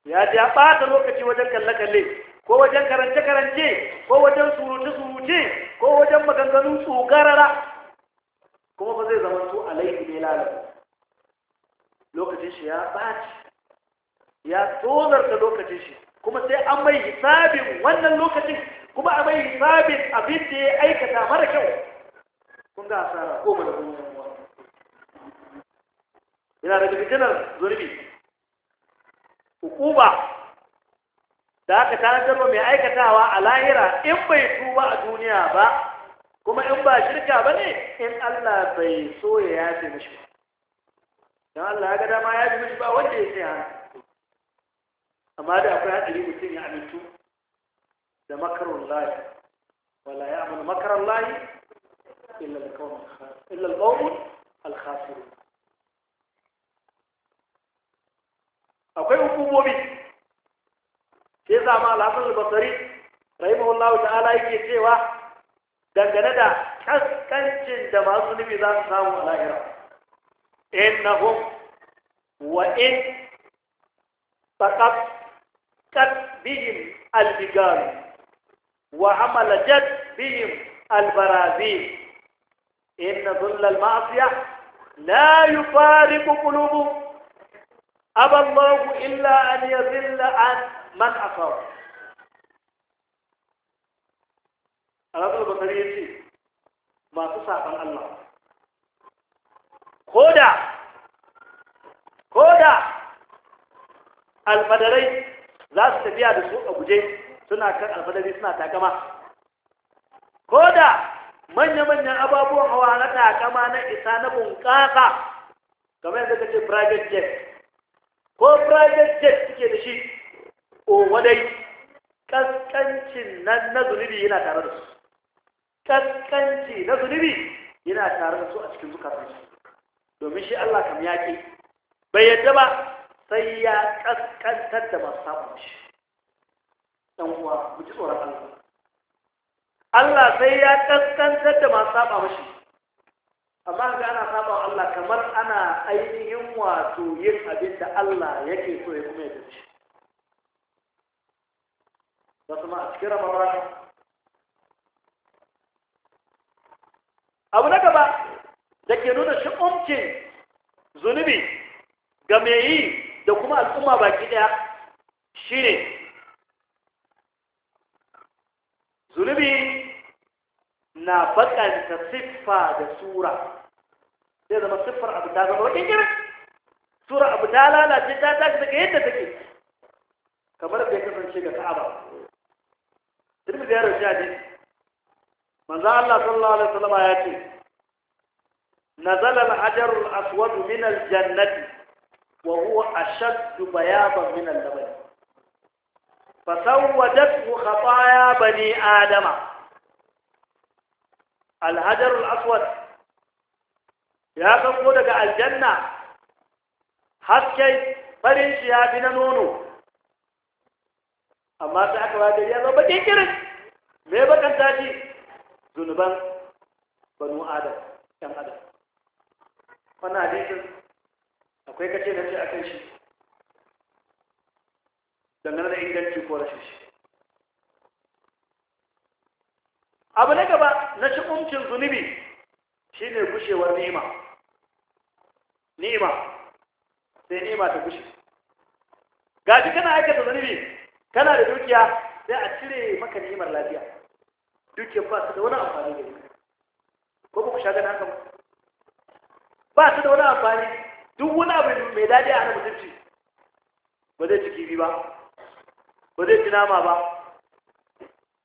ya ji ya ɓata lokaci wajen kalle-kalle ko wajen karance-karance ko wajen surute-surute ko wajen maganganu tsogarara kuma ba zai zama su alaihi ne lalata lokacin shi ya bata ya tozarta lokacin shi kuma sai an mai hisabin wannan lokacin kuma a mai sabit abin da ya aikata mara kyau kun ga asara ko mana kuma yana da fitinar zurbi hukuma da aka tanadar mai aikatawa a lahira in bai tuba a duniya ba kuma in ba shirka ba ne in Allah bai so ya yafe mishi ba don Allah ya ga dama ya fi mishi ba wanda ya sai hannu. amma da akwai haɗari mutum ya amintu ده مكر الله ولا يعمل مكر الله إلا القوم الخاسرون إلا القوم الخاسرين أقول أقوم به شيخ مع الحسن البصري رحمه الله تعالى يجي سوى دعنا دا كس كنجن دماغ النبي ذا سام الله إنهم وإن فقط كت بهم البقار وعمل جد بهم البرازيل إن ظل المعصية لا يفارق قلوبهم أبى الله إلا أن يذل عن من أصاب أنا البصري يجي ما تصعب الله كودا كودا الفدري لا تبيع بسوء أبو جيد suna kan alfadari suna takama ko da manya-manyan ababuwan hawa na takama na isa na bunƙasa kamar yadda kace private jet ko private jet suke da shi o wadai kaskancin nan na zunubi yana tare da su kaskanci na zunubi yana tare da su a cikin zukatansu domin shi Allah kam yaƙi bai yadda ba sai ya kaskantar da masu samun shi ɗan uwa ku ji tsoron Allah Allah sai ya ƙasƙantar da masu saba mashi amma ga ana saba Allah kamar ana ainihin wato yin abin da Allah yake so ya kuma ya dace wasu ma a cikin ramadan abu na gaba da ke nuna shi'umcin zunubi ga mai yi da kuma al'umma baki ɗaya, shi ne. zunubi na bakanta siffa da sura sai da siffar abu ta ga wajen girin sura abu ta lalace ta ta daga yadda take kamar da ya kasance ga ka'aba turbi da yaro shadi manzo Allah sallallahu alaihi wasallam ya ce nazalar ajarul aswad min aljannati wa huwa ashaddu bayaban min al-laban فسودته خطايا بني آدم الهجر الأسود ya sauko daga aljanna haske farin shi na nono amma sai aka bada ya zama bakin kirin me bakan tashi zunuban banu adam yan adam wannan hadisin akwai kace shi dangane da inganci ko rashin shi abu na gaba na umcin zunubi shi ne gushewar ni'ima ni'ima sai ni'ima ta gushe gaji kana aikata zunubi kana da dukiya sai a cire maka ni'imar lafiya dukiyar ba su da wani amfani da ko ba ku shagan haka ba ba su da wani amfani duk wani abu mai daɗi a hana mutunci ba zai ciki bi ba ba zai ci nama ba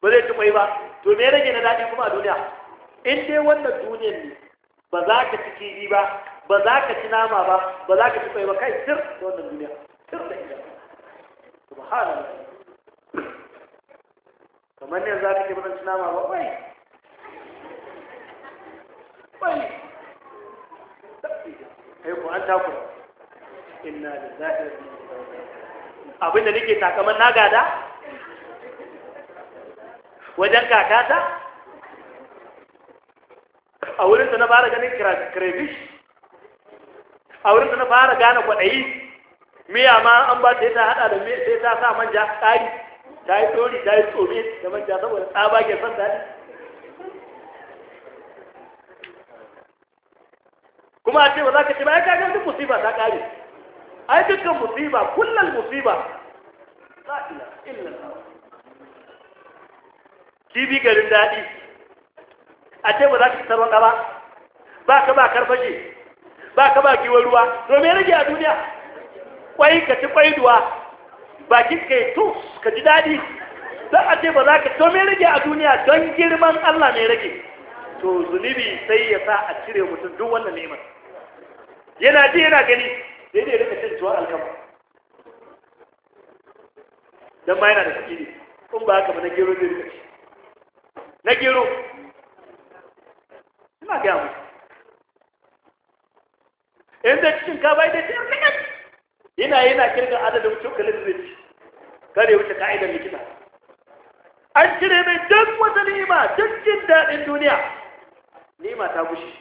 ba zai ci ba to me rage na daɗi kuma a duniya in dai wannan duniyar ne ba za ka ci kifi ba ba za ka ci nama ba ba za ka ci kwai ba kai sir da wannan duniya sir da ita subhanallah kamar ne za ka ce ba ci nama ba wai wai ai ku an takura inna lillahi wa inna ilaihi abinda nake takaman na gada wajen kakata a wurin da na fara ganin crayfish a wurin da na fara gane kwaɗayi miya ma an ba sai ta hada da miya sai ta sa manja tsari ta yi tsori ta yi tsomi da manja saboda ke son daɗi kuma a ce ba za ka ce ba ya kagar duk musifa ta ƙari. ai dukkan musiba kullal musiba la ilaha illallah kibi garin daɗi a ce ba za ka fitar wanka ba ba ka ba karfaje ba ka ba giwon ruwa domin rage a duniya kwai ka ci kwai duwa bakin ka yi tus ka ji daɗi don a ce ba za ka to me rage a duniya don girman Allah ne rage to zunubi sai ya sa a cire mutum duk wannan neman yana ji yana gani Daidai ya rika cin tuwon alkama dan ma yana da ciki in ba haka ba na gero zai rika ci na gero ina gaya musu in zai cikin ka bai da ciyar da kai yana yana kirga adadin cokalin zai ci kare wuce ka'idar likita an cire mai duk wata ni'ima duk jin daɗin duniya ni'ima ta gushe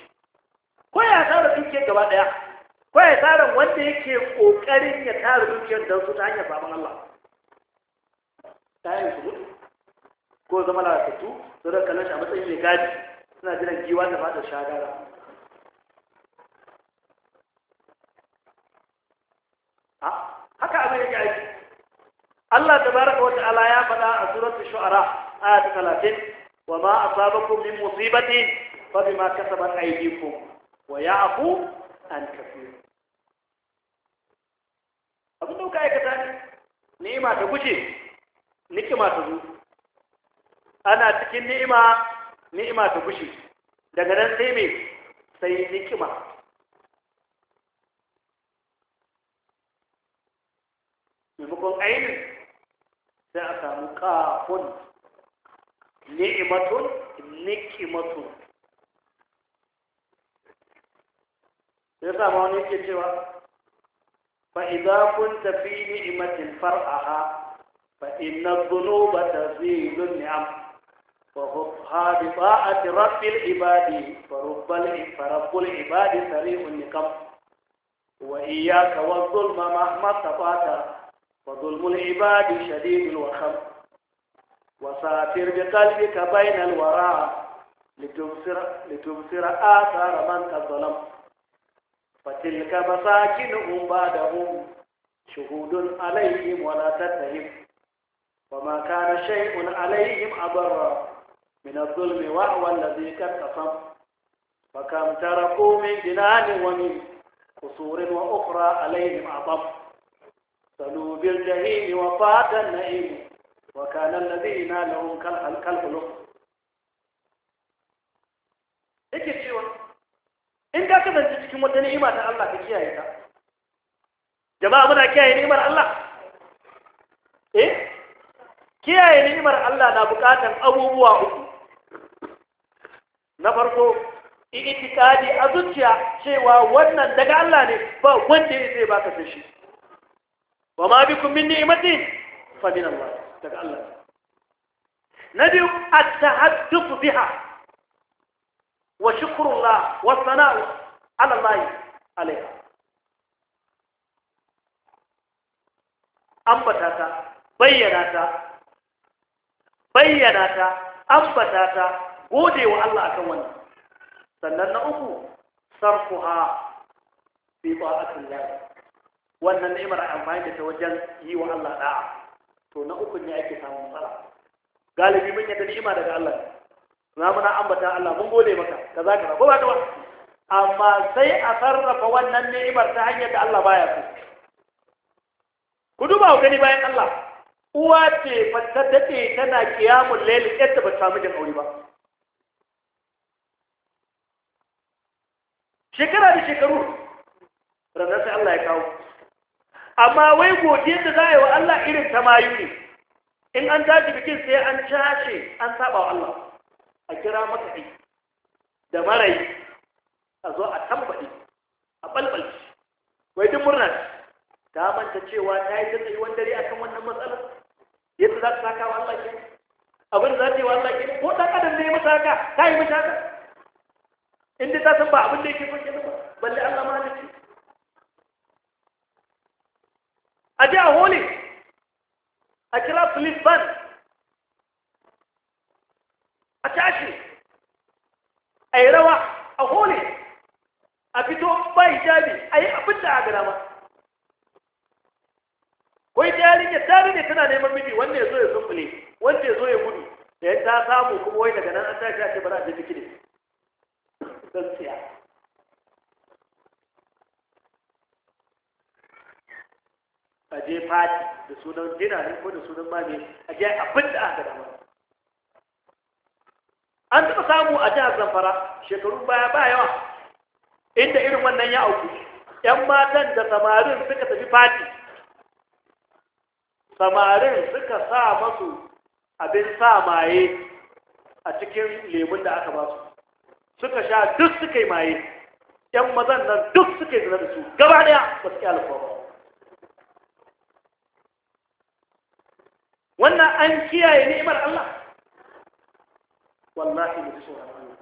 ko ya tara dukiyar gaba ɗaya kawai tsarin wanda yake kokarin ya tara dukiyar don su ta hanyar sabon Allah ta yi su mutu ko zama lafattu su da kallon shi a matsayin mai gadi suna jiran giwa da ba shagara haka abin yake aiki Allah Ta baraka wa ta'ala ya faɗa a suratul shu'ara aya ta talatin, wa ma asabakum min musibati fa bima kasabat aydikum wa ya'fu an kathir ku ka aikata ne ni'ima ta guje nikima ta zo ana cikin ni'ima ni'ima ta gushe daga nan sai mai sai nikima maimakon ainihin sai a samu kafin ni'imatun nikimatun sai ma wani yake cewa فإذا كنت في نعمة فرحها فإن الذنوب تزيل النعم وحبها بطاعة رب العباد فرب فرب العباد سريع النقم وإياك والظلم مهما استطعت وظلم العباد شديد الوخم وسافر بقلبك بين الورى لتبصر لتبصر آثار من تظلم فتلك مساكنهم بعدهم شهود عليهم ولا تتهم وما كان شيء عليهم أبرا من الظلم وهو الذي كتفم فكم تركوا من جنان ومن قصور وأخرى عليهم أعظم صلوا بالجهيم وفات النعيم وكان الذين لهم كالخلق in ka kasance cikin wata ni'ima ta Allah ka kiyaye ta jama'a muna kiyaye ni'imar Allah eh kiyaye ni'imar Allah na bukatar abubuwa uku na farko itikadi a zuciya cewa wannan daga Allah ne ba wanda ya zai baka sai wa ma bikum min ni'mati fa min Allah daga Allah na biyu at-tahadduth biha wa shukrullah wa sana'u ala Allah alaiha ambata ta bayyana ta bayyana ta ambata ta gode wa Allah akan wannan sannan na uku sarfuha fi ta'atillah wannan ni'imar amfani da ta wajen yi wa Allah da'a to na uku ne ake samun fara. galibi mun yadda ni'ima daga Allah za mu na ambata Allah mun gode maka kaza kaza ko ba ta ba amma sai a sarrafa wannan ni'imar ta hanyar da Allah baya so ku duba ku gani bayan Allah uwa ce fa ta tana kiyamul layl yadda ba ta mijin aure ba shekara da shekaru ranar sai Allah ya kawo amma wai godiyar da za a yi wa Allah irin ta mayu ne in an tashi bikin sai an cashe an saba wa Allah a kira maka da marayi a zo a tambaɗi a ɓalɓalci wai duk murna ta manta cewa ta yi ta wani dare akan wannan matsalar yadda za ta saka wa Allah ke abin da za ta yi wa Allah ke ko ta kadan ne mata haka ta yi mata haka inda ta san ba abin da yake fake ba balle Allah ma ce a je a holi a kira police band tashi a yi rawa a hole a fito ba jami a yi abin da a gara ba wai jari ya ta ne tana neman miji wanda ya zo ya sumbule wanda ya zo ya gudu da ya ta samu kuma wai daga nan an tashi a ce ba za a je biki ne don siya a je fati da sunan dina ne ko da sunan mami a je abin da agara ba an taɓa samu a jihar zamfara shekaru baya ba yawa inda irin wannan ya auku yan matan da samarin suka tafi fati samarin suka sa masu abin sa maye a cikin lemun da aka basu suka sha duk suka yi maye yan mazan nan duk suka yi zina da su gaba daya ba su kyalafa ba wannan an kiyaye ni'imar Allah wallahi mu tsoron Allah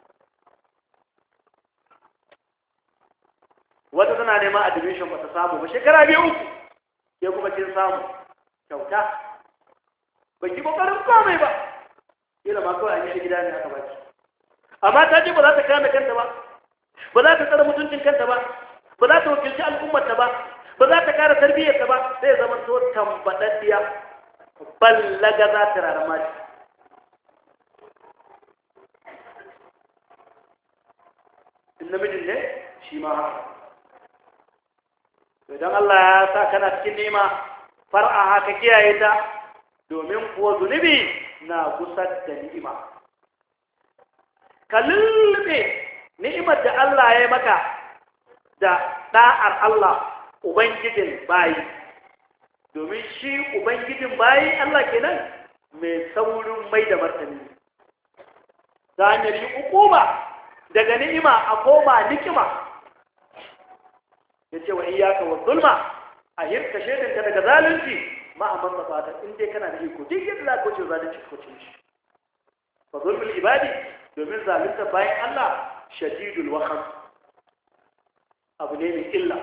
wata tana neman admission ba ta samu ba shekara biyu uku ke kuma kin samu kyauta ba ki kokarin komai ba kila ma kawai an yi gida ne aka baki amma ta ce ba za ta kame kanta ba ba za ta tsara mutuncin kanta ba ba za ta wakilci al'ummar ta ba ba za ta kara tarbiyyarta ba sai zaman to tambadaddiya ballaga za ta rarama shi namijin ne shi ma haka to idan Allah ya sa kana cikin nema far'a haka kiyaye ta domin kuwa zunubi na kusa da ni'ima ka lullube ni'imar da Allah ya maka da ɗa'ar Allah ubangijin bayi domin shi ubangijin bayi Allah kenan mai saurin mai da martani ta hanyar yi hukuma daga ni'ima a koma nikima ya ce wa iyaka wa zulma a hirka shedanta daga zalunci ma'amman mafata in dai kana da iko duk yadda za ka wuce zalunci ko cin shi fa zulmul ibadi domin zalunta bayan Allah shadidul waham abu ne mai illa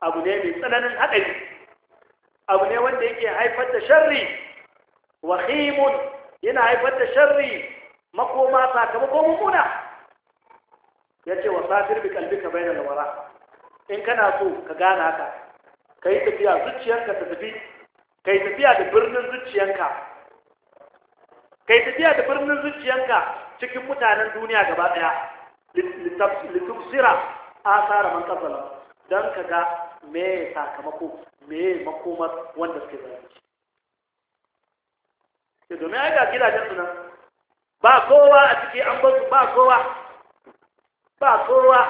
abu ne mai tsananin haɗari abu ne wanda yake haifar da sharri wahimun yana haifar da sharri makoma sakamakon mummuna ya ce wa safir bi kalbika da wara in kana so ka gana haka yi tafiya zuciyarka ta tafi yi tafiya da birnin zuciyanka yi tafiya da birnin zuciyarka cikin mutanen duniya gaba daya a tsara man kasala ka ga me sakamako me makomar wanda suke zalunci ke domin ai ga gidajen su nan ba kowa a ciki an ba kowa ba kowa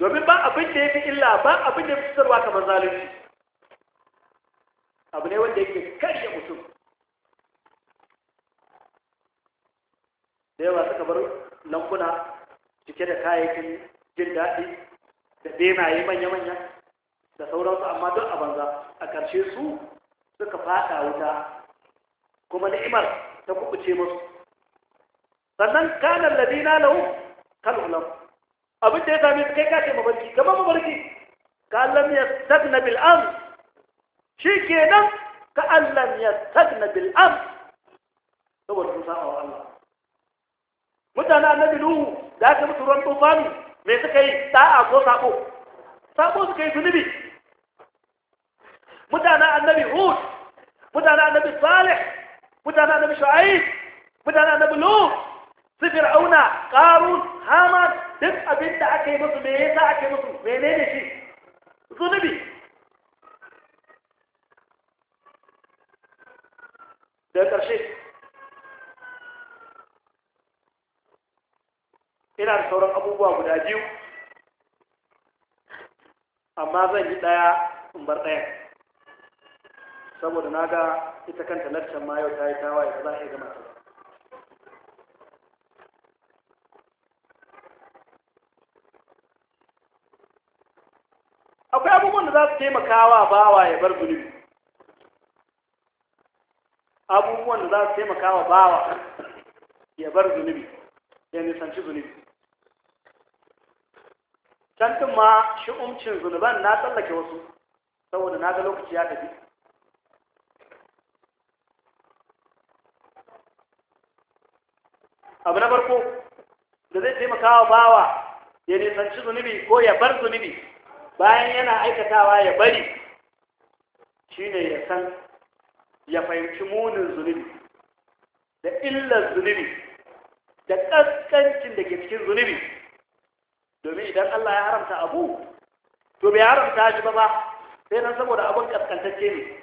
domin ba abin da ya fi illa ba abin da ya fi sarwa kamar zalunci abu ne wanda yake karya mutum da yawa suka bar lankuna cike da kayayyakin jin daɗi da benaye manya-manya da sauransu amma don a banza a ƙarshe su suka faɗa wuta kuma ni'imar ta kuɓuce musu sannan kana ladina lahu kal ulam abin da ya same su kai kace mabarki kamar mabarki ka allam yastagna bil am shikenan ka allam yastagna bil am saboda sun saba wa Allah mutanen annabi nuhu da aka mutu ruwan tufani me suka yi da'a ko sabo sabo suka yi zunubi mutanen annabi hud mutanen annabi salih mutanen annabi shu'aib mutanen annabi nuh su fir'auna ƙarun hamas duk abin da aka yi musu me yasa aka yi musu menene shi zunubi da ƙarshe ina da sauran abubuwa guda biyu amma zan yi ɗaya in bar ɗaya saboda na ga ita kanta lakcin ma yau ta yi tawaye ba za a iya gama ta abubuwan za su taimakawa bawa ya bar zunubi abubuwan da za su taimakawa bawa ya bar zunubi ya nisanci zunubi can ma shi umcin zunuban na tsallake wasu saboda na ga lokaci ya tafi abu na farko da zai taimakawa bawa ya nisanci zunubi ko ya bar zunubi bayan yana aikatawa ya bari ne ya san ya fahimci munin zunubi da illar zunubi da ƙasƙancin da ke cikin zunubi domin idan Allah ya haramta abu to bai haramta shi ba ba sai nan saboda abin ƙasƙantacce ne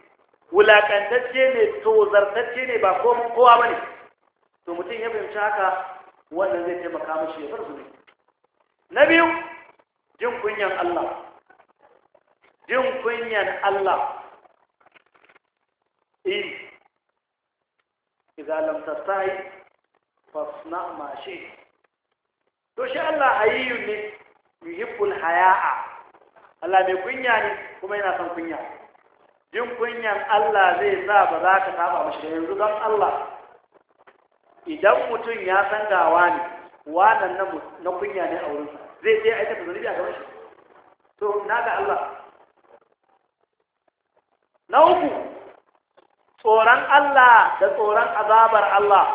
wulaƙantacce ne tozartacce ne ba kowa ba ne to mutum ya fahimci haka wannan zai taimaka mashi ya bar zunubi na biyu jin kunyan Allah jin kunyan Allah in eh. idan lam fasna ma shi to shi Allah hayyun ne yuhibbul haya'a Allah mai kunya ne kuma yana son kunya jin kunyan Allah zai sa ba za ka saba mashi yanzu don Allah idan mutum ya san gawa ne wannan na kunya ne a wurinsa zai sai aikata zunubi a gaban shi to na ga Allah na uku tsoron Allah da tsoron azabar Allah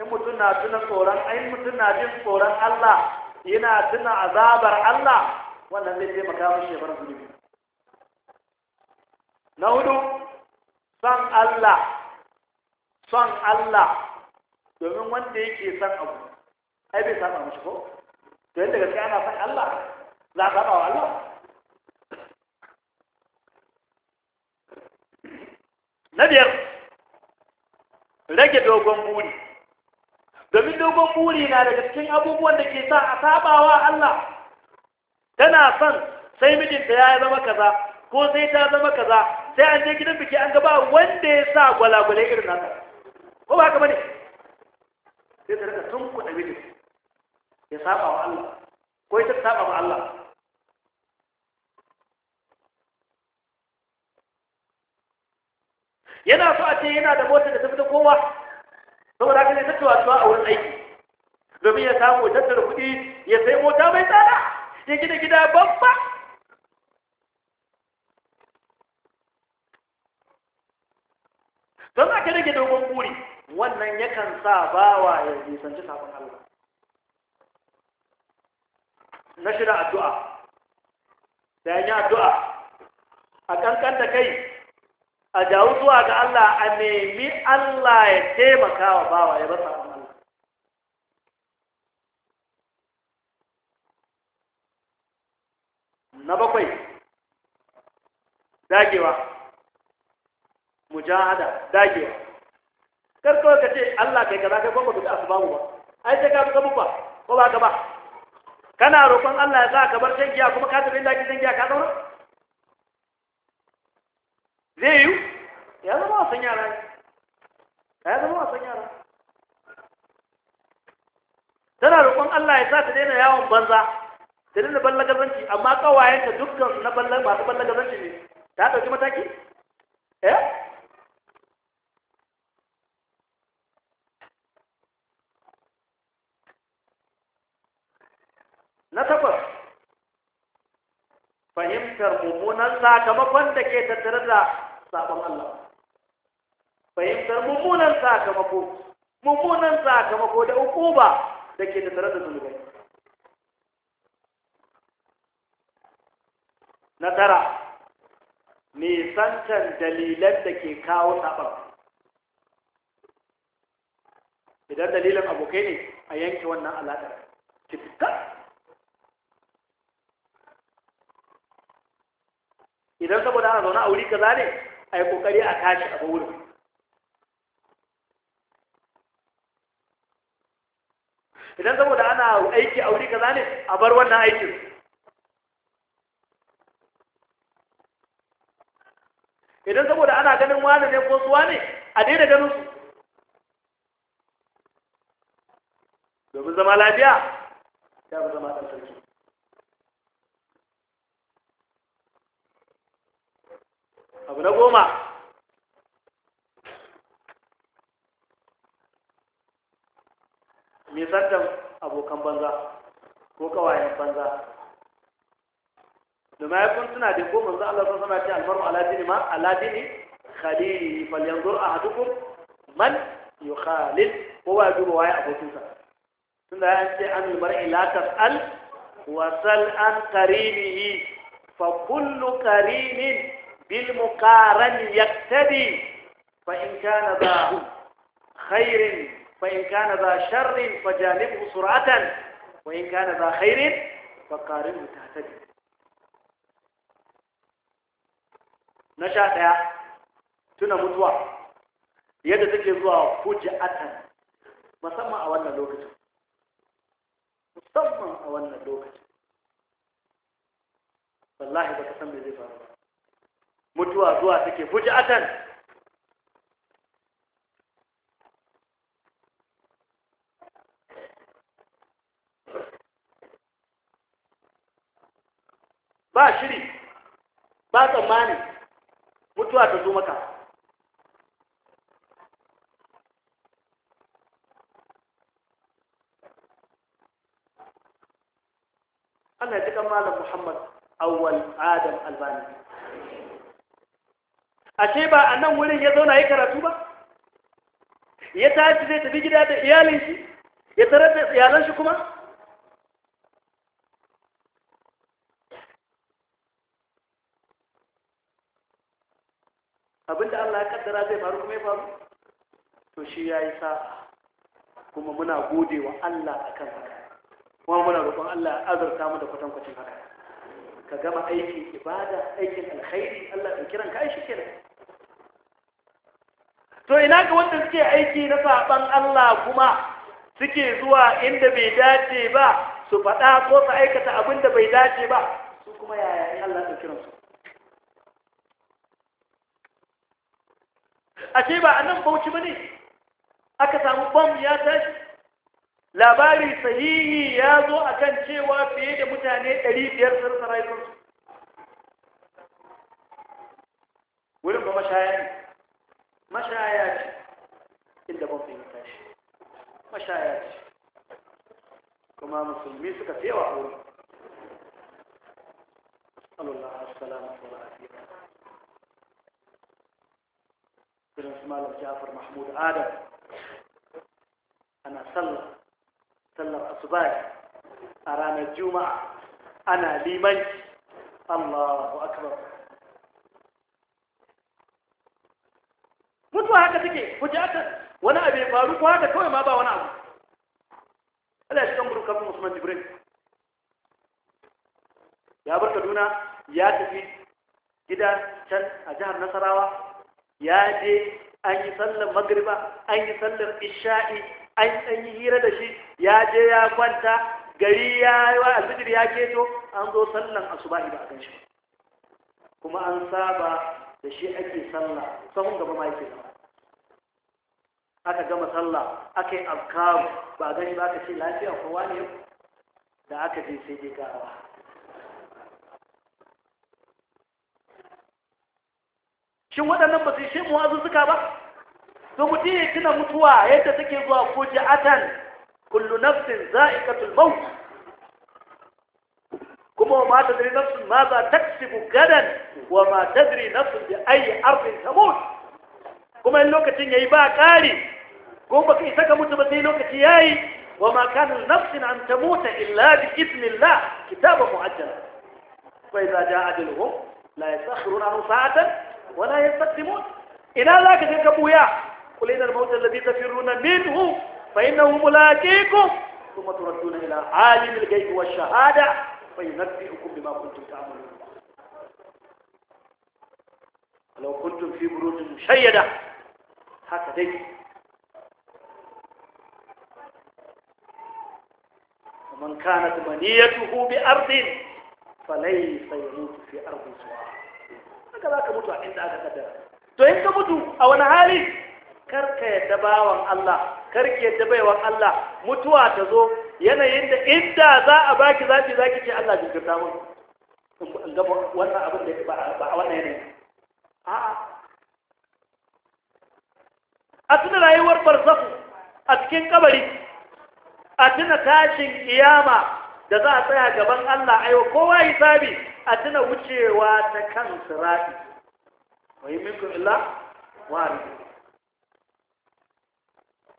in mutum na tuna tsoron ayin mutum na jin tsoron Allah yana tuna azabar Allah wannan zai taimaka mashi ya bar zunubi na hudu son Allah son Allah domin wanda yake son abu ai bai saba shi ko to yadda gaskiya ana son Allah za a saba wa Allah na biyar rage dogon buri domin dogon buri na daga cikin abubuwan da ke sa a sabawa Allah tana son sai mijinta ya zama kaza ko sai ta zama kaza sai an je gidan biki an gaba wanda ya sa gwalagwale irin nata ko ba haka bane sai ta rika tunkuɗa mijin ya sabawa Allah ko ita ta sabawa Allah yana so a ce yana da motar da tafi da kowa saboda haka ne ta cewa cewa a wurin aiki domin ya samu tattara kuɗi ya sai mota mai tsada ya gina gida babba don aka rage dogon buri wannan yakan sa bawa ya nisanci sabon Allah na shida addu'a da yi addu'a a ƙanƙan da kai a dawo zuwa ga Allah a nemi Allah ya taimaka wa bawa ya basa Allah na bakwai dagewa mujahada dagewa kar ka ce Allah kai kaza kai kuma baka asbabu ba ai sai ka bi gabu ba ko ba ka ba kana roƙon Allah ya sa ka bar shan giya kuma ka tafi inda ake shan giya ka zauna zai yi ya zama wasan yara ya zama wasan yara tana roƙon Allah ya sa ta daina yawon banza ta daina ballagazanci amma kawayenta dukkan na ballag masu ballagazanci ne ta ɗauki mataki eh na tabbas fahimtar mummunan sakamakon da ke tattare da sabon Allah fahimtar mummunan sakamako mummunan sakamako da ukuba da ke tare da zulubai. na tara nisantar dalilan da ke kawo sabon idan dalilin abokai ne a yanke wannan alaƙar ki idan saboda ana zaune a wuri ka zane, a yi ƙoƙari a tashi a wurin idan saboda ana aiki a wuri kaza ne a bar wannan aikin idan saboda ana ganin wani ne ko suwa ne a daina ganin su domin zama lafiya ya fi zama ɗan sarki abu na goma nisantar abokan banza ko kawayen banza da kun suna da goma za Allah sun sama ce almaru aladini ma aladini khalili falyanzur ahadukum man Khalil? kowa ya duba waye abokinsa tunda ya ce an mar'i la tas'al al wasal an karimihi fa kullu karimin بالمقارن يقتدي فإن كان ذا خير فإن كان ذا شر فجانبه سرعة وإن كان ذا خير فقارنه تهتدي نشاطها تنا متوى يد تكيزوا فجعة مسمى أولا لوكت مسمى أولا لوكت والله بكسم لذي mutuwa zuwa take atan ba shiri ba tsammani mutuwa ta zo maka Allah ya ji kan Malam Muhammad Awwal Adam Albani ashe ba a nan wurin ya zauna ya karatu ba ya tashi zai tafi gida da iyalin shi ya tarar da iyalan shi kuma abinda Allah ya kaddara zai faru kuma ya faru to shi ya yi sa'a kuma muna gode wa Allah a kan haka kuma muna roƙon Allah ya azurta mu da kwatankwacin haka ka gama aikin ibada aikin alkhairi Allah ɗan kiran ka aishi shi kenan to ina ga wanda suke aiki na saban Allah kuma suke zuwa inda bai dace ba su faɗa ko su aikata abin da bai dace ba su kuma yaya in Allah ya kira su ce ba anan bauchi bane aka samu bom ya tashi labari sahihi ya zo akan cewa fiye da mutane 500 sun sarai wurin ba mashaya ne مش عايش الا بوفي مش مش عايش كما مسلمي سكتي واقول صلى الله عليه وسلم بسم الله جعفر محمود آدم أنا صلى صلى الصباح أرانا الجمعة أنا لمن الله أكبر abubuwa haka take kuje aka wani abu ya faru ko haka kawai ma ba wani abu Allah ya shi kan burkafin Usman Jibril ya bar Kaduna ya tafi gida can a jihar Nasarawa ya je an yi sallar magriba an yi sallar isha'i an yi hira da shi ya je ya kwanta gari ya yi wa alfijir ya keto an zo sallan asubahi ba a kan shi kuma an saba da shi ake sallah sahun gaba ma yake zama aka gama sallah aka yi afkaru ba gani ba aka ce lafiya kowa ne da aka je sai dai gawa shin waɗannan ba sai shi muwazuzzuka ba to mutum ya tuna mutuwa yadda take zuwa ko ja'atan kullu nafsin za'iqatul maut kuma ma dare nafsin ma za tsibu gadan wa ma dare nafsin bi ayi arfin tamut kuma in lokacin yayi ba ƙari قوم بك إساك متبدين وكتياي وما كان لنفس أن تموت إلا بإذن الله كتابا معجلا فإذا جاء أجلهم لا يتأخرون عنه ساعة ولا يستقدمون إلى ذاك تركبوا يا قل إن الموت الذي تفرون منه فإنه ملاقيكم ثم تردون إلى عالم الغيب والشهادة فينبئكم بما كنتم تعملون لو كنتم في بروج مشيدة هكذا bi ومن كانت منيته بأرض فليس يموت في أرض سواء mutu a inda aka قدر to in ka mutu a wani hali karka yadda bawan Allah karka yadda baiwan Allah mutuwa ta zo yanayin da inda za a baki zaki zaki ce Allah ya mun in ga wannan abin da ba a wannan yanayin a'a a tuna rayuwar barzaku a cikin kabari a tuna tashin kiyama da za a tsaya gaban Allah aiwa kowa hisabi a tuna wucewa ta kan sirati wai minkum illa wari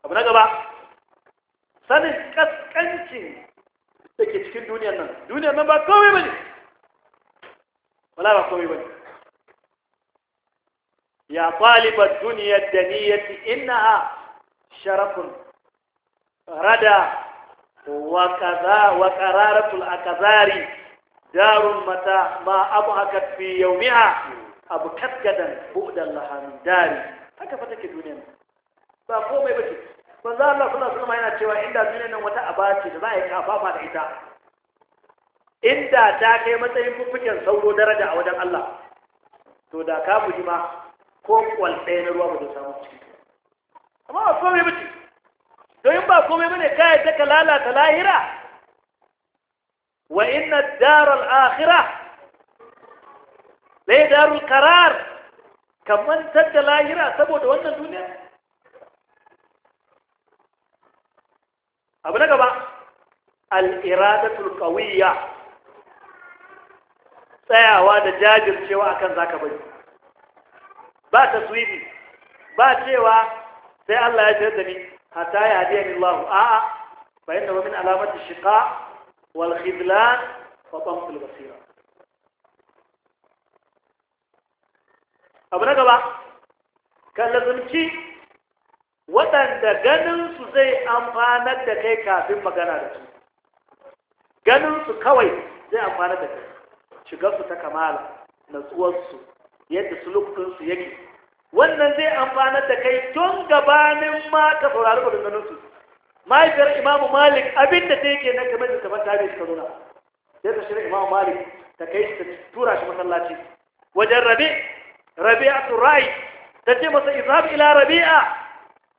abu na gaba sanin kaskancin da ke cikin duniyar nan duniyar nan ba komai bane wala ba komai bane ya taliba duniyar da niyyati innaha sharafun rada وكذا وقرارة الأكذار دار متى ما أبهكت في يومها أبكت غدا بؤدا لها lahan داري haka fa take duniya. ba komai bace manzo Allah sallallahu alaihi wasallam yana cewa inda duniyar nan wata aba da za a yi kafafa da ita inda ta kai matsayin fuffuken sauro daraja a wajen Allah to da ka buji ma ko kwal na ruwa ba zai samu ciki amma ba komai bace don ba komai bane kaya ta ka lalata lahira wa inna daral akhira? lai darul karar ka mantar da lahira saboda wannan duniya abu na gaba al'iradatul qawiyya tsayawa da jajircewa akan zaka bari ba taswibi ba cewa sai Allah ya ce da ni hatta ya hadiya a a'a fa inna min alamati shiqa wal abu na gaba kan lazumci waɗanda ganinsu zai amfanar da kai kafin magana da su ganin kawai zai amfanar da kai shigar su ta kamala natsuwarsu yadda sulukunsu yake wannan zai amfanar da kai tun gabanin ma ka saurari maganganun su mahaifiyar imamu malik abin da ta yi ke na game da kamar tabi suka nuna sai ta shirya imamu malik ta kai ta tura shi masallaci wajen rabi rabi'a rai ta ce masa izhab ila rabi'a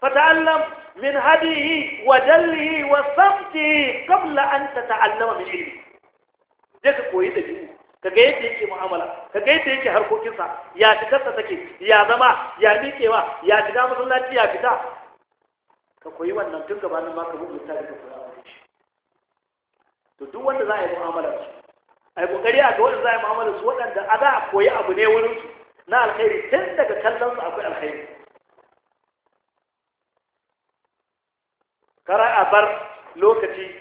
fa ta'allam min hadihi wa jallihi wa samtihi qabla an tata'allama min ilmi je ka koyi da jini kaga yadda yake mu'amala kaga yadda yake harkokinsa ya shigarsa take ya zama ya miƙewa ya shiga masallaci ya fita ka koyi wannan tun gabanin ma ka bugu ta da koyi shi to duk wanda za a yi mu'amala su a yi kokari a ga wanda za a yi mu'amala su waɗanda a za a koyi abu ne wurin su na alkhairi tun daga kallon su akwai alkhairi kara a bar lokaci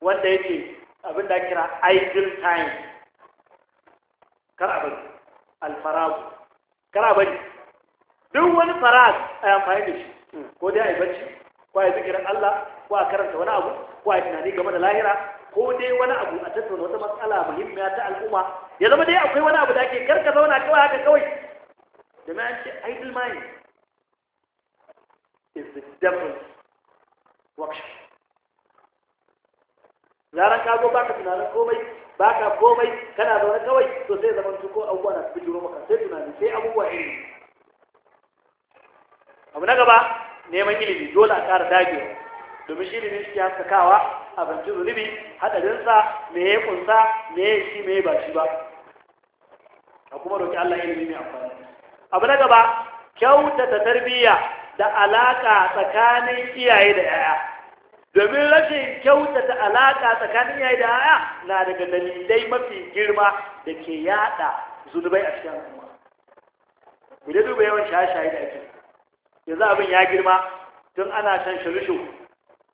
wanda yake abin da kira idle time kar a bari duk wani farag a amfani da shi ko dai a bacci ko a zikirin Allah ko a karanta wani abu ko a tunani game da lahira ko dai wani abu a tattauna wata matsala muhimmiya ta al'umma ya zama dai akwai wani abu da ake kar zauna kawai haka kawai da ce idle mind is the devil's workshop zaran ka zo baka tunanin komai ba ka komai kana zaune kawai to sai zaman su ko abubuwa na bijiro maka sai tunani sai abubuwa iri abu na gaba neman ilimi dole a ƙara dage domin shi ilimin shi a abincin zunubi haɗarinsa me ya kunsa me ya shi me ba shi ba a kuma roƙi Allah ilimi mai amfani abu na gaba kyautata tarbiyya da alaƙa tsakanin iyaye da 'ya'ya domin rashin kyautata alaƙa tsakanin yayi da haya na daga dalilai mafi girma da ke yada zunubai a cikin al'umma ku dai duba yawan shaye-shaye da ake yanzu abin ya girma tun ana shan shirisho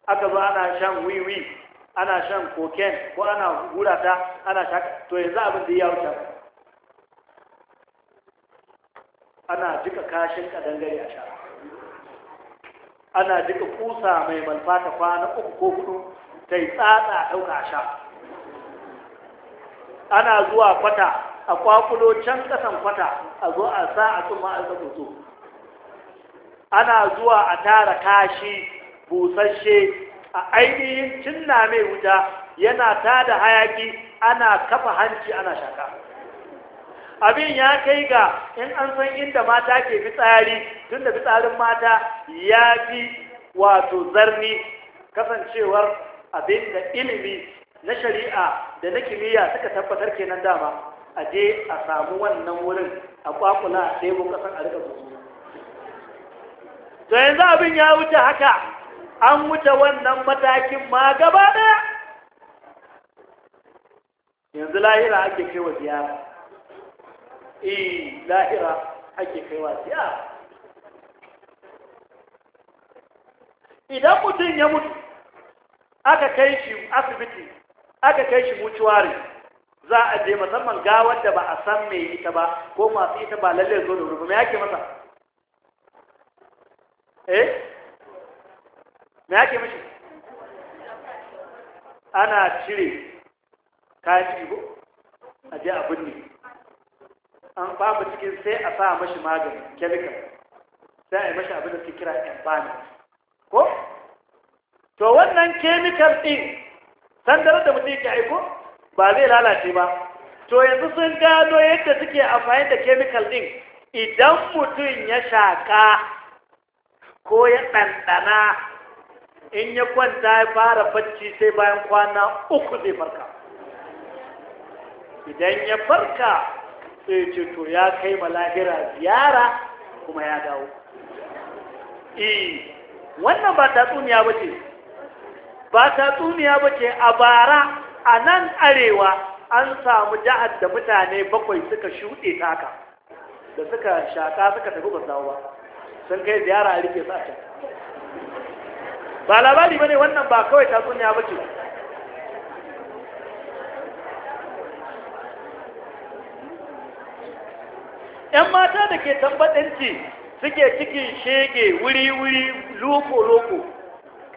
aka zo ana shan wiwi ana shan koken ko ana hurata ana shaka to yanzu abin da ya wuce ana jika kashin kadangare a shara ana jika kusa mai malfa ta kwana uku ko hudu ta yi a ɗauka sha ana zuwa kwata a kwakulo can kasan kwata a zo a sa a tsumma a zaɓuto ana zuwa a tara kashi busasshe a ainihin cinna mai wuta yana tada hayaki ana kafa hanci ana shaka abin ya kai ga in an san inda mata ke fitsari tun da fitsarin mata ya fi wato zarni kasancewar abin da ilimi na shari'a da na kimiyya suka tabbatar kenan dama a je a samu wannan wurin a kwakula a ɗebo kasan a rika zuwa. to yanzu abin ya wuce haka an wuce wannan matakin ma gaba ɗaya yanzu lahira ake kai wa ziyara eh lahira ake kaiwa siya idan mutum ya mutu aka kai shi asibiti aka kai shi mutuwari za a je musamman gawar da ba a san mai ita ba ko masu ita ba lalle zo da wuri ya ke masa eh me yake mishi ana cire kayan ciki ko a je a binne an babu cikin sai a sa mashi magani kemikal, sai a yi mashi abin da suke kira ko to wannan kemikal din sandar da mutum ke aiko ba zai lalace ba to yanzu sun gano yadda suke amfani da kemikal ɗin idan mutum ya shaƙa ko ya ɗanɗana in ya kwanta ya fara bacci sai bayan kwana uku zai farka idan ya farka sai ce to ya kai malahira ziyara kuma ya dawo eh wannan ba tatsuniya ba ce ba tatsuniya ba ce a bara a nan arewa an samu jihar da mutane bakwai suka shuɗe taka da suka shaƙa suka tafi ba ba sun kai ziyara a rike sa ba labari ba ne wannan ba kawai tatsuniya ba ce ‘yan mata da ke tambadanci suke cikin shege wuri-wuri loko-loko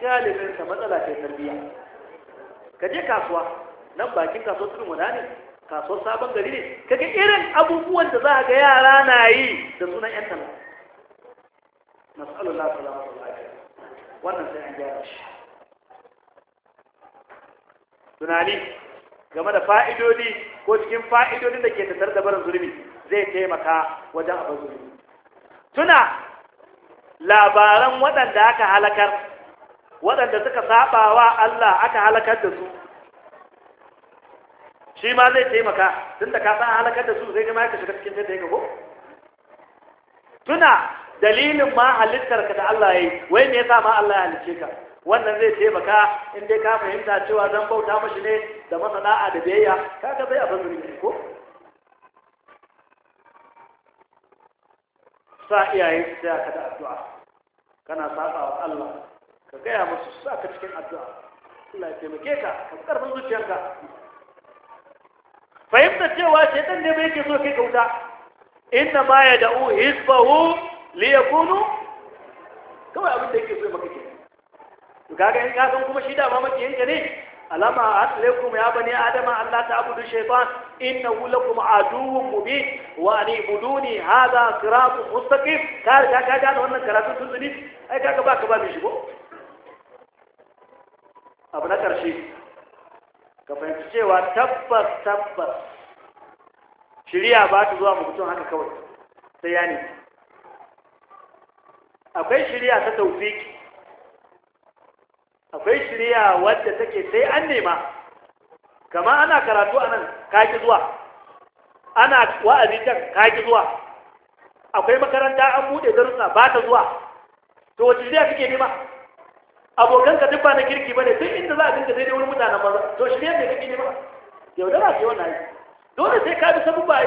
galibinsa matsala ce tarbiyya ka je kasuwa nan bakin kasuwar tudun wada ne kasuwar sabon gari ne ga irin abubuwan da za ga yara na yi da sunan ‘yan tala masalala su lafiya wannan sai an gyara shi tunani game da fa'idodi ko cikin fa'idodin da ke tattar da barin zulmi zai taimaka wajen abin tuna labaran waɗanda aka halakar waɗanda suka saba wa Allah aka halakar da su shi ma zai taimaka tun da ka san halakar da su zai kama ka shiga cikin da ya gago tuna dalilin ma halittar ka da Allah ya yi wai me yasa ma Allah ya halicce ka wannan zai taimaka in dai ka fahimta cewa zan bauta mashi ne da masana'a da biyayya kaga bai abin zuri ko sa iyaye su taya ka da addu'a kana saba wa Allah ka gaya musu su sa ka cikin addu'a Allah ya taimake ka ka karfin zuciyarka fahimta cewa shaitan ne mai yake so kai kauta inna ma ya da'u hisbahu li yakunu kawai abin da yake so maka ke kaga in ka san kuma shi da mamaki yanka ne alama aslaikum ya bani adama Allah ta abudu shaytan lakum aduwwun mubin wa وأن Buduni, hadha siratun mustaqim قال كا كا da wannan karatu sun zuni ai kaga baka ba shi ko abu na karshe ka fahimci cewa tabbas tabbas shirya ba ta zuwa mutum haka kawai sai ya ne akwai shirya ta taufiki akwai shirya wadda take sai an nema kama ana karatu a nan ka ki zuwa ana wa'azi can ka ki zuwa akwai makaranta an bude darussa ba ta zuwa to wace shirya kake nema abokan ka duk ba na kirki bane duk inda za a dinka daidai wani mutanen ba to shirya ne kake nema yaudara ke wannan yi dole sai ka bi sabu ba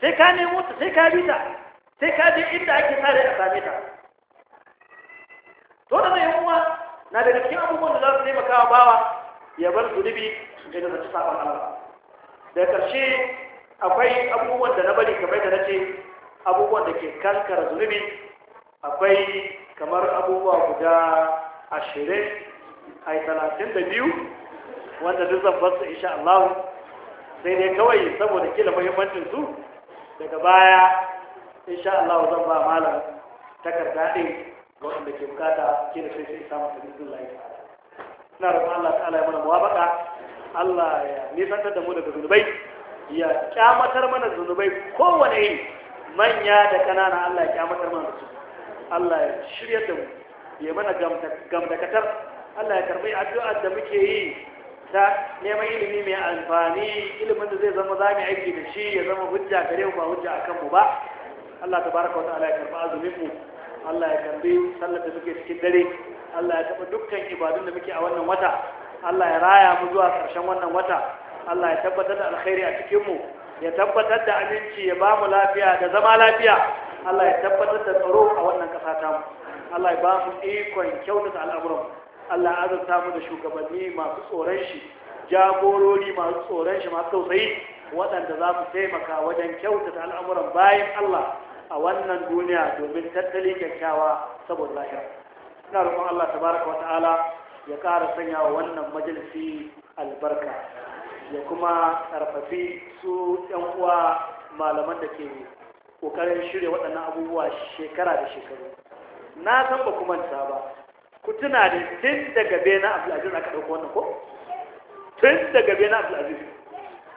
sai ka nemo ta sai ka bi ta sai ka je inda ake sare a same ta to da mai kuma na daga cikin abubuwan da za su taimaka wa bawa ya bar zunubi ga da ta saban Allah da ƙarshe akwai abubuwan da na bari kamar da na ce abubuwan da ke kankara zunubi akwai kamar abubuwa guda ashirin a talatin da biyu wanda duk zan fasa in Allah sai dai kawai saboda kila muhimmancin su daga baya insha Allah zan ba malam takarda ɗin waɗanda ke bukata kila sai sai isa masu bismillah ina roƙon Allah ta'ala ya mana muwafaqa Allah ya nisantar da mu daga zunubai ya kyamatar mana zunubai kowane iri manya da kanana Allah ya kyamatar mana su Allah ya shiryar da mu ya mana gamdakatar Allah ya karbi addu'ar da muke yi ta neman ilimi mai amfani ilimin da zai zama zami aiki da shi ya zama hujja gare mu ba hujja akan mu ba Allah ta baraka wata ya karɓi azumin mu Allah ya karbi sallar da muke cikin dare Allah ya taɓa dukkan ibadun da muke a wannan wata Allah ya raya mu zuwa ƙarshen wannan wata Allah ya tabbatar da alkhairi a cikin mu ya tabbatar da aminci ya ba mu lafiya da zama lafiya Allah ya tabbatar da tsaro a wannan ƙasa ta mu Allah ya ba mu ikon kyautata al'amuran Allah ya azurta mu da shugabanni masu tsoron shi jagorori masu tsoron shi masu tausayi waɗanda za su taimaka wajen kyautata al'amuran bayan Allah a wannan duniya domin tattali kyakkyawa saboda lahira ina roƙon Allah tabaraka wa ta'ala ya ƙara sanya wa wannan majalisi albarka ya kuma ƙarfafi su ‘yan uwa malaman da ke ƙoƙarin shirya waɗannan abubuwa shekara da shekaru na san ba kuma ta ba ku tuna da tun daga bena abdulaziz aka ɗauko wannan ko tun daga bena abdulaziz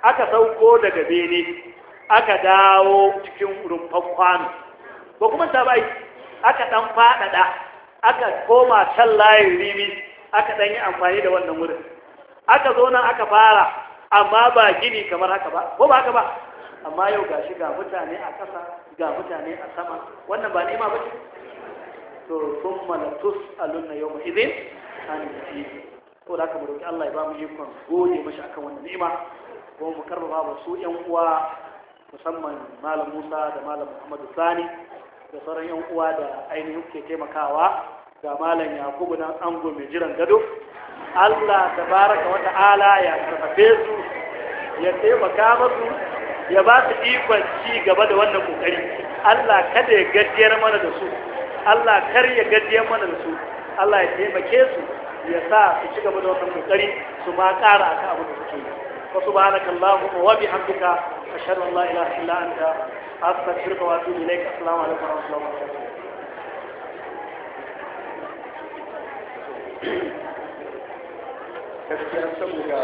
aka sauko daga bene aka dawo cikin rumfan kwano ba kuma ta bai aka ɗan faɗaɗa aka koma can layin rimi aka ɗan yi amfani da wannan wurin aka zo nan aka fara amma ba gini kamar haka ba ko ba haka ba amma yau ga shi ga mutane a ƙasa ga mutane a sama wannan ba nema ba ce to sun malatus alunna yau izin an yi to da aka mu Allah ya ba mu ikon goge mashi akan wannan nema, ko mu karfafa ba su yan uwa musamman malam Musa da malam Muhammadu Sani da sauran 'yan uwa da ainihin ke taimakawa ga malam yakubu nan ango mai jiran gado Allah baraka wata ala ya karfafe su ya taimaka masu, ya ba su ikon ci gaba da wannan kokari Allah kada ya gajiyar mana da su Allah kar ya gajiyar mana da su Allah ya taimake su ya sa su ci gaba da wannan kokari su ma a akan abu da suke Wasu ba wa subhanaka allahumma wa bihamdika ashhadu an la ilaha illa anta astaghfiruka wa atubu ilaik assalamu alaikum wa rahmatullahi wa barakatuh gaskiya saboda